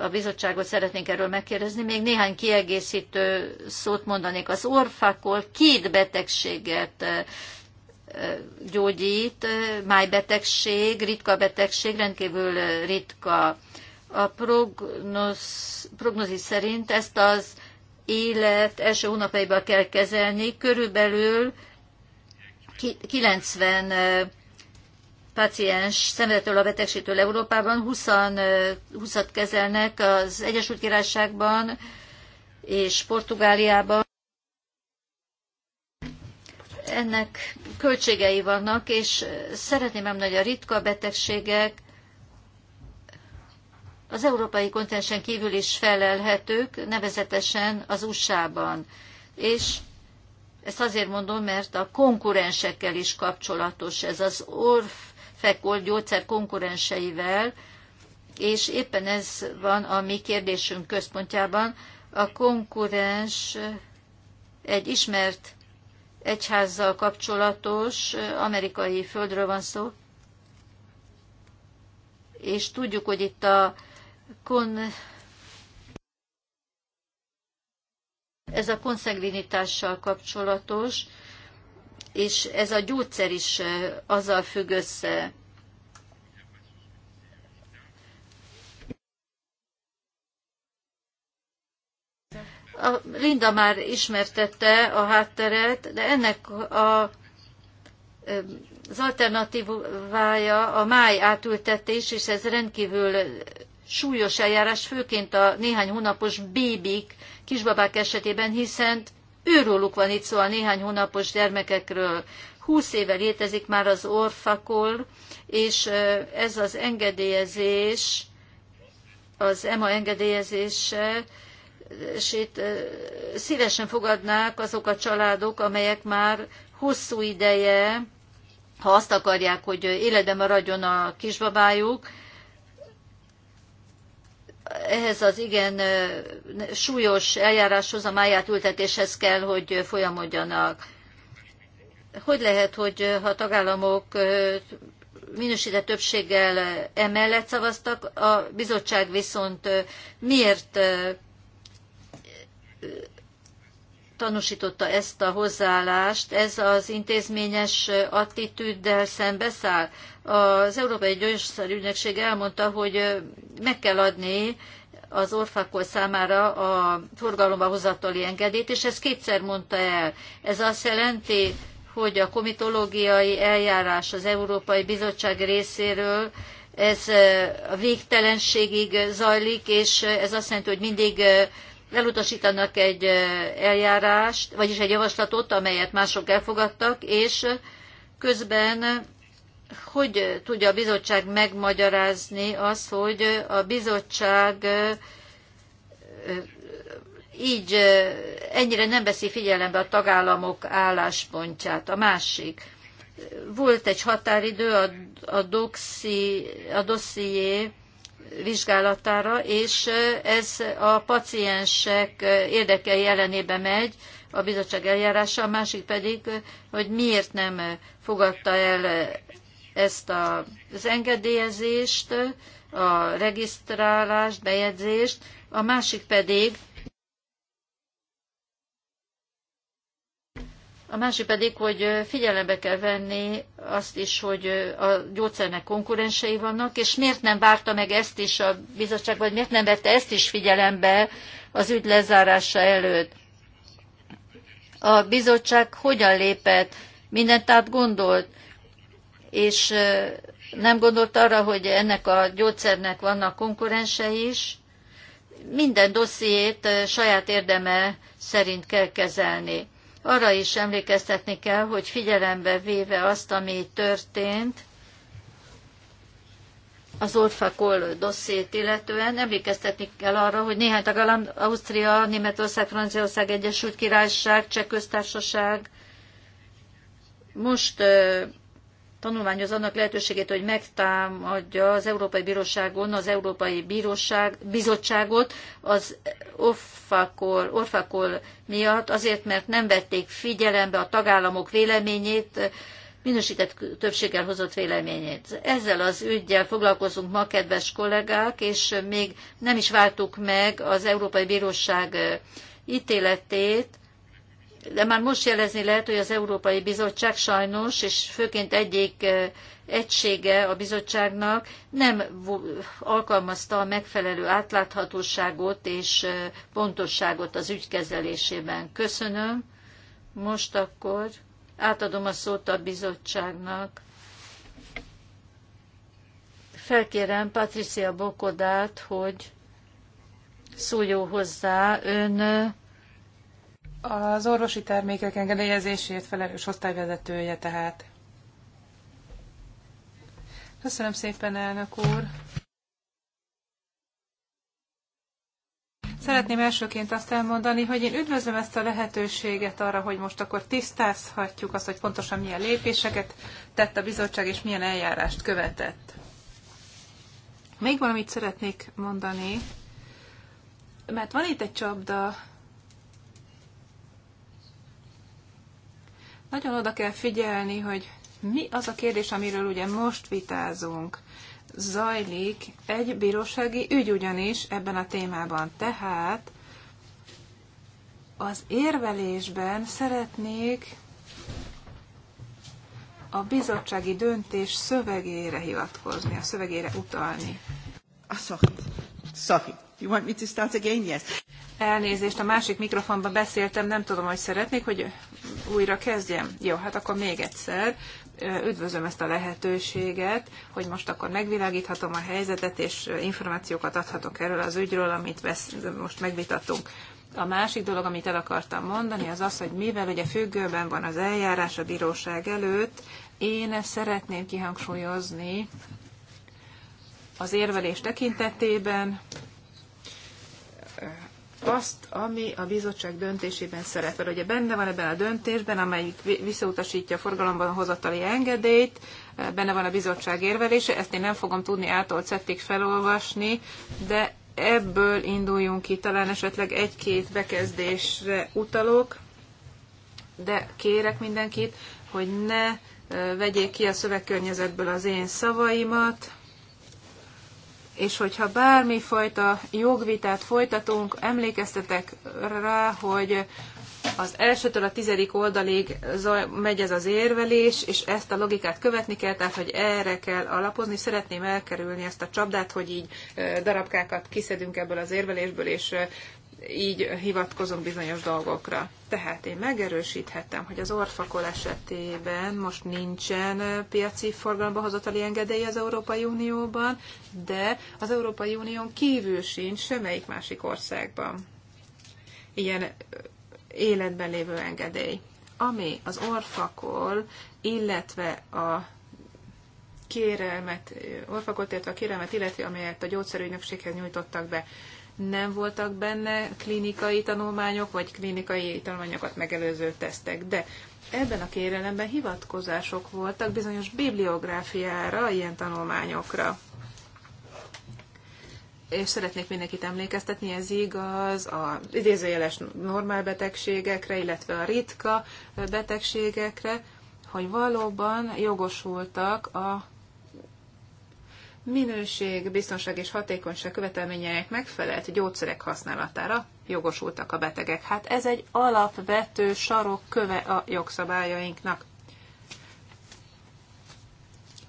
a bizottságot szeretnénk erről megkérdezni. Még néhány kiegészítő szót mondanék. Az orfakol két betegséget gyógyít, májbetegség, ritka betegség, rendkívül ritka. A prognosz prognozis szerint ezt az élet első hónapjaiban kell kezelni, körülbelül 90 páciens szenvedetől a betegségtől Európában, 20 20 kezelnek az Egyesült Királyságban és Portugáliában. Ennek költségei vannak, és szeretném említeni, hogy a ritka betegségek az európai kontinensen kívül is felelhetők, nevezetesen az USA-ban. És ezt azért mondom, mert a konkurensekkel is kapcsolatos ez az orf fekolt gyógyszer konkurenseivel, és éppen ez van a mi kérdésünk központjában. A konkurens egy ismert egyházzal kapcsolatos amerikai földről van szó, és tudjuk, hogy itt a kon... ez a konszegvinitással kapcsolatos, és ez a gyógyszer is azzal függ össze. A Linda már ismertette a hátteret, de ennek a, az alternatívája a máj átültetés, és ez rendkívül súlyos eljárás, főként a néhány hónapos bébik, kisbabák esetében, hiszen őróluk van itt szó szóval a néhány hónapos gyermekekről. 20 éve létezik már az orfakol, és ez az engedélyezés, az EMA engedélyezése, és itt szívesen fogadnák azok a családok, amelyek már hosszú ideje, ha azt akarják, hogy életben maradjon a kisbabájuk, ehhez az igen súlyos eljáráshoz, a máját ültetéshez kell, hogy folyamodjanak. Hogy lehet, hogy ha a tagállamok minősített többséggel emellett szavaztak, a bizottság viszont miért tanúsította ezt a hozzáállást, ez az intézményes attitűddel szembeszáll. Az Európai Ügynökség elmondta, hogy meg kell adni az orfakol számára a forgalomba hozatali engedélyt, és ezt kétszer mondta el. Ez azt jelenti, hogy a komitológiai eljárás az Európai Bizottság részéről ez a végtelenségig zajlik, és ez azt jelenti, hogy mindig elutasítanak egy eljárást, vagyis egy javaslatot, amelyet mások elfogadtak, és közben hogy tudja a bizottság megmagyarázni azt, hogy a bizottság így ennyire nem veszi figyelembe a tagállamok álláspontját. A másik. Volt egy határidő a, a, doxi, a dosszié vizsgálatára, és ez a paciensek érdekei ellenébe megy a bizottság eljárása, a másik pedig, hogy miért nem fogadta el ezt a, az engedélyezést, a regisztrálást, bejegyzést, a másik pedig A másik pedig, hogy figyelembe kell venni azt is, hogy a gyógyszernek konkurensei vannak, és miért nem várta meg ezt is a bizottság, vagy miért nem vette ezt is figyelembe az ügy lezárása előtt. A bizottság hogyan lépett, mindent át gondolt, és nem gondolt arra, hogy ennek a gyógyszernek vannak konkurensei is. Minden dossziét saját érdeme szerint kell kezelni. Arra is emlékeztetni kell, hogy figyelembe véve azt, ami történt, az Orfakol dossziét illetően emlékeztetni kell arra, hogy néhány tagállam, Ausztria, Németország, Franciaország, Egyesült Királyság, Cseh Köztársaság most tanulmányoz annak lehetőségét, hogy megtámadja az Európai Bíróságon az Európai Bíróság, Bizottságot az orfakol, orfakol miatt, azért, mert nem vették figyelembe a tagállamok véleményét, minősített többséggel hozott véleményét. Ezzel az ügyjel foglalkozunk ma, kedves kollégák, és még nem is vártuk meg az Európai Bíróság ítéletét, de már most jelezni lehet, hogy az Európai Bizottság sajnos, és főként egyik eh, egysége a bizottságnak nem alkalmazta a megfelelő átláthatóságot és eh, pontosságot az ügykezelésében. Köszönöm. Most akkor átadom a szót a bizottságnak. Felkérem Patricia Bokodát, hogy szóljon hozzá. Ön eh, az orvosi termékek engedélyezésért felelős osztályvezetője tehát. Köszönöm szépen, elnök úr! Szeretném elsőként azt elmondani, hogy én üdvözlöm ezt a lehetőséget arra, hogy most akkor tisztázhatjuk azt, hogy pontosan milyen lépéseket tett a bizottság, és milyen eljárást követett. Még valamit szeretnék mondani, mert van itt egy csapda, Nagyon oda kell figyelni, hogy mi az a kérdés, amiről ugye most vitázunk. Zajlik egy bírósági ügy ugyanis ebben a témában. Tehát az érvelésben szeretnék a bizottsági döntés szövegére hivatkozni, a szövegére utalni. A ah, sorry. Sorry. You want me to start again? Yes. Elnézést, a másik mikrofonban beszéltem, nem tudom, hogy szeretnék, hogy újra kezdjem? Jó, hát akkor még egyszer üdvözlöm ezt a lehetőséget, hogy most akkor megvilágíthatom a helyzetet, és információkat adhatok erről az ügyről, amit vesz, most megvitattunk. A másik dolog, amit el akartam mondani, az az, hogy mivel ugye függőben van az eljárás a bíróság előtt, én szeretném kihangsúlyozni az érvelés tekintetében, azt, ami a bizottság döntésében szerepel. Ugye benne van ebben a döntésben, amelyik visszautasítja a forgalomban hozatali engedélyt, eh, benne van a bizottság érvelése, ezt én nem fogom tudni által szettig felolvasni, de ebből induljunk ki, talán esetleg egy-két bekezdésre utalok, de kérek mindenkit, hogy ne eh, vegyék ki a szövegkörnyezetből az én szavaimat, és hogyha bármifajta jogvitát folytatunk, emlékeztetek rá, hogy az elsőtől a tizedik oldalig zaj, megy ez az érvelés, és ezt a logikát követni kell, tehát hogy erre kell alapozni. Szeretném elkerülni ezt a csapdát, hogy így darabkákat kiszedünk ebből az érvelésből, és így hivatkozunk bizonyos dolgokra. Tehát én megerősíthettem, hogy az orfakol esetében most nincsen piaci forgalomba hozatali engedély az Európai Unióban, de az Európai Unión kívül sincs semmelyik másik országban ilyen életben lévő engedély. Ami az orfakol, illetve a kérelmet, orfakot, illetve a kérelmet illeti, amelyet a gyógyszerügynökséghez nyújtottak be nem voltak benne klinikai tanulmányok, vagy klinikai tanulmányokat megelőző tesztek. De ebben a kérelemben hivatkozások voltak bizonyos bibliográfiára, ilyen tanulmányokra. És szeretnék mindenkit emlékeztetni, ez igaz az idézőjeles normál betegségekre, illetve a ritka betegségekre, hogy valóban jogosultak a minőség, biztonság és hatékonyság követelményeinek megfelelt gyógyszerek használatára jogosultak a betegek. Hát ez egy alapvető sarokköve a jogszabályainknak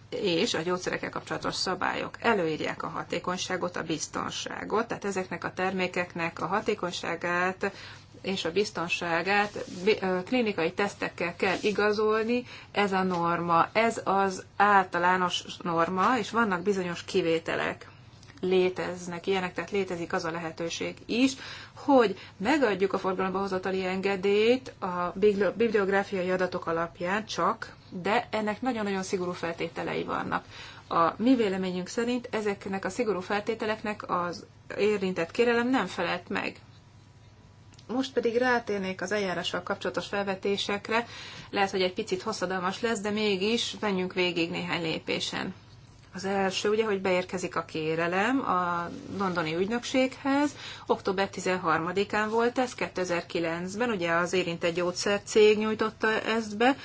és a gyógyszerekkel kapcsolatos szabályok előírják a hatékonyságot, a biztonságot, tehát ezeknek a termékeknek a hatékonyságát és a biztonságát klinikai tesztekkel kell igazolni, ez a norma, ez az általános norma, és vannak bizonyos kivételek léteznek ilyenek, tehát létezik az a lehetőség is, hogy megadjuk a forgalomba hozatali engedélyt a bibliográfiai adatok alapján csak, de ennek nagyon-nagyon szigorú feltételei vannak. A mi véleményünk szerint ezeknek a szigorú feltételeknek az érintett kérelem nem felelt meg. Most pedig rátérnék az eljárással kapcsolatos felvetésekre. Lehet, hogy egy picit hosszadalmas lesz, de mégis menjünk végig néhány lépésen. Az első ugye, hogy beérkezik a kérelem a londoni ügynökséghez. Október 13-án volt ez, 2009-ben, ugye az érintett gyógyszercég nyújtotta ezt be.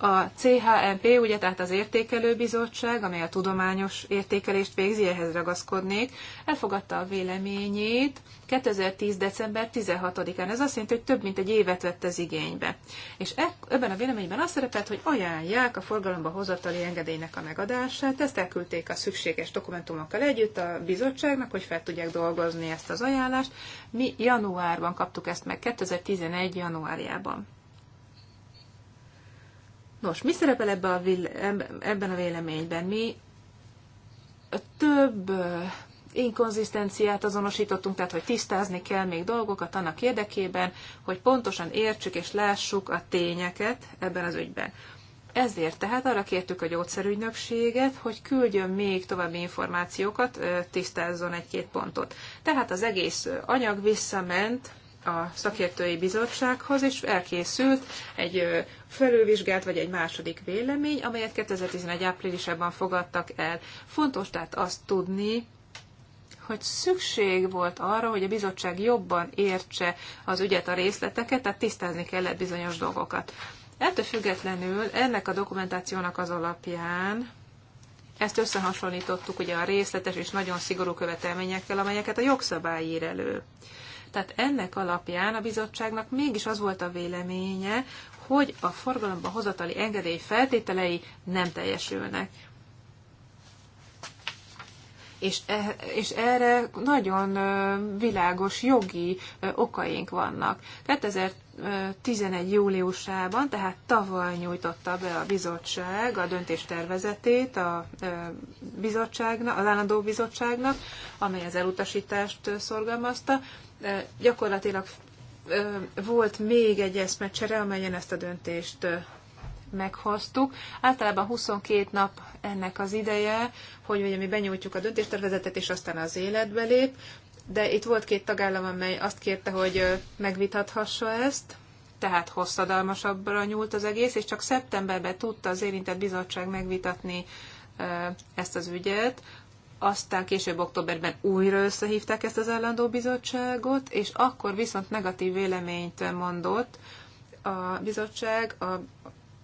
A CHMP, ugye tehát az értékelőbizottság, amely a tudományos értékelést végzi, ehhez ragaszkodnék, elfogadta a véleményét 2010. december 16-án. Ez azt jelenti, hogy több mint egy évet vett ez igénybe. És e, ebben a véleményben azt szerepelt, hogy ajánlják a forgalomba hozatali engedélynek a megadását, ezt elküldték megküldték a szükséges dokumentumokkal együtt a bizottságnak, hogy fel tudják dolgozni ezt az ajánlást. Mi januárban kaptuk ezt meg, 2011. januárjában. Nos, mi szerepel ebbe a ebben a véleményben? Mi több inkonzisztenciát azonosítottunk, tehát hogy tisztázni kell még dolgokat annak érdekében, hogy pontosan értsük és lássuk a tényeket ebben az ügyben. Ezért tehát arra kértük a gyógyszerügynökséget, hogy küldjön még további információkat, tisztázzon egy-két pontot. Tehát az egész anyag visszament a szakértői bizottsághoz, és elkészült egy felülvizsgált vagy egy második vélemény, amelyet 2011 áprilisában fogadtak el. Fontos tehát azt tudni, hogy szükség volt arra, hogy a bizottság jobban értse az ügyet, a részleteket, tehát tisztázni kellett bizonyos dolgokat. Ettől függetlenül ennek a dokumentációnak az alapján ezt összehasonlítottuk ugye a részletes és nagyon szigorú követelményekkel, amelyeket a jogszabály ír elő. Tehát ennek alapján a bizottságnak mégis az volt a véleménye, hogy a forgalomba hozatali engedély feltételei nem teljesülnek. És, e, és erre nagyon világos jogi okaink vannak. 2000 2011. júliusában, tehát tavaly nyújtotta be a bizottság a döntéstervezetét a bizottságnak, az állandó bizottságnak, amely az elutasítást szorgalmazta. Gyakorlatilag volt még egy eszmecsere, amelyen ezt a döntést meghoztuk. Általában 22 nap ennek az ideje, hogy ugye mi benyújtjuk a döntéstervezetet, és aztán az életbe lép de itt volt két tagállam, amely azt kérte, hogy megvitathassa ezt, tehát hosszadalmasabbra nyúlt az egész, és csak szeptemberben tudta az érintett bizottság megvitatni ezt az ügyet, aztán később októberben újra összehívták ezt az állandó bizottságot, és akkor viszont negatív véleményt mondott a bizottság a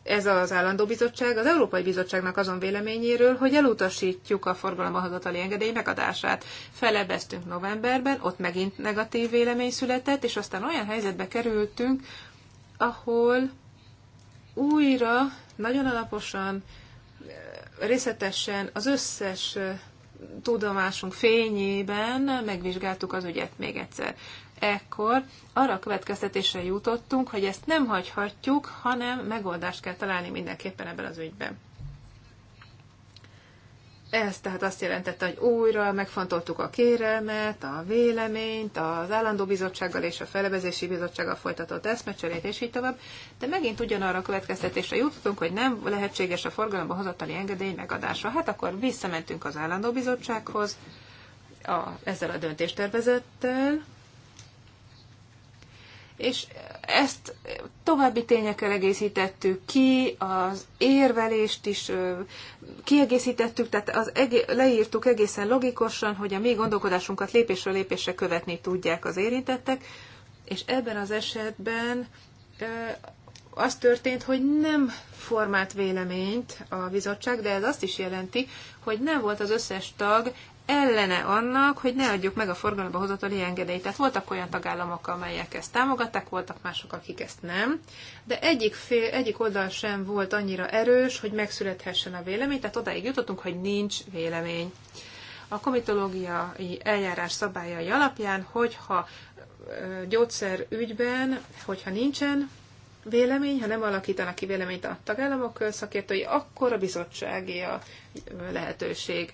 ez az állandó bizottság az Európai Bizottságnak azon véleményéről, hogy elutasítjuk a forgalomba hozatali engedély megadását. Felebeztünk novemberben, ott megint negatív vélemény született, és aztán olyan helyzetbe kerültünk, ahol újra nagyon alaposan, részletesen az összes eh, tudomásunk fényében megvizsgáltuk az ügyet még egyszer ekkor arra a következtetésre jutottunk, hogy ezt nem hagyhatjuk, hanem megoldást kell találni mindenképpen ebben az ügyben. Ez tehát azt jelentette, hogy újra megfontoltuk a kérelmet, a véleményt, az állandó bizottsággal és a felevezési bizottsággal folytatott eszmecserét, és így tovább, de megint ugyanarra a következtetésre jutottunk, hogy nem lehetséges a forgalomba hozatali engedély megadása. Hát akkor visszamentünk az állandó bizottsághoz a, ezzel a döntéstervezettel, és ezt további tényekkel egészítettük ki, az érvelést is kiegészítettük, tehát az egé- leírtuk egészen logikusan, hogy a mi gondolkodásunkat lépésről lépésre követni tudják az érintettek, és ebben az esetben az történt, hogy nem formált véleményt a bizottság, de ez azt is jelenti, hogy nem volt az összes tag ellene annak, hogy ne adjuk meg a forgalomba hozatali engedélyt. Tehát voltak olyan tagállamok, amelyek ezt támogatták, voltak mások, akik ezt nem, de egyik, fél, egyik oldal sem volt annyira erős, hogy megszülethessen a vélemény, tehát odáig jutottunk, hogy nincs vélemény. A komitológiai eljárás szabályai alapján, hogyha gyógyszer ügyben, hogyha nincsen vélemény, ha nem alakítanak ki véleményt a tagállamok szakértői, akkor a bizottsági a lehetőség.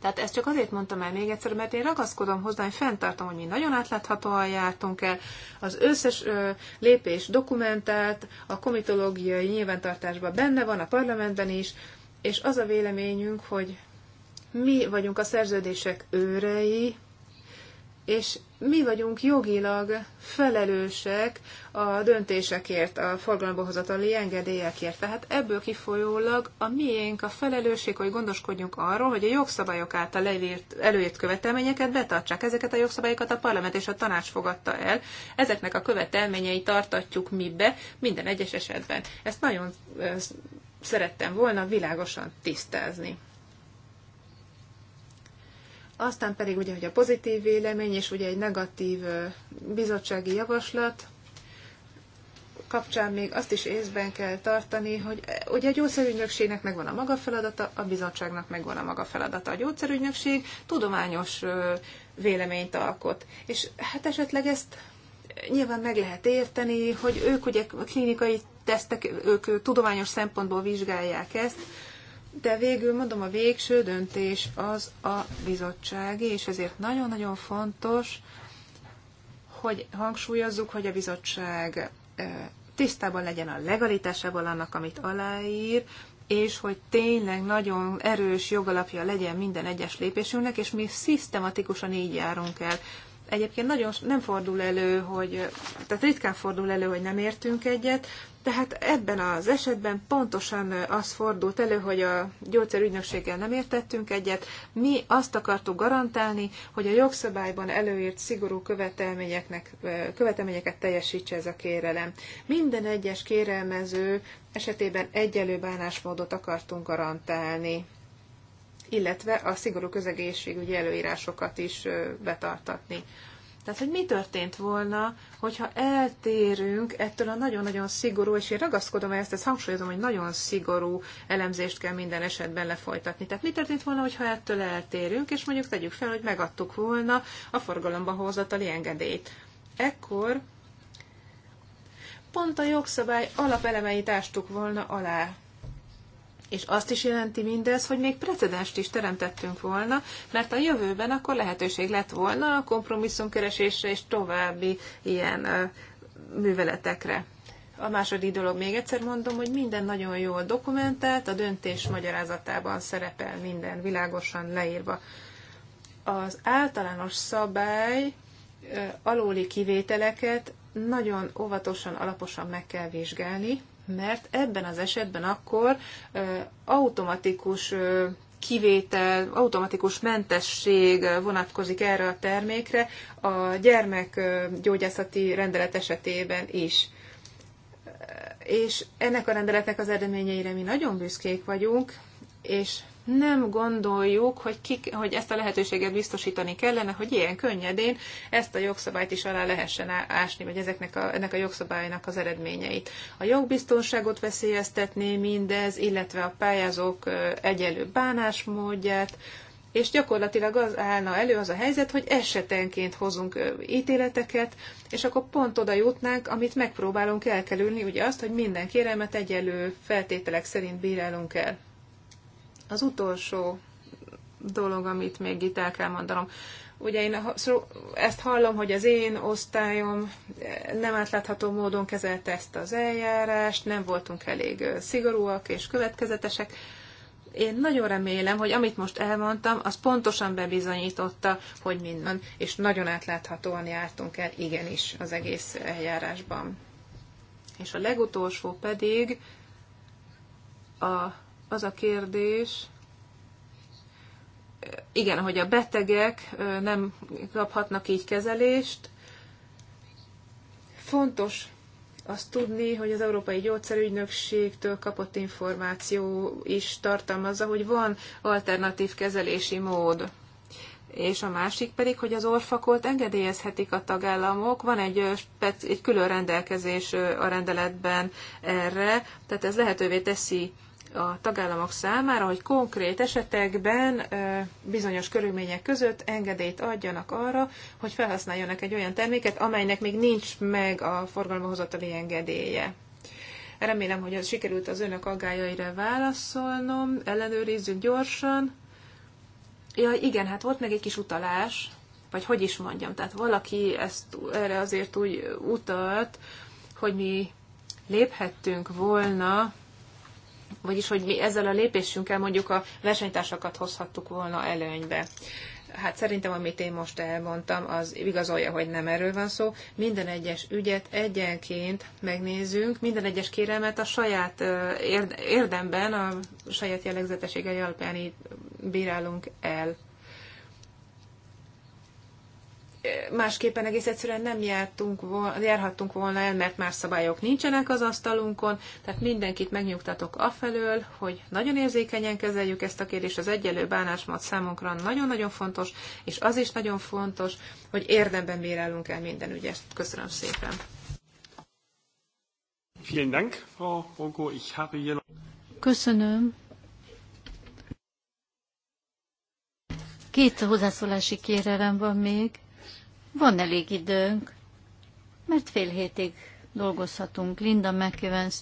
Tehát ezt csak azért mondtam el még egyszer, mert én ragaszkodom hozzá, én fenntartom, hogy mi nagyon átláthatóan jártunk el. Az összes ö, lépés dokumentált, a komitológiai nyilvántartásban benne van, a parlamentben is, és az a véleményünk, hogy mi vagyunk a szerződések őrei, és mi vagyunk jogilag felelősek a döntésekért, a forgalomba hozatali engedélyekért. Tehát ebből kifolyólag a miénk a felelősség, hogy gondoskodjunk arról, hogy a jogszabályok által leírt előírt követelményeket betartsák. Ezeket a jogszabályokat a parlament és a tanács fogadta el. Ezeknek a követelményei tartatjuk mi be minden egyes esetben. Ezt nagyon szerettem volna világosan tisztázni. Aztán pedig ugye, hogy a pozitív vélemény és ugye egy negatív bizottsági javaslat kapcsán még azt is észben kell tartani, hogy e, ugye a gyógyszerügynökségnek megvan a maga feladata, a bizottságnak megvan a maga feladata. A gyógyszerügynökség tudományos véleményt alkot. És hát esetleg ezt nyilván meg lehet érteni, hogy ők ugye klinikai tesztek, ők tudományos szempontból vizsgálják ezt, de végül mondom, a végső döntés az a bizottsági, és ezért nagyon-nagyon fontos, hogy hangsúlyozzuk, hogy a bizottság tisztában legyen a legalitásával annak, amit aláír, és hogy tényleg nagyon erős jogalapja legyen minden egyes lépésünknek, és mi szisztematikusan így járunk el egyébként nagyon nem fordul elő, hogy, tehát ritkán fordul elő, hogy nem értünk egyet, tehát ebben az esetben pontosan az fordult elő, hogy a gyógyszerügynökséggel nem értettünk egyet. Mi azt akartuk garantálni, hogy a jogszabályban előírt szigorú követelményeknek, követelményeket teljesítse ez a kérelem. Minden egyes kérelmező esetében egyelő bánásmódot akartunk garantálni illetve a szigorú közegészségügyi előírásokat is betartatni. Tehát, hogy mi történt volna, hogyha eltérünk ettől a nagyon-nagyon szigorú, és én ragaszkodom ezt, ezt hangsúlyozom, hogy nagyon szigorú elemzést kell minden esetben lefolytatni. Tehát mi történt volna, hogyha ettől eltérünk, és mondjuk tegyük fel, hogy megadtuk volna a forgalomba hozatali engedélyt. Ekkor pont a jogszabály alapelemeit ástuk volna alá. És azt is jelenti mindez, hogy még precedenst is teremtettünk volna, mert a jövőben akkor lehetőség lett volna a kompromisszumkeresésre és további ilyen műveletekre. A második dolog még egyszer mondom, hogy minden nagyon jól dokumentált, a döntés magyarázatában szerepel minden világosan leírva. Az általános szabály alóli kivételeket nagyon óvatosan, alaposan meg kell vizsgálni, mert ebben az esetben akkor automatikus kivétel, automatikus mentesség vonatkozik erre a termékre a gyermekgyógyászati rendelet esetében is. És ennek a rendeletnek az eredményeire mi nagyon büszkék vagyunk, és nem gondoljuk, hogy, kik, hogy ezt a lehetőséget biztosítani kellene, hogy ilyen könnyedén ezt a jogszabályt is alá lehessen ásni, vagy ezeknek a, ennek a jogszabálynak az eredményeit. A jogbiztonságot veszélyeztetné mindez, illetve a pályázók egyelő bánásmódját, és gyakorlatilag az állna elő az a helyzet, hogy esetenként hozunk ítéleteket, és akkor pont oda jutnánk, amit megpróbálunk elkerülni, ugye azt, hogy minden kérelmet egyelő feltételek szerint bírálunk el. Az utolsó dolog, amit még itt el kell mondanom. Ugye én ezt hallom, hogy az én osztályom eh, nem átlátható módon kezelte ezt az eljárást, nem voltunk elég eh, szigorúak és következetesek. Én nagyon remélem, hogy amit most elmondtam, az pontosan bebizonyította, hogy minden, és nagyon átláthatóan jártunk el, igenis, az egész eljárásban. És a legutolsó pedig a az a kérdés, igen, hogy a betegek nem kaphatnak így kezelést. Fontos azt tudni, hogy az Európai Gyógyszerügynökségtől kapott információ is tartalmazza, hogy van alternatív kezelési mód. És a másik pedig, hogy az orfakolt engedélyezhetik a tagállamok, van egy, egy külön rendelkezés a rendeletben erre, tehát ez lehetővé teszi a tagállamok számára, hogy konkrét esetekben bizonyos körülmények között engedélyt adjanak arra, hogy felhasználjanak egy olyan terméket, amelynek még nincs meg a forgalomba hozatali engedélye. Remélem, hogy az sikerült az önök aggájaira válaszolnom, ellenőrizzük gyorsan. Ja, igen, hát volt meg egy kis utalás, vagy hogy is mondjam, tehát valaki ezt erre azért úgy utalt, hogy mi léphettünk volna vagyis hogy mi ezzel a lépésünkkel mondjuk a versenytársakat hozhattuk volna előnybe. Hát szerintem, amit én most elmondtam, az igazolja, hogy nem erről van szó. Minden egyes ügyet egyenként megnézünk, minden egyes kérelmet a saját érdemben, a saját jellegzetességei alapján így bírálunk el másképpen egész egyszerűen nem jártunk volna, járhattunk volna el, mert más szabályok nincsenek az asztalunkon, tehát mindenkit megnyugtatok afelől, hogy nagyon érzékenyen kezeljük ezt a kérdést, az egyelő bánásmód számunkra nagyon-nagyon fontos, és az is nagyon fontos, hogy érdemben bírálunk el minden ügyet. Köszönöm szépen! Köszönöm. Két hozzászólási kérelem van még. Van elég időnk, mert fél hétig dolgozhatunk. Linda McEvans,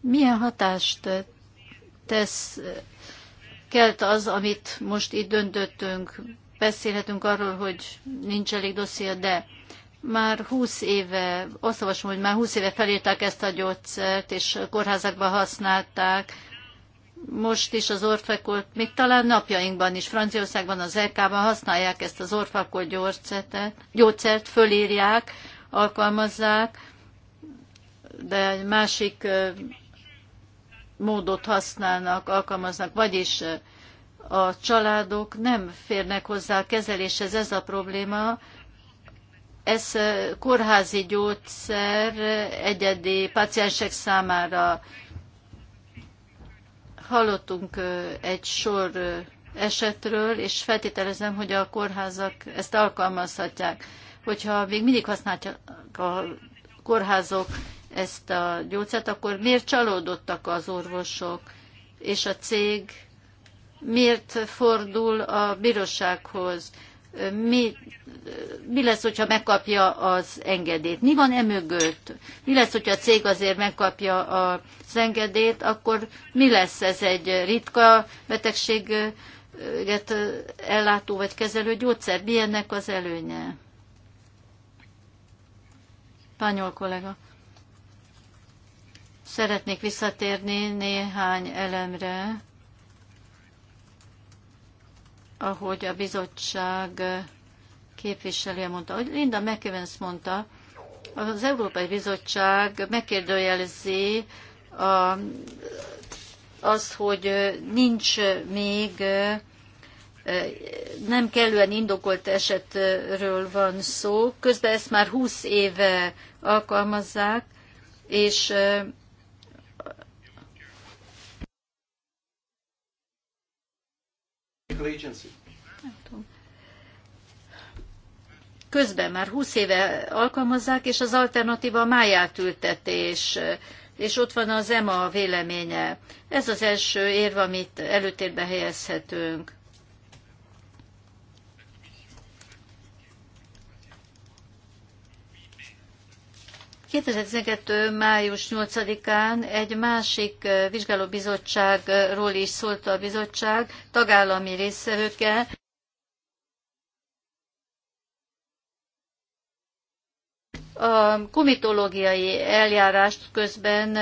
milyen hatást tesz, kelt az, amit most itt döntöttünk? Beszélhetünk arról, hogy nincs elég dosszia, de már 20 éve, azt olvasom, hogy már 20 éve felírták ezt a gyógyszert, és kórházakban használták, most is az orfekolt, még talán napjainkban is Franciaországban, az lk ban használják ezt az orfekolt gyógyszert, gyógyszert, fölírják, alkalmazzák, de egy másik módot használnak, alkalmaznak, vagyis a családok nem férnek hozzá a kezeléshez, ez a probléma. Ez kórházi gyógyszer egyedi paciensek számára Hallottunk egy sor esetről, és feltételezem, hogy a kórházak ezt alkalmazhatják. Hogyha még mindig használják a kórházok ezt a gyógyszert, akkor miért csalódottak az orvosok és a cég, miért fordul a bírósághoz? mi, mi lesz, hogyha megkapja az engedélyt? Mi van emögött? Mi lesz, hogyha a cég azért megkapja az engedélyt, akkor mi lesz ez egy ritka betegséget ellátó vagy kezelő gyógyszer? Mi ennek az előnye? Pányol kollega. Szeretnék visszatérni néhány elemre ahogy a bizottság képviselője mondta, hogy Linda McEvans mondta, az Európai Bizottság megkérdőjelezi a, az, hogy nincs még nem kellően indokolt esetről van szó. Közben ezt már 20 éve alkalmazzák, és agency? Közben már 20 éve alkalmazzák, és az alternatíva a máját ültetés, és ott van az EMA véleménye. Ez az első érv, amit előtérbe helyezhetünk. 2012. május 8-án egy másik vizsgálóbizottságról is szólt a bizottság tagállami részvevőkkel. A komitológiai eljárást közben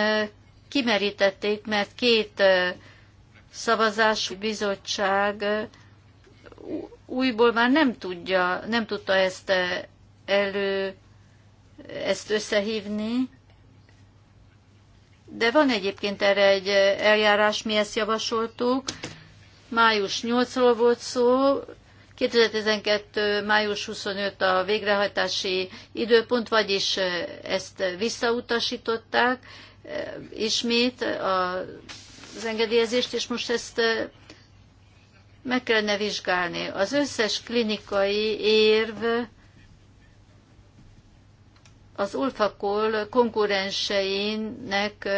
kimerítették, mert két szavazású bizottság újból már nem tudja, nem tudta ezt elő ezt összehívni, de van egyébként erre egy eljárás, mi ezt javasoltuk. Május 8-ról volt szó, 2012. május 25 a végrehajtási időpont, vagyis ezt visszautasították eh, ismét az engedélyezést, és most ezt eh, meg kellene vizsgálni. Az összes klinikai érv az Ulfakol konkurenseinek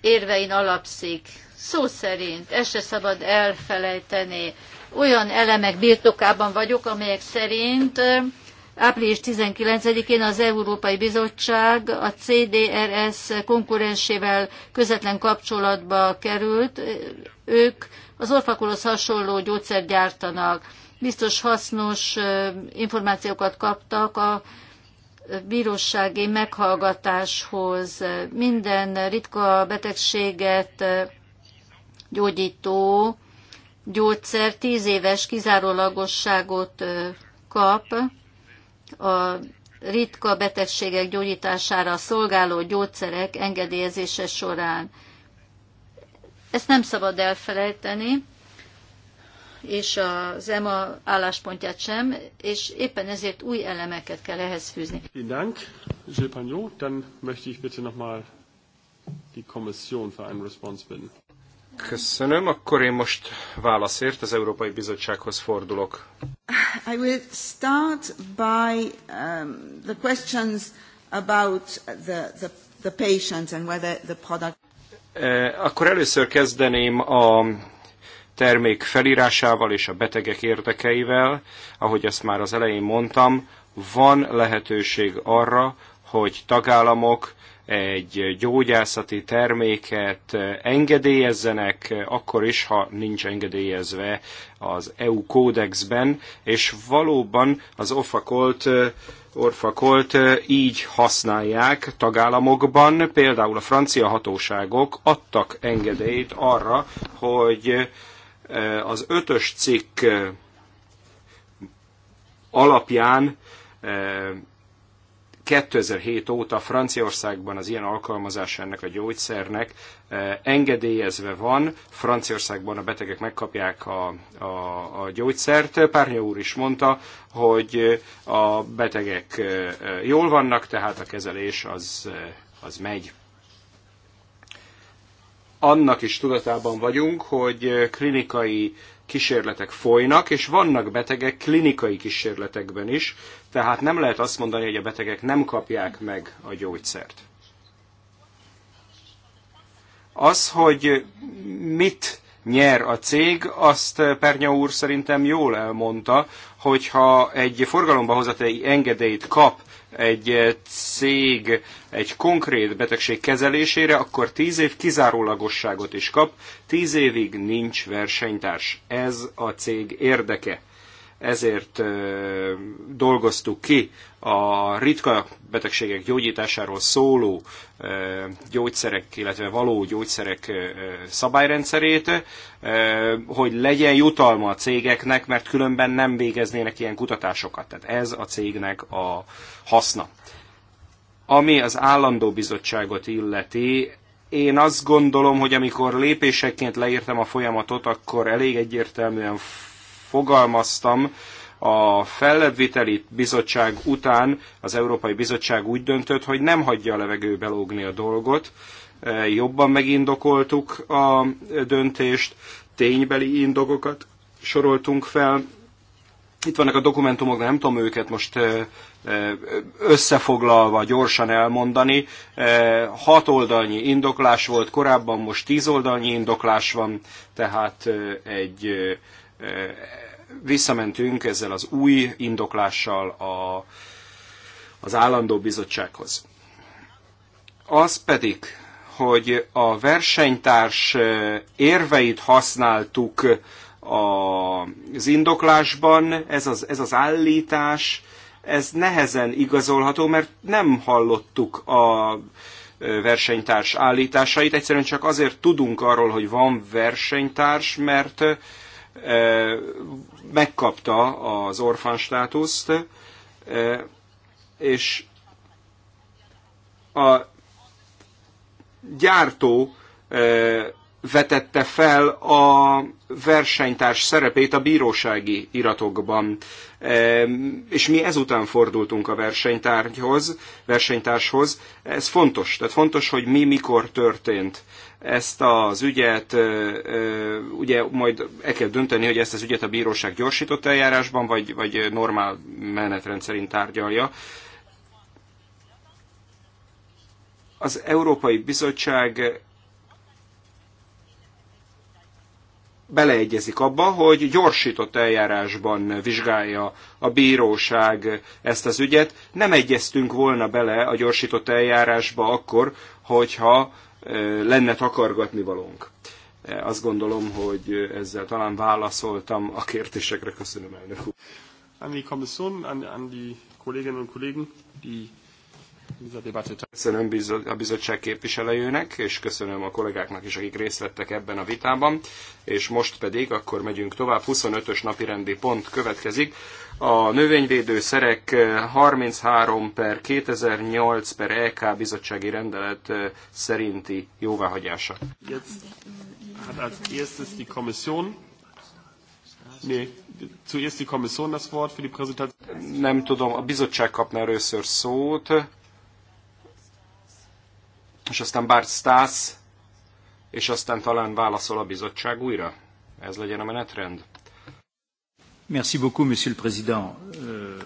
érvein alapszik. Szó szerint, ezt se szabad elfelejteni. Olyan elemek birtokában vagyok, amelyek szerint április 19-én az Európai Bizottság a CDRS konkurensével közvetlen kapcsolatba került. Ők az orfakulhoz hasonló gyógyszert gyártanak biztos hasznos információkat kaptak a bírósági meghallgatáshoz. Minden ritka betegséget gyógyító gyógyszer tíz éves kizárólagosságot kap a ritka betegségek gyógyítására szolgáló gyógyszerek engedélyezése során. Ezt nem szabad elfelejteni és az EMA álláspontját sem, és éppen ezért új elemeket kell ehhez fűzni. Vielen Dank, Dann möchte ich bitte nochmal die Kommission für einen Response bitten. Köszönöm, akkor én most válaszért az Európai Bizottsághoz fordulok. I will start by um, the questions about the, the, the patients and whether the product... Eh, akkor először kezdeném a termék felírásával és a betegek érdekeivel, ahogy ezt már az elején mondtam, van lehetőség arra, hogy tagállamok egy gyógyászati terméket engedélyezzenek, akkor is, ha nincs engedélyezve az EU kódexben, és valóban az ofakolt Orfakolt így használják tagállamokban, például a francia hatóságok adtak engedélyt arra, hogy az ötös cikk alapján 2007 óta Franciaországban az ilyen alkalmazása ennek a gyógyszernek engedélyezve van. Franciaországban a betegek megkapják a, a, a gyógyszert. Párnyó úr is mondta, hogy a betegek jól vannak, tehát a kezelés az, az megy annak is tudatában vagyunk, hogy klinikai kísérletek folynak, és vannak betegek klinikai kísérletekben is, tehát nem lehet azt mondani, hogy a betegek nem kapják meg a gyógyszert. Az, hogy mit nyer a cég, azt Pernya úr szerintem jól elmondta, hogyha egy forgalomba hozatai engedélyt kap egy eh, cég egy konkrét betegség kezelésére, akkor 10 év kizárólagosságot is kap, 10 évig nincs versenytárs. Ez a cég érdeke ezért dolgoztuk ki a ritka betegségek gyógyításáról szóló gyógyszerek, illetve való gyógyszerek szabályrendszerét, hogy legyen jutalma a cégeknek, mert különben nem végeznének ilyen kutatásokat. Tehát ez a cégnek a haszna. Ami az állandó bizottságot illeti, én azt gondolom, hogy amikor lépéseként leírtam a folyamatot, akkor elég egyértelműen fogalmaztam, a fellebbviteli bizottság után az Európai Bizottság úgy döntött, hogy nem hagyja a levegőbe lógni a dolgot, e, jobban megindokoltuk a döntést, ténybeli indokokat soroltunk fel. Itt vannak a dokumentumok, nem tudom őket most e, e, összefoglalva gyorsan elmondani. Hat oldalnyi indoklás volt korábban, most tíz oldalnyi indoklás van, tehát egy Visszamentünk ezzel az új indoklással a, az állandó bizottsághoz. Az pedig, hogy a versenytárs érveit használtuk az indoklásban, ez az, ez az állítás, ez nehezen igazolható, mert nem hallottuk a versenytárs állításait, egyszerűen csak azért tudunk arról, hogy van versenytárs, mert megkapta az orfán státuszt, és a gyártó vetette fel a versenytárs szerepét a bírósági iratokban. És mi ezután fordultunk a versenytárgyhoz, versenytárshoz. Ez fontos, tehát fontos, hogy mi mikor történt ezt az ügyet, ugye majd el kell dönteni, hogy ezt az ügyet a bíróság gyorsított eljárásban, vagy, vagy normál menetrend szerint tárgyalja. Az Európai Bizottság beleegyezik abba, hogy gyorsított eljárásban vizsgálja a bíróság ezt az ügyet. Nem egyeztünk volna bele a gyorsított eljárásba akkor, hogyha lenne takargatni valónk. Azt gondolom, hogy ezzel talán válaszoltam a kérdésekre. Köszönöm, elnök úr. An die Kommission, an, an die Kolleginnen und Kollegen, die Köszönöm a bizottság képviselőjének, és köszönöm a kollégáknak is, akik részt vettek ebben a vitában. És most pedig akkor megyünk tovább. 25-ös napi rendi pont következik. A növényvédőszerek 33 eh, per 2008 per EK bizottsági rendelet eh, szerinti jóváhagyása. Jetzt hát az? als erstes die Kommission Nee, zuerst die Kommission das Wort für die Präsentation. Nem tudom, a bizottság kapna először szót és aztán Bart Stász, és aztán talán válaszol a bizottság újra. Ez legyen a menetrend. Merci beaucoup, Monsieur le Président. Euh...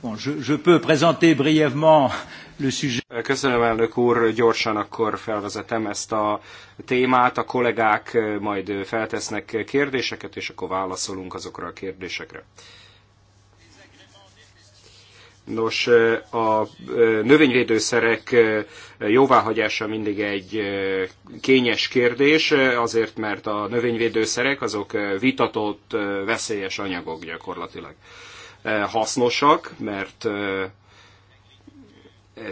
Bon, je, je peux présenter brièvement le sujet. Köszönöm, elnök úr, gyorsan akkor felvezetem ezt a témát. A kollégák majd feltesznek kérdéseket, és akkor válaszolunk azokra a kérdésekre. Nos, a növényvédőszerek jóváhagyása mindig egy kényes kérdés, azért mert a növényvédőszerek azok vitatott, veszélyes anyagok gyakorlatilag. Hasznosak, mert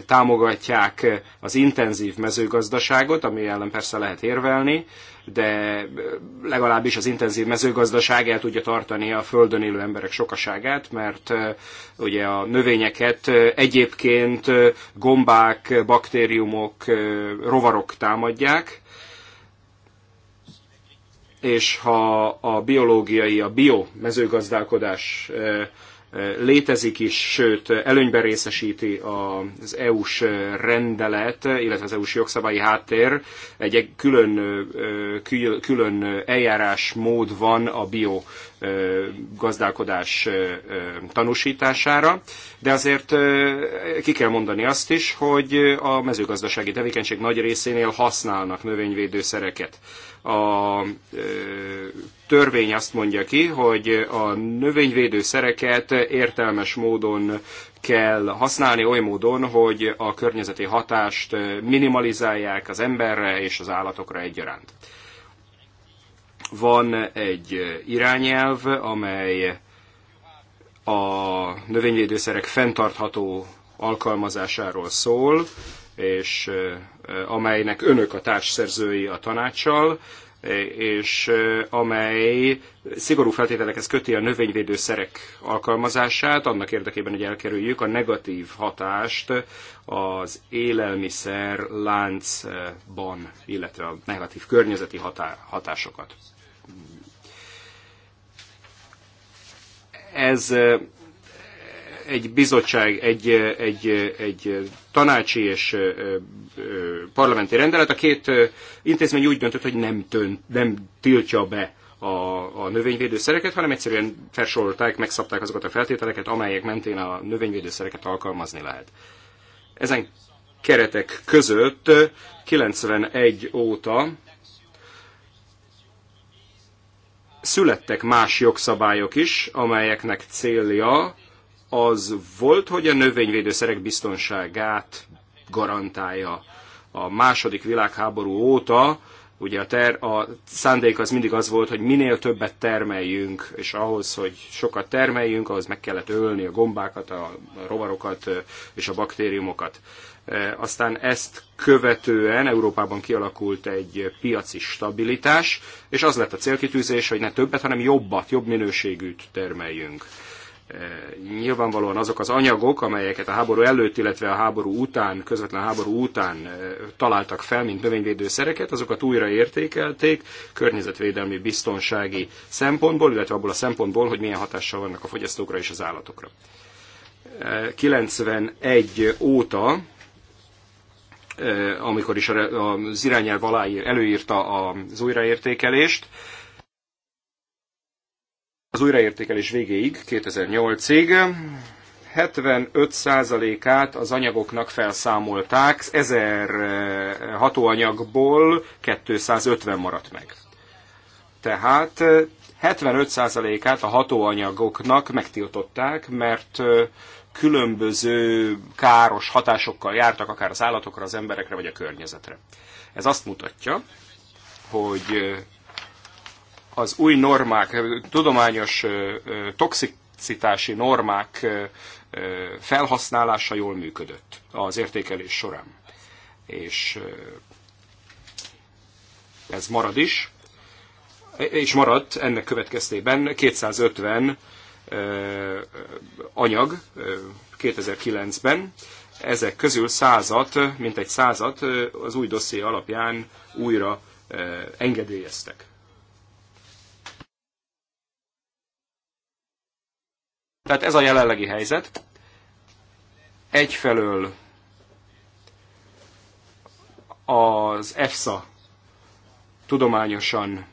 támogatják az intenzív mezőgazdaságot, ami ellen persze lehet érvelni, de legalábbis az intenzív mezőgazdaság el tudja tartani a földön élő emberek sokaságát, mert ugye a növényeket egyébként gombák, baktériumok, rovarok támadják, és ha a biológiai, a biomezőgazdálkodás mezőgazdálkodás létezik is, sőt előnyben részesíti az EU-s rendelet, illetve az EU-s jogszabályi háttér. Egy külön, külön eljárásmód van a bio gazdálkodás tanúsítására, de azért ki kell mondani azt is, hogy a mezőgazdasági tevékenység nagy részénél használnak növényvédőszereket. A törvény azt mondja ki, hogy a növényvédőszereket értelmes módon kell használni oly módon, hogy a környezeti hatást minimalizálják az emberre és az állatokra egyaránt. Van egy irányelv, amely a növényvédőszerek fenntartható alkalmazásáról szól, és amelynek önök a társszerzői a tanácssal, és amely szigorú feltételekhez köti a növényvédőszerek alkalmazását, annak érdekében, hogy elkerüljük a negatív hatást az élelmiszer láncban, illetve a negatív környezeti hatásokat. ez egy bizottság, egy, egy, egy tanácsi és parlamenti rendelet. A két intézmény úgy döntött, hogy nem, tön, nem tiltja be a, a növényvédőszereket, hanem egyszerűen felsorolták, megszabták azokat a feltételeket, amelyek mentén a növényvédőszereket alkalmazni lehet. Ezen keretek között 91 óta születtek más jogszabályok is, amelyeknek célja az volt, hogy a növényvédőszerek biztonságát garantálja. A második világháború óta ugye a, ter, a szándék az mindig az volt, hogy minél többet termeljünk, és ahhoz, hogy sokat termeljünk, ahhoz meg kellett ölni a gombákat, a rovarokat és a baktériumokat. Eh, aztán ezt követően Európában kialakult egy piaci stabilitás, és az lett a célkitűzés, hogy ne többet, hanem jobbat, jobb minőségűt termeljünk. Eh, nyilvánvalóan azok az anyagok, amelyeket a háború előtt, illetve a háború után, közvetlen háború után eh, találtak fel, mint növényvédőszereket, azokat újraértékelték környezetvédelmi, biztonsági szempontból, illetve abból a szempontból, hogy milyen hatással vannak a fogyasztókra és az állatokra. 91 óta Eh, amikor is az irányelv alá előírta az újraértékelést. Az újraértékelés végéig, 2008-ig 75%-át az anyagoknak felszámolták, 1000 eh, hatóanyagból 250 maradt meg. Tehát 75%-át eh, a hatóanyagoknak megtiltották, mert különböző káros hatásokkal jártak, akár az állatokra, az emberekre, vagy a környezetre. Ez azt mutatja, hogy az új normák, tudományos toxicitási normák felhasználása jól működött az értékelés során. És ez marad is, és maradt ennek következtében 250 anyag 2009-ben. Ezek közül százat, mint egy százat az új dosszé alapján újra engedélyeztek. Tehát ez a jelenlegi helyzet. Egyfelől az EFSA tudományosan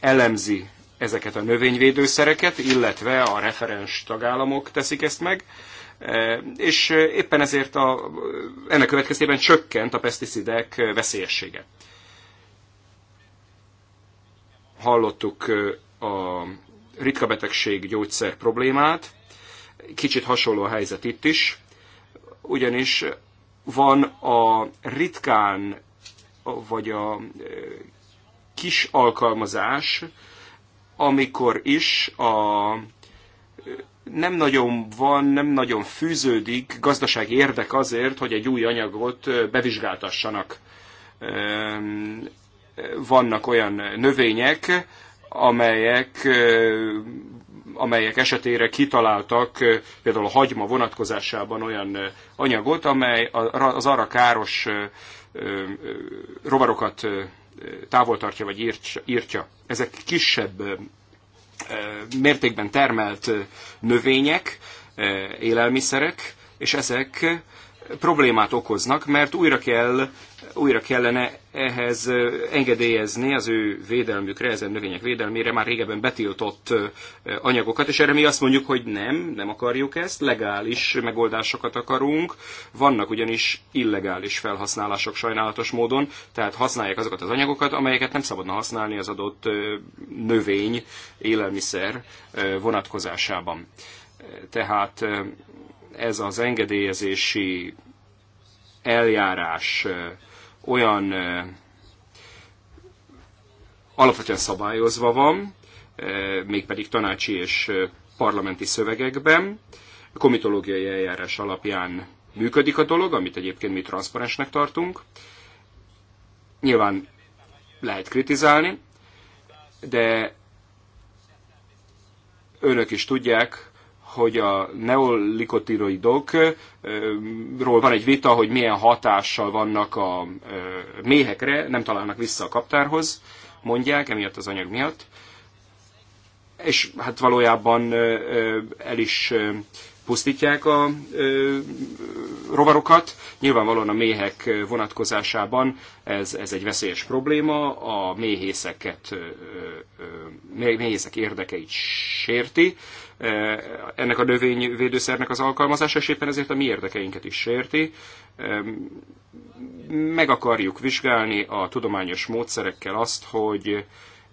elemzi ezeket a növényvédőszereket, illetve a referens tagállamok teszik ezt meg, e, és éppen ezért a, ennek következtében csökkent a peszticidek veszélyessége. Hallottuk e, a ritka betegség gyógyszer problémát, kicsit hasonló a helyzet itt is, ugyanis van a ritkán vagy a e, kis alkalmazás, amikor is a nem nagyon van, nem nagyon fűződik gazdasági érdek azért, hogy egy új anyagot bevizsgáltassanak. Vannak olyan növények, amelyek, amelyek esetére kitaláltak például a hagyma vonatkozásában olyan anyagot, amely az arra káros rovarokat távol tartja vagy írtja. Ezek kisebb mértékben termelt növények, élelmiszerek, és ezek problémát okoznak, mert újra, kell, újra kellene ehhez engedélyezni az ő védelmükre, ezen növények védelmére már régebben betiltott anyagokat, és erre mi azt mondjuk, hogy nem, nem akarjuk ezt, legális megoldásokat akarunk, vannak ugyanis illegális felhasználások sajnálatos módon, tehát használják azokat az anyagokat, amelyeket nem szabadna használni az adott növény, élelmiszer vonatkozásában. Tehát ez az engedélyezési eljárás olyan alapvetően szabályozva van, mégpedig tanácsi és parlamenti szövegekben. A komitológiai eljárás alapján működik a dolog, amit egyébként mi transzparensnek tartunk. Nyilván lehet kritizálni, de önök is tudják, hogy a neolikotinoidokról van egy vita, hogy milyen hatással vannak a méhekre, nem találnak vissza a kaptárhoz, mondják, emiatt az anyag miatt. És hát valójában el is pusztítják a ö, rovarokat. Nyilvánvalóan a méhek vonatkozásában ez, ez egy veszélyes probléma, a méhészeket, ö, ö, méhészek érdekeit sérti, E, ennek a növényvédőszernek az alkalmazása, és éppen ezért a mi érdekeinket is sérti. E, meg akarjuk vizsgálni a tudományos módszerekkel azt, hogy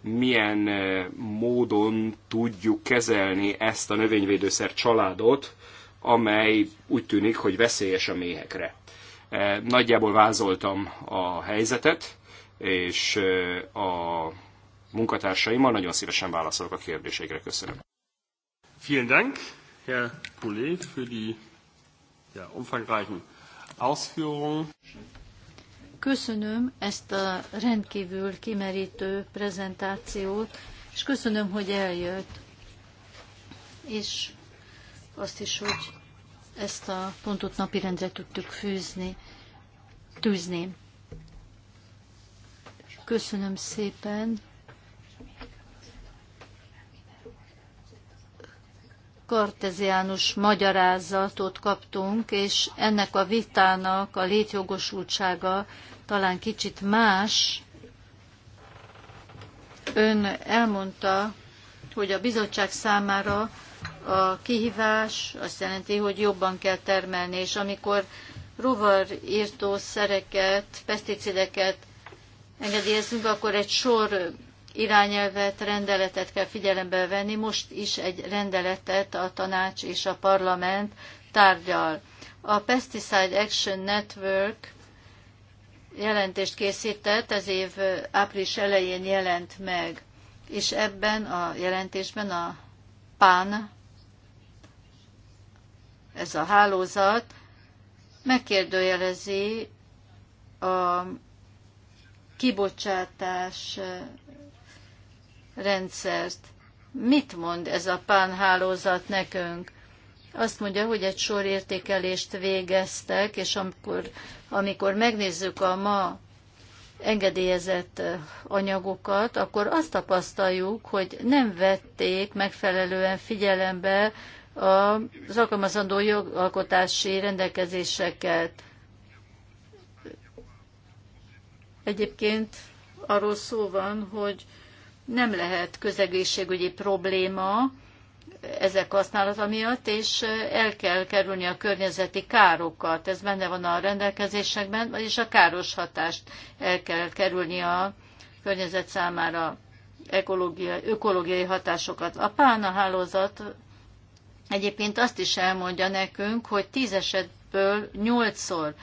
milyen e, módon tudjuk kezelni ezt a növényvédőszer családot, amely úgy tűnik, hogy veszélyes a méhekre. Nagyjából vázoltam a helyzetet, és a munkatársaimmal nagyon szívesen válaszolok a kérdéseikre. Köszönöm. Vielen Dank, Herr Poulet, für die ja, umfangreichen Ausführungen. Köszönöm ezt a rendkívül kimerítő prezentációt, és köszönöm, hogy eljött, és azt is, hogy ezt a pontot napirendre tudtuk fűzni, tűzni. Köszönöm szépen. karteziánus magyarázatot kaptunk, és ennek a vitának a létjogosultsága talán kicsit más. Ön elmondta, hogy a bizottság számára a kihívás azt jelenti, hogy jobban kell termelni, és amikor rovarírtószereket, peszticideket engedélyezünk, akkor egy sor irányelvet, rendeletet kell figyelembe venni. Most is egy rendeletet a tanács és a parlament tárgyal. A Pesticide Action Network jelentést készített, ez év április elején jelent meg, és ebben a jelentésben a PAN, ez a hálózat, megkérdőjelezi a kibocsátás rendszert. Mit mond ez a pánhálózat nekünk? Azt mondja, hogy egy sor értékelést végeztek, és amikor, amikor megnézzük a ma engedélyezett eh, anyagokat, akkor azt tapasztaljuk, hogy nem vették megfelelően figyelembe az alkalmazandó jogalkotási rendelkezéseket. Egyébként arról szó van, hogy nem lehet közegészségügyi probléma ezek használata miatt, és el kell kerülni a környezeti károkat. Ez benne van a rendelkezésekben, vagyis a káros hatást el kell kerülni a környezet számára ekológiai, ökológiai hatásokat. A pána hálózat egyébként azt is elmondja nekünk, hogy tíz esetből nyolcszor,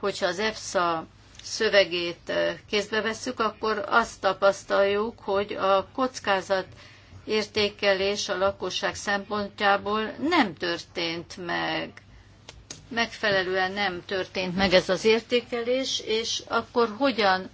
hogyha az EFSA szövegét kézbe vesszük, akkor azt tapasztaljuk, hogy a kockázat értékelés a lakosság szempontjából nem történt meg. Megfelelően nem történt meg ez az értékelés, és akkor hogyan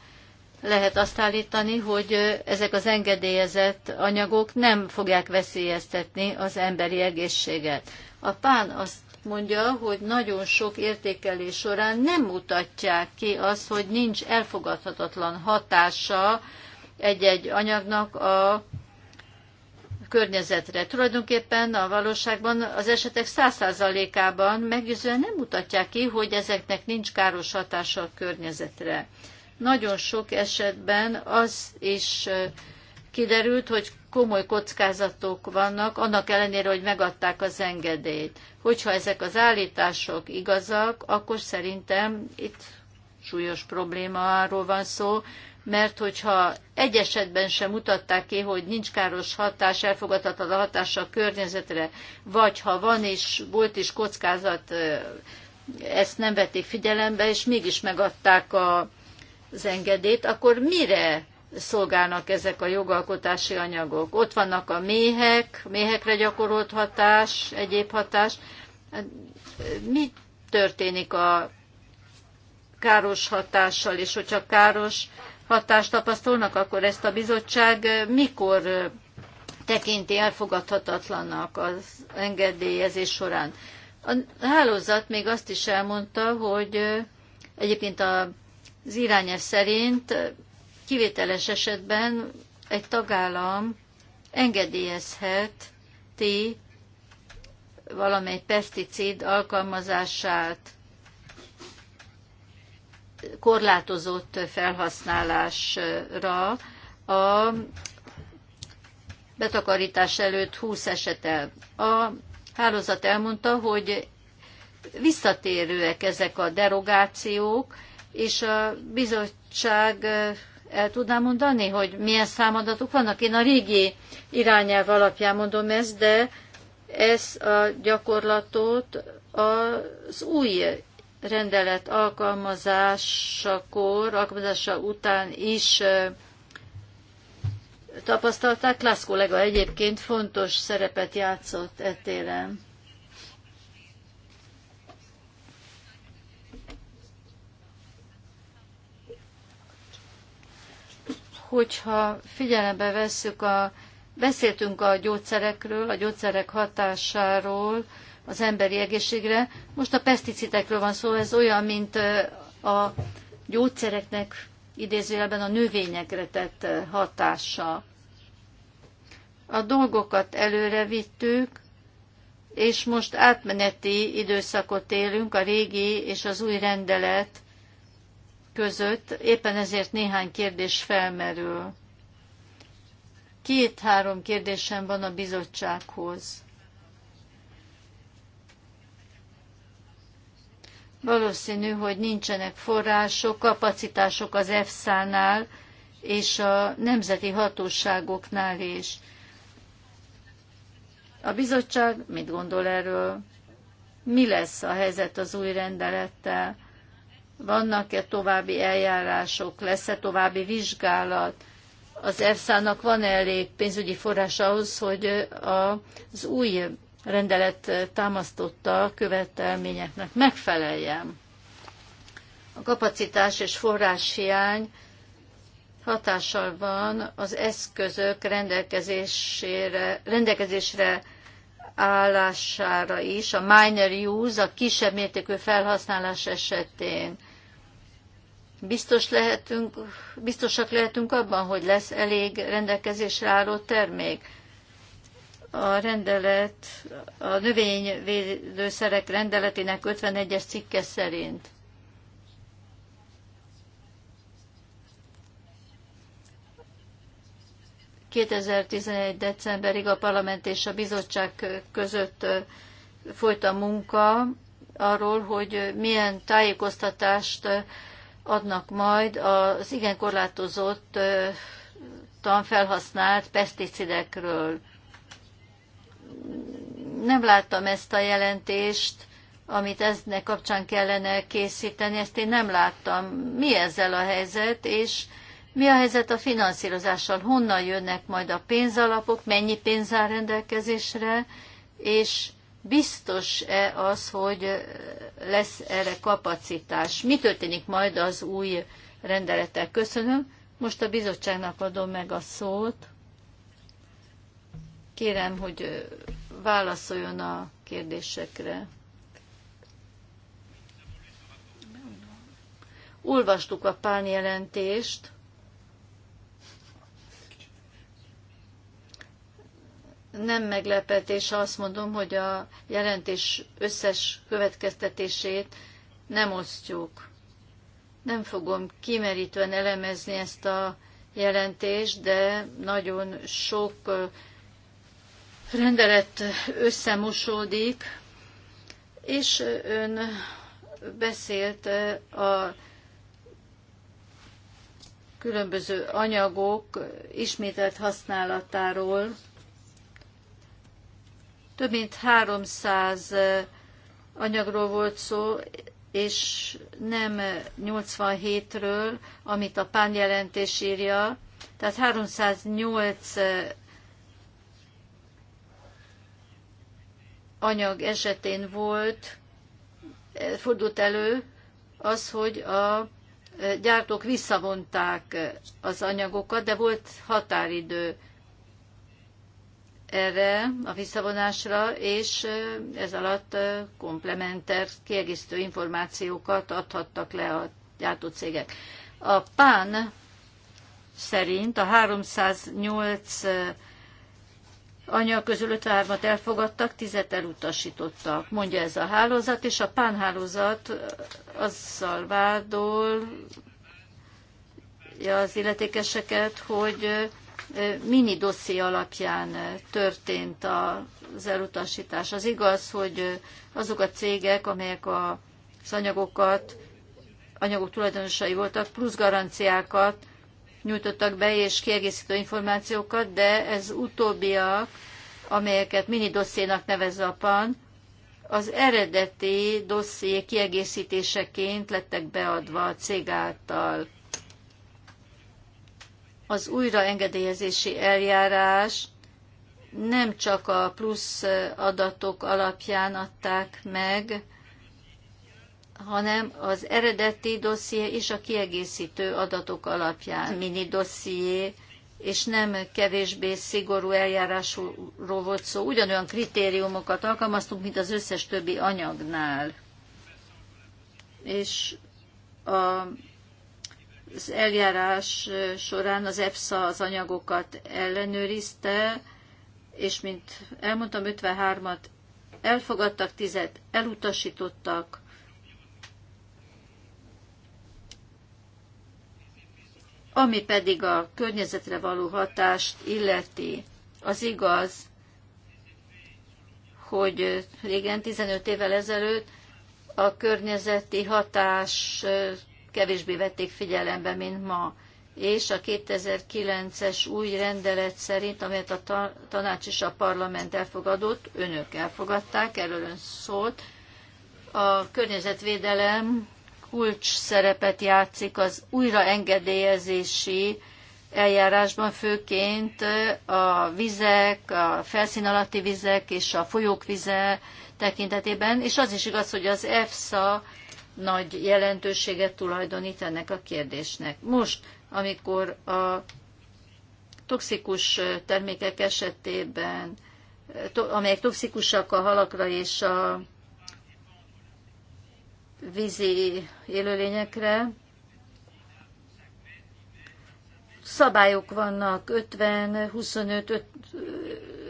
lehet azt állítani, hogy ezek az engedélyezett anyagok nem fogják veszélyeztetni az emberi egészséget. A pán azt mondja, hogy nagyon sok értékelés során nem mutatják ki azt, hogy nincs elfogadhatatlan hatása egy-egy anyagnak a környezetre. Tulajdonképpen a valóságban az esetek 100 meggyőzően nem mutatják ki, hogy ezeknek nincs káros hatása a környezetre. Nagyon sok esetben az is kiderült, hogy komoly kockázatok vannak, annak ellenére, hogy megadták az engedélyt. Hogyha ezek az állítások igazak, akkor szerintem itt súlyos problémáról van szó, mert hogyha egy esetben sem mutatták ki, hogy nincs káros hatás, a hatása a környezetre, vagy ha van is, volt is kockázat, ezt nem vették figyelembe, és mégis megadták a, az engedélyt, akkor mire szolgálnak ezek a jogalkotási anyagok. Ott vannak a méhek, méhekre gyakorolt hatás, egyéb hatás. Mi történik a káros hatással, és hogyha káros hatást tapasztolnak, akkor ezt a bizottság mikor tekinti elfogadhatatlannak az engedélyezés során. A hálózat még azt is elmondta, hogy egyébként az irányes szerint Kivételes esetben egy tagállam engedélyezhet ti valamely peszticid alkalmazását korlátozott felhasználásra a betakarítás előtt 20 esetel. A hálózat elmondta, hogy visszatérőek ezek a derogációk, és a bizottság el tudná mondani, hogy milyen számadatok vannak? Én a régi irányelv alapján mondom ezt, de ez a gyakorlatot az új rendelet alkalmazásakor, alkalmazása után is tapasztalták. Lász kollega egyébként fontos szerepet játszott e téren. hogyha figyelembe vesszük a, beszéltünk a gyógyszerekről, a gyógyszerek hatásáról az emberi egészségre, most a peszticidekről van szó, ez olyan, mint a gyógyszereknek idézőjelben a növényekre tett hatása. A dolgokat előre vittük, és most átmeneti időszakot élünk, a régi és az új rendelet között, éppen ezért néhány kérdés felmerül. Két-három kérdésem van a bizottsághoz. Valószínű, hogy nincsenek források, kapacitások az EFSA-nál és a nemzeti hatóságoknál is. A bizottság mit gondol erről? Mi lesz a helyzet az új rendelettel? vannak-e további eljárások, lesz-e további vizsgálat, az EFSA-nak van -e elég pénzügyi forrás ahhoz, hogy az új rendelet támasztotta követelményeknek megfeleljen. A kapacitás és hiány hatással van az eszközök rendelkezésére, rendelkezésre állására is, a minor use, a kisebb mértékű felhasználás esetén. Biztos lehetünk, biztosak lehetünk abban, hogy lesz elég rendelkezésre álló termék. A rendelet, a növényvédőszerek rendeletének 51-es cikke szerint 2011. decemberig a parlament és a bizottság között folyt a munka arról, hogy milyen tájékoztatást adnak majd az igen korlátozott tanfelhasznált peszticidekről. Nem láttam ezt a jelentést, amit eznek kapcsán kellene készíteni, ezt én nem láttam. Mi ezzel a helyzet, és mi a helyzet a finanszírozással? Honnan jönnek majd a pénzalapok? Mennyi pénz áll rendelkezésre? És biztos-e az, hogy lesz erre kapacitás? Mi történik majd az új rendelettel? Köszönöm. Most a bizottságnak adom meg a szót. Kérem, hogy válaszoljon a kérdésekre. Olvastuk a pánjelentést. nem meglepetés, ha azt mondom, hogy a jelentés összes következtetését nem osztjuk. Nem fogom kimerítően elemezni ezt a jelentést, de nagyon sok rendelet összemosódik, és ön beszélt a különböző anyagok ismételt használatáról, több mint 300 anyagról volt szó, és nem 87-ről, amit a pánjelentés írja, tehát 308 anyag esetén volt, fordult elő az, hogy a gyártók visszavonták az anyagokat, de volt határidő erre a visszavonásra, és ez alatt komplementer, kiegészítő információkat adhattak le a gyártócégek. A PAN szerint a 308 anyag közül 53-at elfogadtak, 10-et elutasítottak, mondja ez a hálózat, és a PAN hálózat azzal vádolja az illetékeseket, hogy mini dosszi alapján történt az elutasítás. Az igaz, hogy azok a cégek, amelyek az anyagokat, anyagok tulajdonosai voltak, plusz garanciákat nyújtottak be, és kiegészítő információkat, de ez utóbbiak, amelyeket mini dossziénak nevez a PAN, az eredeti dosszié kiegészítéseként lettek beadva a cég által az újraengedélyezési eljárás nem csak a plusz adatok alapján adták meg, hanem az eredeti dosszié és a kiegészítő adatok alapján. Mini dosszié, és nem kevésbé szigorú eljárásról volt szó. Ugyanolyan kritériumokat alkalmaztunk, mint az összes többi anyagnál. És a az eljárás során az EFSA az anyagokat ellenőrizte, és mint elmondtam, 53-at elfogadtak, 10-et elutasítottak, Ami pedig a környezetre való hatást illeti, az igaz, hogy régen, 15 évvel ezelőtt a környezeti hatás kevésbé vették figyelembe, mint ma. És a 2009-es új rendelet szerint, amelyet a tanács és a parlament elfogadott, önök elfogadták, erről ön szólt, a környezetvédelem kulcs szerepet játszik az újraengedélyezési eljárásban, főként a vizek, a felszín alatti vizek és a folyók vize tekintetében, és az is igaz, hogy az EFSA nagy jelentőséget tulajdonít ennek a kérdésnek. Most, amikor a toxikus termékek esetében, amelyek toxikusak a halakra és a vízi élőlényekre, szabályok vannak 50, 25, 5,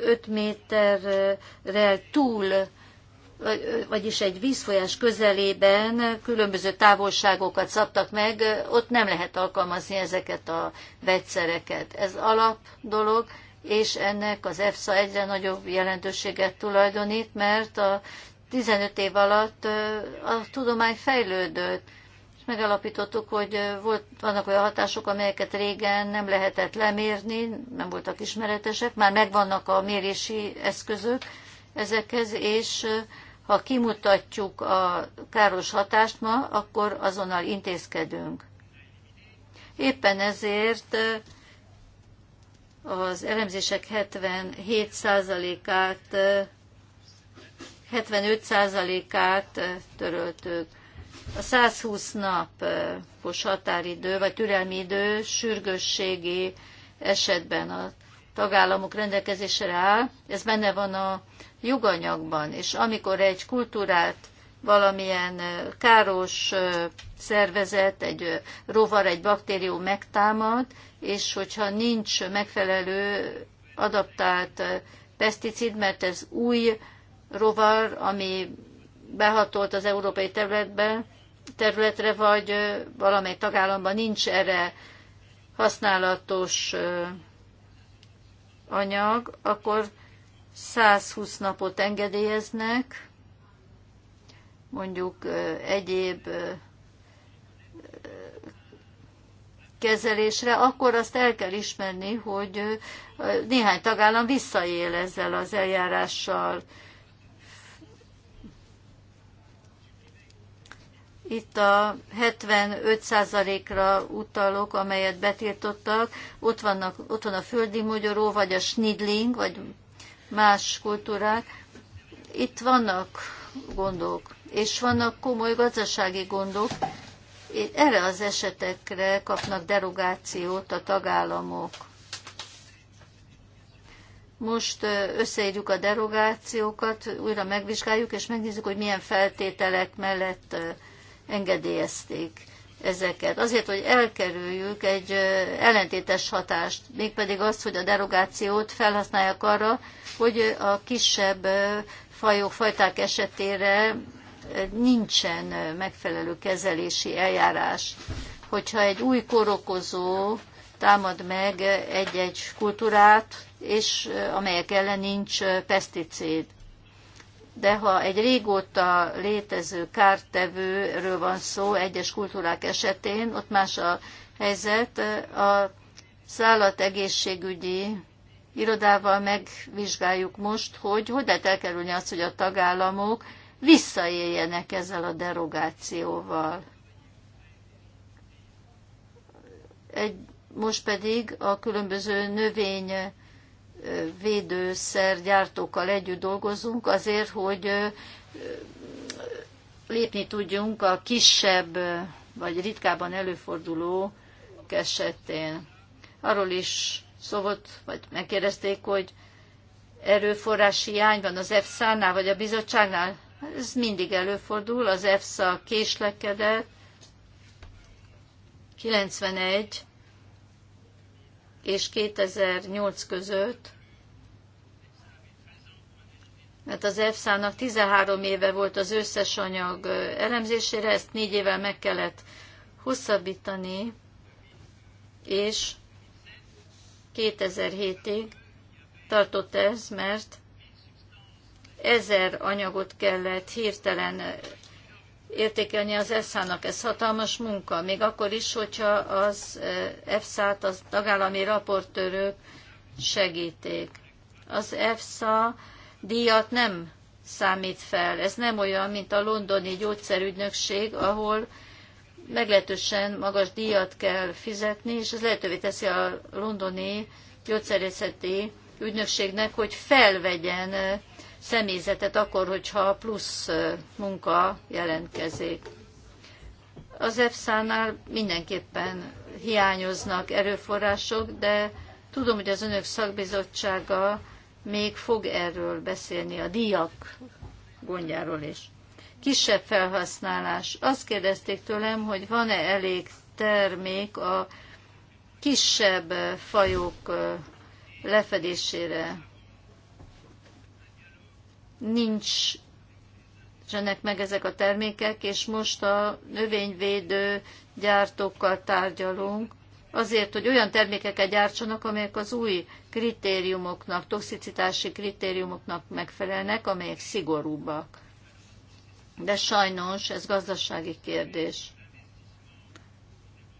5 méterrel túl vagyis egy vízfolyás közelében különböző távolságokat szabtak meg, ott nem lehet alkalmazni ezeket a vegyszereket. Ez alap dolog, és ennek az EFSA egyre nagyobb jelentőséget tulajdonít, mert a 15 év alatt a tudomány fejlődött, és megalapítottuk, hogy volt, vannak olyan hatások, amelyeket régen nem lehetett lemérni, nem voltak ismeretesek, már megvannak a mérési eszközök ezekhez, és ha kimutatjuk a káros hatást ma, akkor azonnal intézkedünk. Éppen ezért az elemzések 77%-át, 75%-át töröltük. A 120 napos határidő, vagy türelmi idő sürgősségi esetben a tagállamok rendelkezésre áll. Ez benne van a juganyagban és amikor egy kultúrát valamilyen káros szervezet, egy rovar, egy baktérium megtámad, és hogyha nincs megfelelő adaptált peszticid, mert ez új rovar, ami behatolt az európai területbe, területre, vagy valamely tagállamban nincs erre használatos anyag, akkor 120 napot engedélyeznek, mondjuk egyéb kezelésre, akkor azt el kell ismerni, hogy néhány tagállam visszaél ezzel az eljárással. Itt a 75%-ra utalok, amelyet betiltottak. Ott, vannak, ott van a földi mogyoró, vagy a snidling, vagy más kultúrák. Itt vannak gondok, és vannak komoly gazdasági gondok. Erre az esetekre kapnak derogációt a tagállamok. Most összeírjuk a derogációkat, újra megvizsgáljuk, és megnézzük, hogy milyen feltételek mellett engedélyezték ezeket. Azért, hogy elkerüljük egy ellentétes hatást, mégpedig azt, hogy a derogációt felhasználják arra, hogy a kisebb fajok, fajták esetére nincsen megfelelő kezelési eljárás. Hogyha egy új korokozó támad meg egy-egy kultúrát, és amelyek ellen nincs peszticid, de ha egy régóta létező kártevőről van szó egyes kultúrák esetén, ott más a helyzet. A szállat egészségügyi irodával megvizsgáljuk most, hogy hogy lehet elkerülni azt, hogy a tagállamok visszaéljenek ezzel a derogációval. Egy, most pedig a különböző növény védőszergyártókkal együtt dolgozunk azért, hogy lépni tudjunk a kisebb vagy ritkában előforduló esetén. Arról is szó volt, vagy megkérdezték, hogy erőforrás hiány van az EFSA-nál, vagy a bizottságnál. Ez mindig előfordul, az EFSA késlekedett, 91 és 2008 között mert hát az EFSA-nak 13 éve volt az összes anyag elemzésére, ezt négy évvel meg kellett hosszabbítani, és 2007-ig tartott ez, mert ezer anyagot kellett hirtelen értékelni az EFSA-nak. Ez hatalmas munka, még akkor is, hogyha az EFSA-t az tagállami raportőrök segíték. Az EFSA díjat nem számít fel. Ez nem olyan, mint a londoni gyógyszerügynökség, ahol meglehetősen magas díjat kell fizetni, és ez lehetővé teszi a londoni gyógyszerészeti ügynökségnek, hogy felvegyen eh, személyzetet akkor, hogyha plusz eh, munka jelentkezik. Az EFSA-nál mindenképpen hiányoznak erőforrások, de tudom, hogy az önök szakbizottsága még fog erről beszélni a díjak gondjáról is. Kisebb felhasználás. Azt kérdezték tőlem, hogy van-e elég termék a kisebb fajok lefedésére. Nincs ennek meg ezek a termékek, és most a növényvédő gyártókkal tárgyalunk, azért, hogy olyan termékeket gyártsanak, amelyek az új kritériumoknak, toxicitási kritériumoknak megfelelnek, amelyek szigorúbbak. De sajnos ez gazdasági kérdés.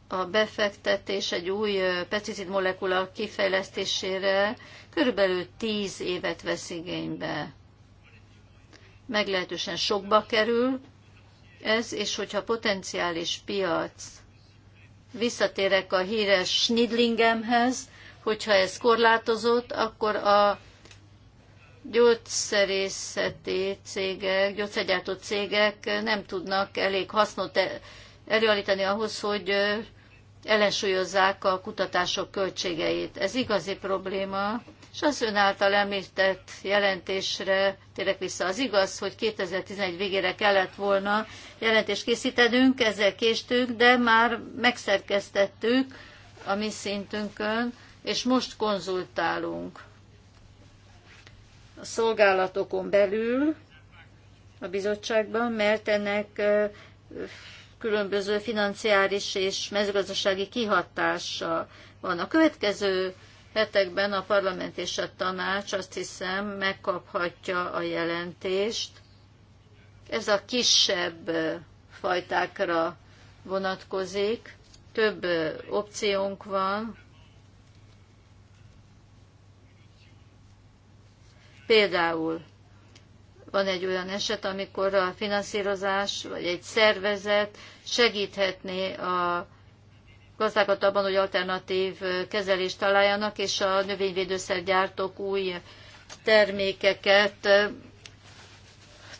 A befektetés egy új pesticid molekula kifejlesztésére körülbelül 10 évet vesz igénybe. Meglehetősen sokba kerül ez, és hogyha potenciális piac visszatérek a híres Schnidlingemhez, hogyha ez korlátozott, akkor a gyógyszerészeti cégek, gyógyszergyártó cégek nem tudnak elég hasznot e- előállítani ahhoz, hogy ellensúlyozzák a kutatások költségeit. Ez igazi probléma, és az ön által említett jelentésre térek vissza. Az igaz, hogy 2011 végére kellett volna jelentést készítenünk, ezzel késtünk, de már megszerkesztettük a mi szintünkön, és most konzultálunk a szolgálatokon belül a bizottságban, mert ennek különböző financiáris és mezőgazdasági kihatása van. A következő hetekben a parlament és a tanács azt hiszem megkaphatja a jelentést. Ez a kisebb fajtákra vonatkozik, több opciónk van, Például van egy olyan eset, amikor a finanszírozás vagy egy szervezet segíthetné a gazdákat abban, hogy alternatív kezelést találjanak, és a növényvédőszergyártók új termékeket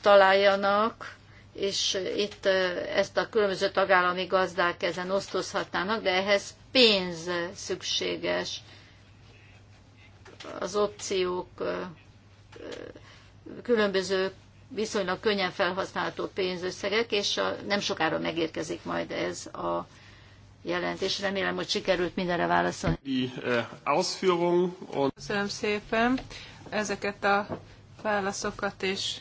találjanak, és itt ezt a különböző tagállami gazdák ezen osztozhatnának, de ehhez pénz szükséges. Az opciók különböző viszonylag könnyen felhasználható pénzösszegek, és a, nem sokára megérkezik majd ez a jelentés. Remélem, hogy sikerült mindenre válaszolni. Eh, Köszönöm szépen ezeket a válaszokat, és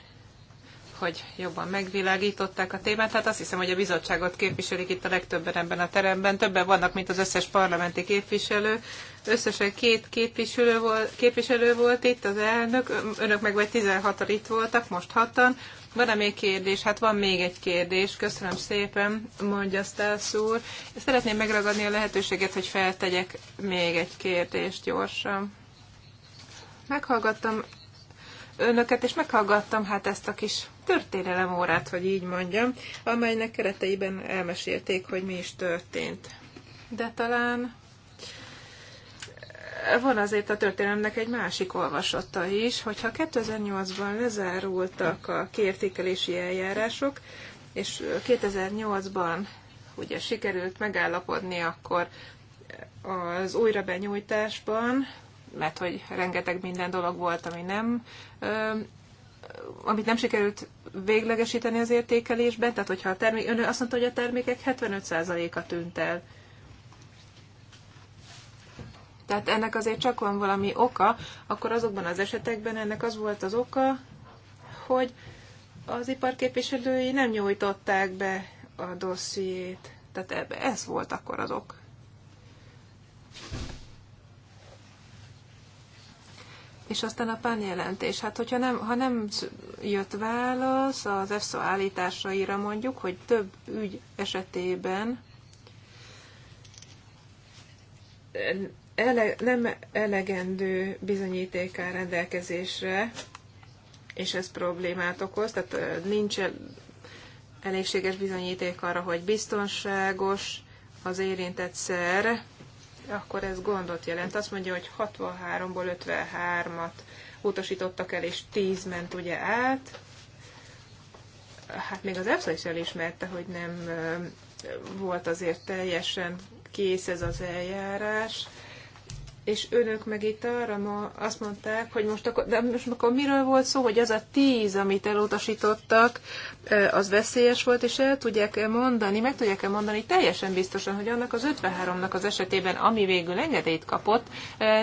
hogy jobban megvilágították a témát. Tehát azt hiszem, hogy a bizottságot képviselik itt a legtöbben ebben a teremben. Többen vannak, mint az összes parlamenti képviselő. Összesen két képviselő volt, képviselő volt itt, az elnök, önök meg vagy 16 itt voltak, most hatan. Van-e még kérdés? Hát van még egy kérdés. Köszönöm szépen, mondja Stelsz úr. Szeretném megragadni a lehetőséget, hogy feltegyek még egy kérdést gyorsan. Meghallgattam önöket, és meghallgattam hát ezt a kis történelem órát, hogy így mondjam, amelynek kereteiben elmesélték, hogy mi is történt. De talán van azért a történelemnek egy másik olvasata is, hogyha 2008-ban lezárultak a kértékelési eljárások, és 2008-ban ugye sikerült megállapodni akkor az újra benyújtásban, mert hogy rengeteg minden dolog volt, ami nem amit nem sikerült véglegesíteni az értékelésben, tehát hogyha a termék, ön azt mondta, hogy a termékek 75%-a tűnt el tehát ennek azért csak van valami oka, akkor azokban az esetekben ennek az volt az oka, hogy az iparképviselői nem nyújtották be a dossziét. Tehát ez volt akkor az ok. És aztán a pánjelentés. Hát, hogyha nem, ha nem jött válasz az EFSA állításaira mondjuk, hogy több ügy esetében ele, nem elegendő bizonyíték áll rendelkezésre, és ez problémát okoz, tehát nincs elégséges bizonyíték arra, hogy biztonságos az érintett szer, akkor ez gondot jelent. Azt mondja, hogy 63-ból 53-at utasítottak el, és 10 ment ugye át. Hát még az EFSA is elismerte, hogy nem volt azért teljesen kész ez az eljárás és önök meg itt arra ma azt mondták, hogy most akkor, de most akkor miről volt szó, hogy az a tíz, amit elutasítottak, az veszélyes volt, és el tudják-e mondani, meg tudják-e mondani teljesen biztosan, hogy annak az 53-nak az esetében, ami végül engedélyt kapott,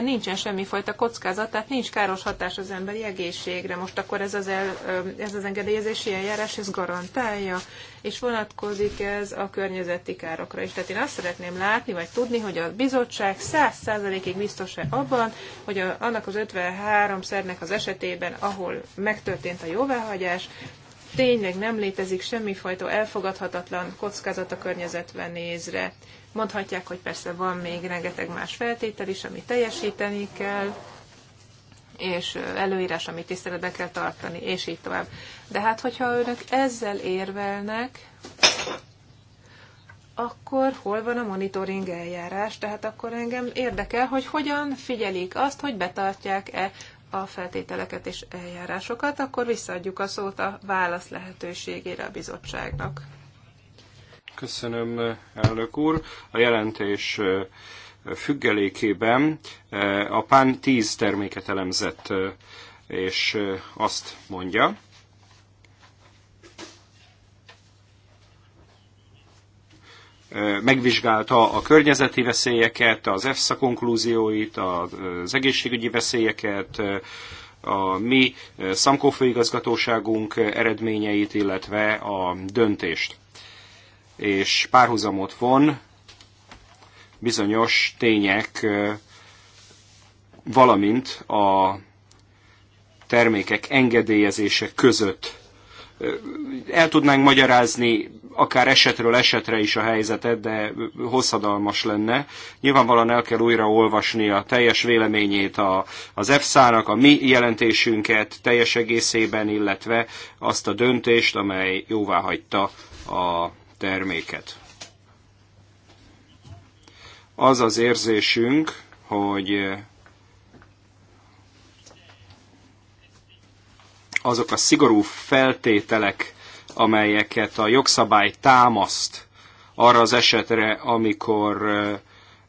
nincsen semmifajta kockázat, tehát nincs káros hatás az emberi egészségre. Most akkor ez az, el, ez az engedélyezési eljárás, ez garantálja és vonatkozik ez a környezeti károkra is. Tehát én azt szeretném látni, vagy tudni, hogy a bizottság 100%-ig biztos-e abban, hogy a, annak az 53 szernek az esetében, ahol megtörtént a jóváhagyás, tényleg nem létezik semmifajta elfogadhatatlan kockázat a környezetben nézre. Mondhatják, hogy persze van még rengeteg más feltétel is, ami teljesíteni kell, és előírás, amit tiszteletben kell tartani, és így tovább. De hát, hogyha önök ezzel érvelnek, akkor hol van a monitoring eljárás? Tehát akkor engem érdekel, hogy hogyan figyelik azt, hogy betartják-e a feltételeket és eljárásokat, akkor visszaadjuk a szót a válasz lehetőségére a bizottságnak. Köszönöm, elnök úr. A jelentés függelékében a PAN 10 terméket elemzett, eh, és eh, azt mondja, eh, megvizsgálta a környezeti veszélyeket, az EFSA konklúzióit, az egészségügyi veszélyeket, a mi Szamkó főigazgatóságunk eredményeit, illetve a döntést. És párhuzamot von bizonyos tények, valamint a termékek engedélyezése között. El tudnánk magyarázni akár esetről esetre is a helyzetet, de hosszadalmas lenne. Nyilvánvalóan el kell újra olvasni a teljes véleményét a, az EFSA-nak, a mi jelentésünket teljes egészében, illetve azt a döntést, amely jóváhagyta a terméket az az érzésünk, hogy eh, azok a szigorú feltételek, amelyeket a jogszabály támaszt arra az esetre, amikor eh,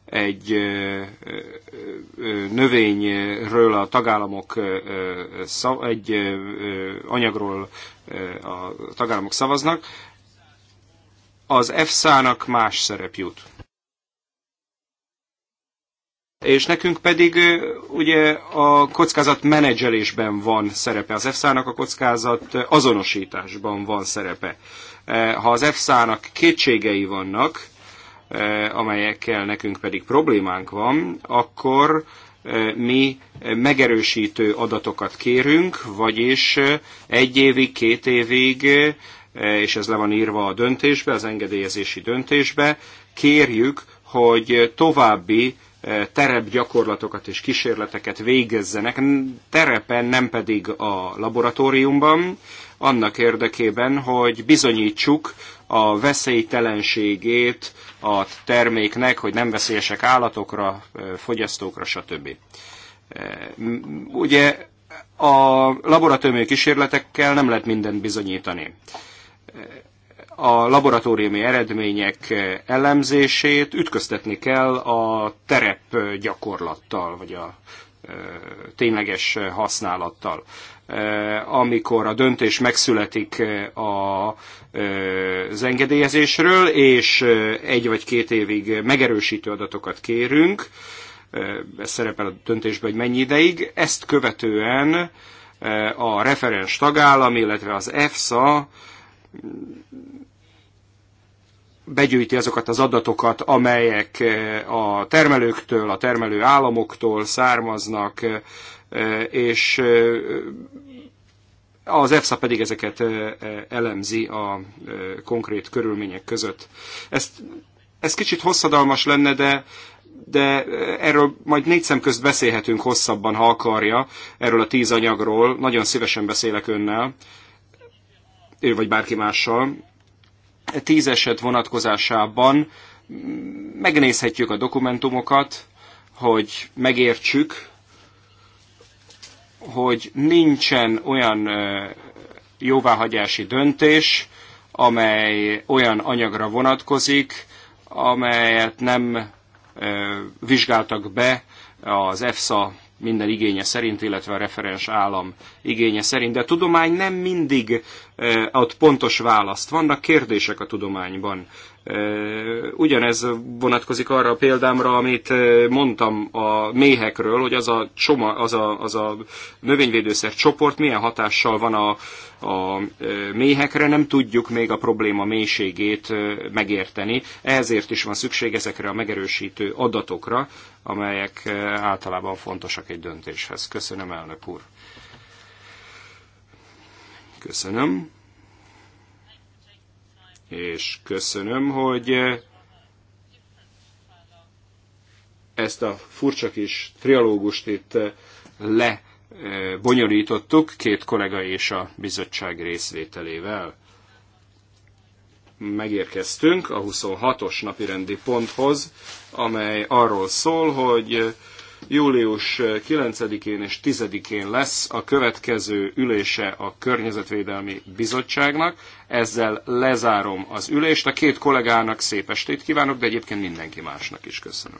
egy eh, növényről a tagállamok egy anyagról a tagállamok szavaznak, az EFSA-nak más szerep jut és nekünk pedig ugye a kockázat menedzselésben van szerepe, az EFSA-nak a kockázat azonosításban van szerepe. E, ha az EFSA-nak kétségei vannak, e, amelyekkel nekünk pedig problémánk van, akkor e, mi megerősítő adatokat kérünk, vagyis egy évig, két évig, és ez le van írva a döntésbe, az engedélyezési döntésbe, kérjük, hogy további terepgyakorlatokat gyakorlatokat és kísérleteket végezzenek, terepen, nem pedig a laboratóriumban, annak érdekében, hogy bizonyítsuk a veszélytelenségét a terméknek, hogy nem veszélyesek állatokra, fogyasztókra, stb. Ugye a laboratóriumi kísérletekkel nem lehet mindent bizonyítani a laboratóriumi eredmények elemzését ütköztetni kell a terep gyakorlattal, vagy a tényleges használattal. Amikor a döntés megszületik a, az engedélyezésről, és egy vagy két évig megerősítő adatokat kérünk, ez szerepel a döntésben, hogy mennyi ideig, ezt követően a referens tagállam, illetve az EFSA begyűjti azokat az adatokat, amelyek eh, a termelőktől, a termelő államoktól származnak, eh, és eh, az EFSA pedig ezeket elemzi a konkrét körülmények között. Ez, ez kicsit hosszadalmas lenne, de de erről majd négy szem közt beszélhetünk hosszabban, ha akarja, erről a tíz anyagról. Nagyon szívesen beszélek önnel, ő vagy bárki mással tíz eset vonatkozásában megnézhetjük a dokumentumokat, hogy megértsük, hogy nincsen olyan jóváhagyási döntés, amely olyan anyagra vonatkozik, amelyet nem vizsgáltak be az EFSA minden igénye szerint, illetve a referens állam igénye szerint. De a tudomány nem mindig eh, ad pontos választ. Vannak kérdések a tudományban. Ugyanez vonatkozik arra a példámra, amit mondtam a méhekről, hogy az a, csoma, az a, az a növényvédőszer csoport milyen hatással van a, a méhekre, nem tudjuk még a probléma mélységét megérteni. Ezért is van szükség ezekre a megerősítő adatokra, amelyek általában fontosak egy döntéshez. Köszönöm, elnök úr. Köszönöm és köszönöm, hogy eh, ezt a furcsa kis trialógust itt eh, lebonyolítottuk eh, két kollega és a bizottság részvételével. Megérkeztünk a 26-os napirendi ponthoz, amely arról szól, hogy Július 9-én és 10-én lesz a következő ülése a Környezetvédelmi Bizottságnak. Ezzel lezárom az ülést. A két kollégának szép estét kívánok, de egyébként mindenki másnak is köszönöm.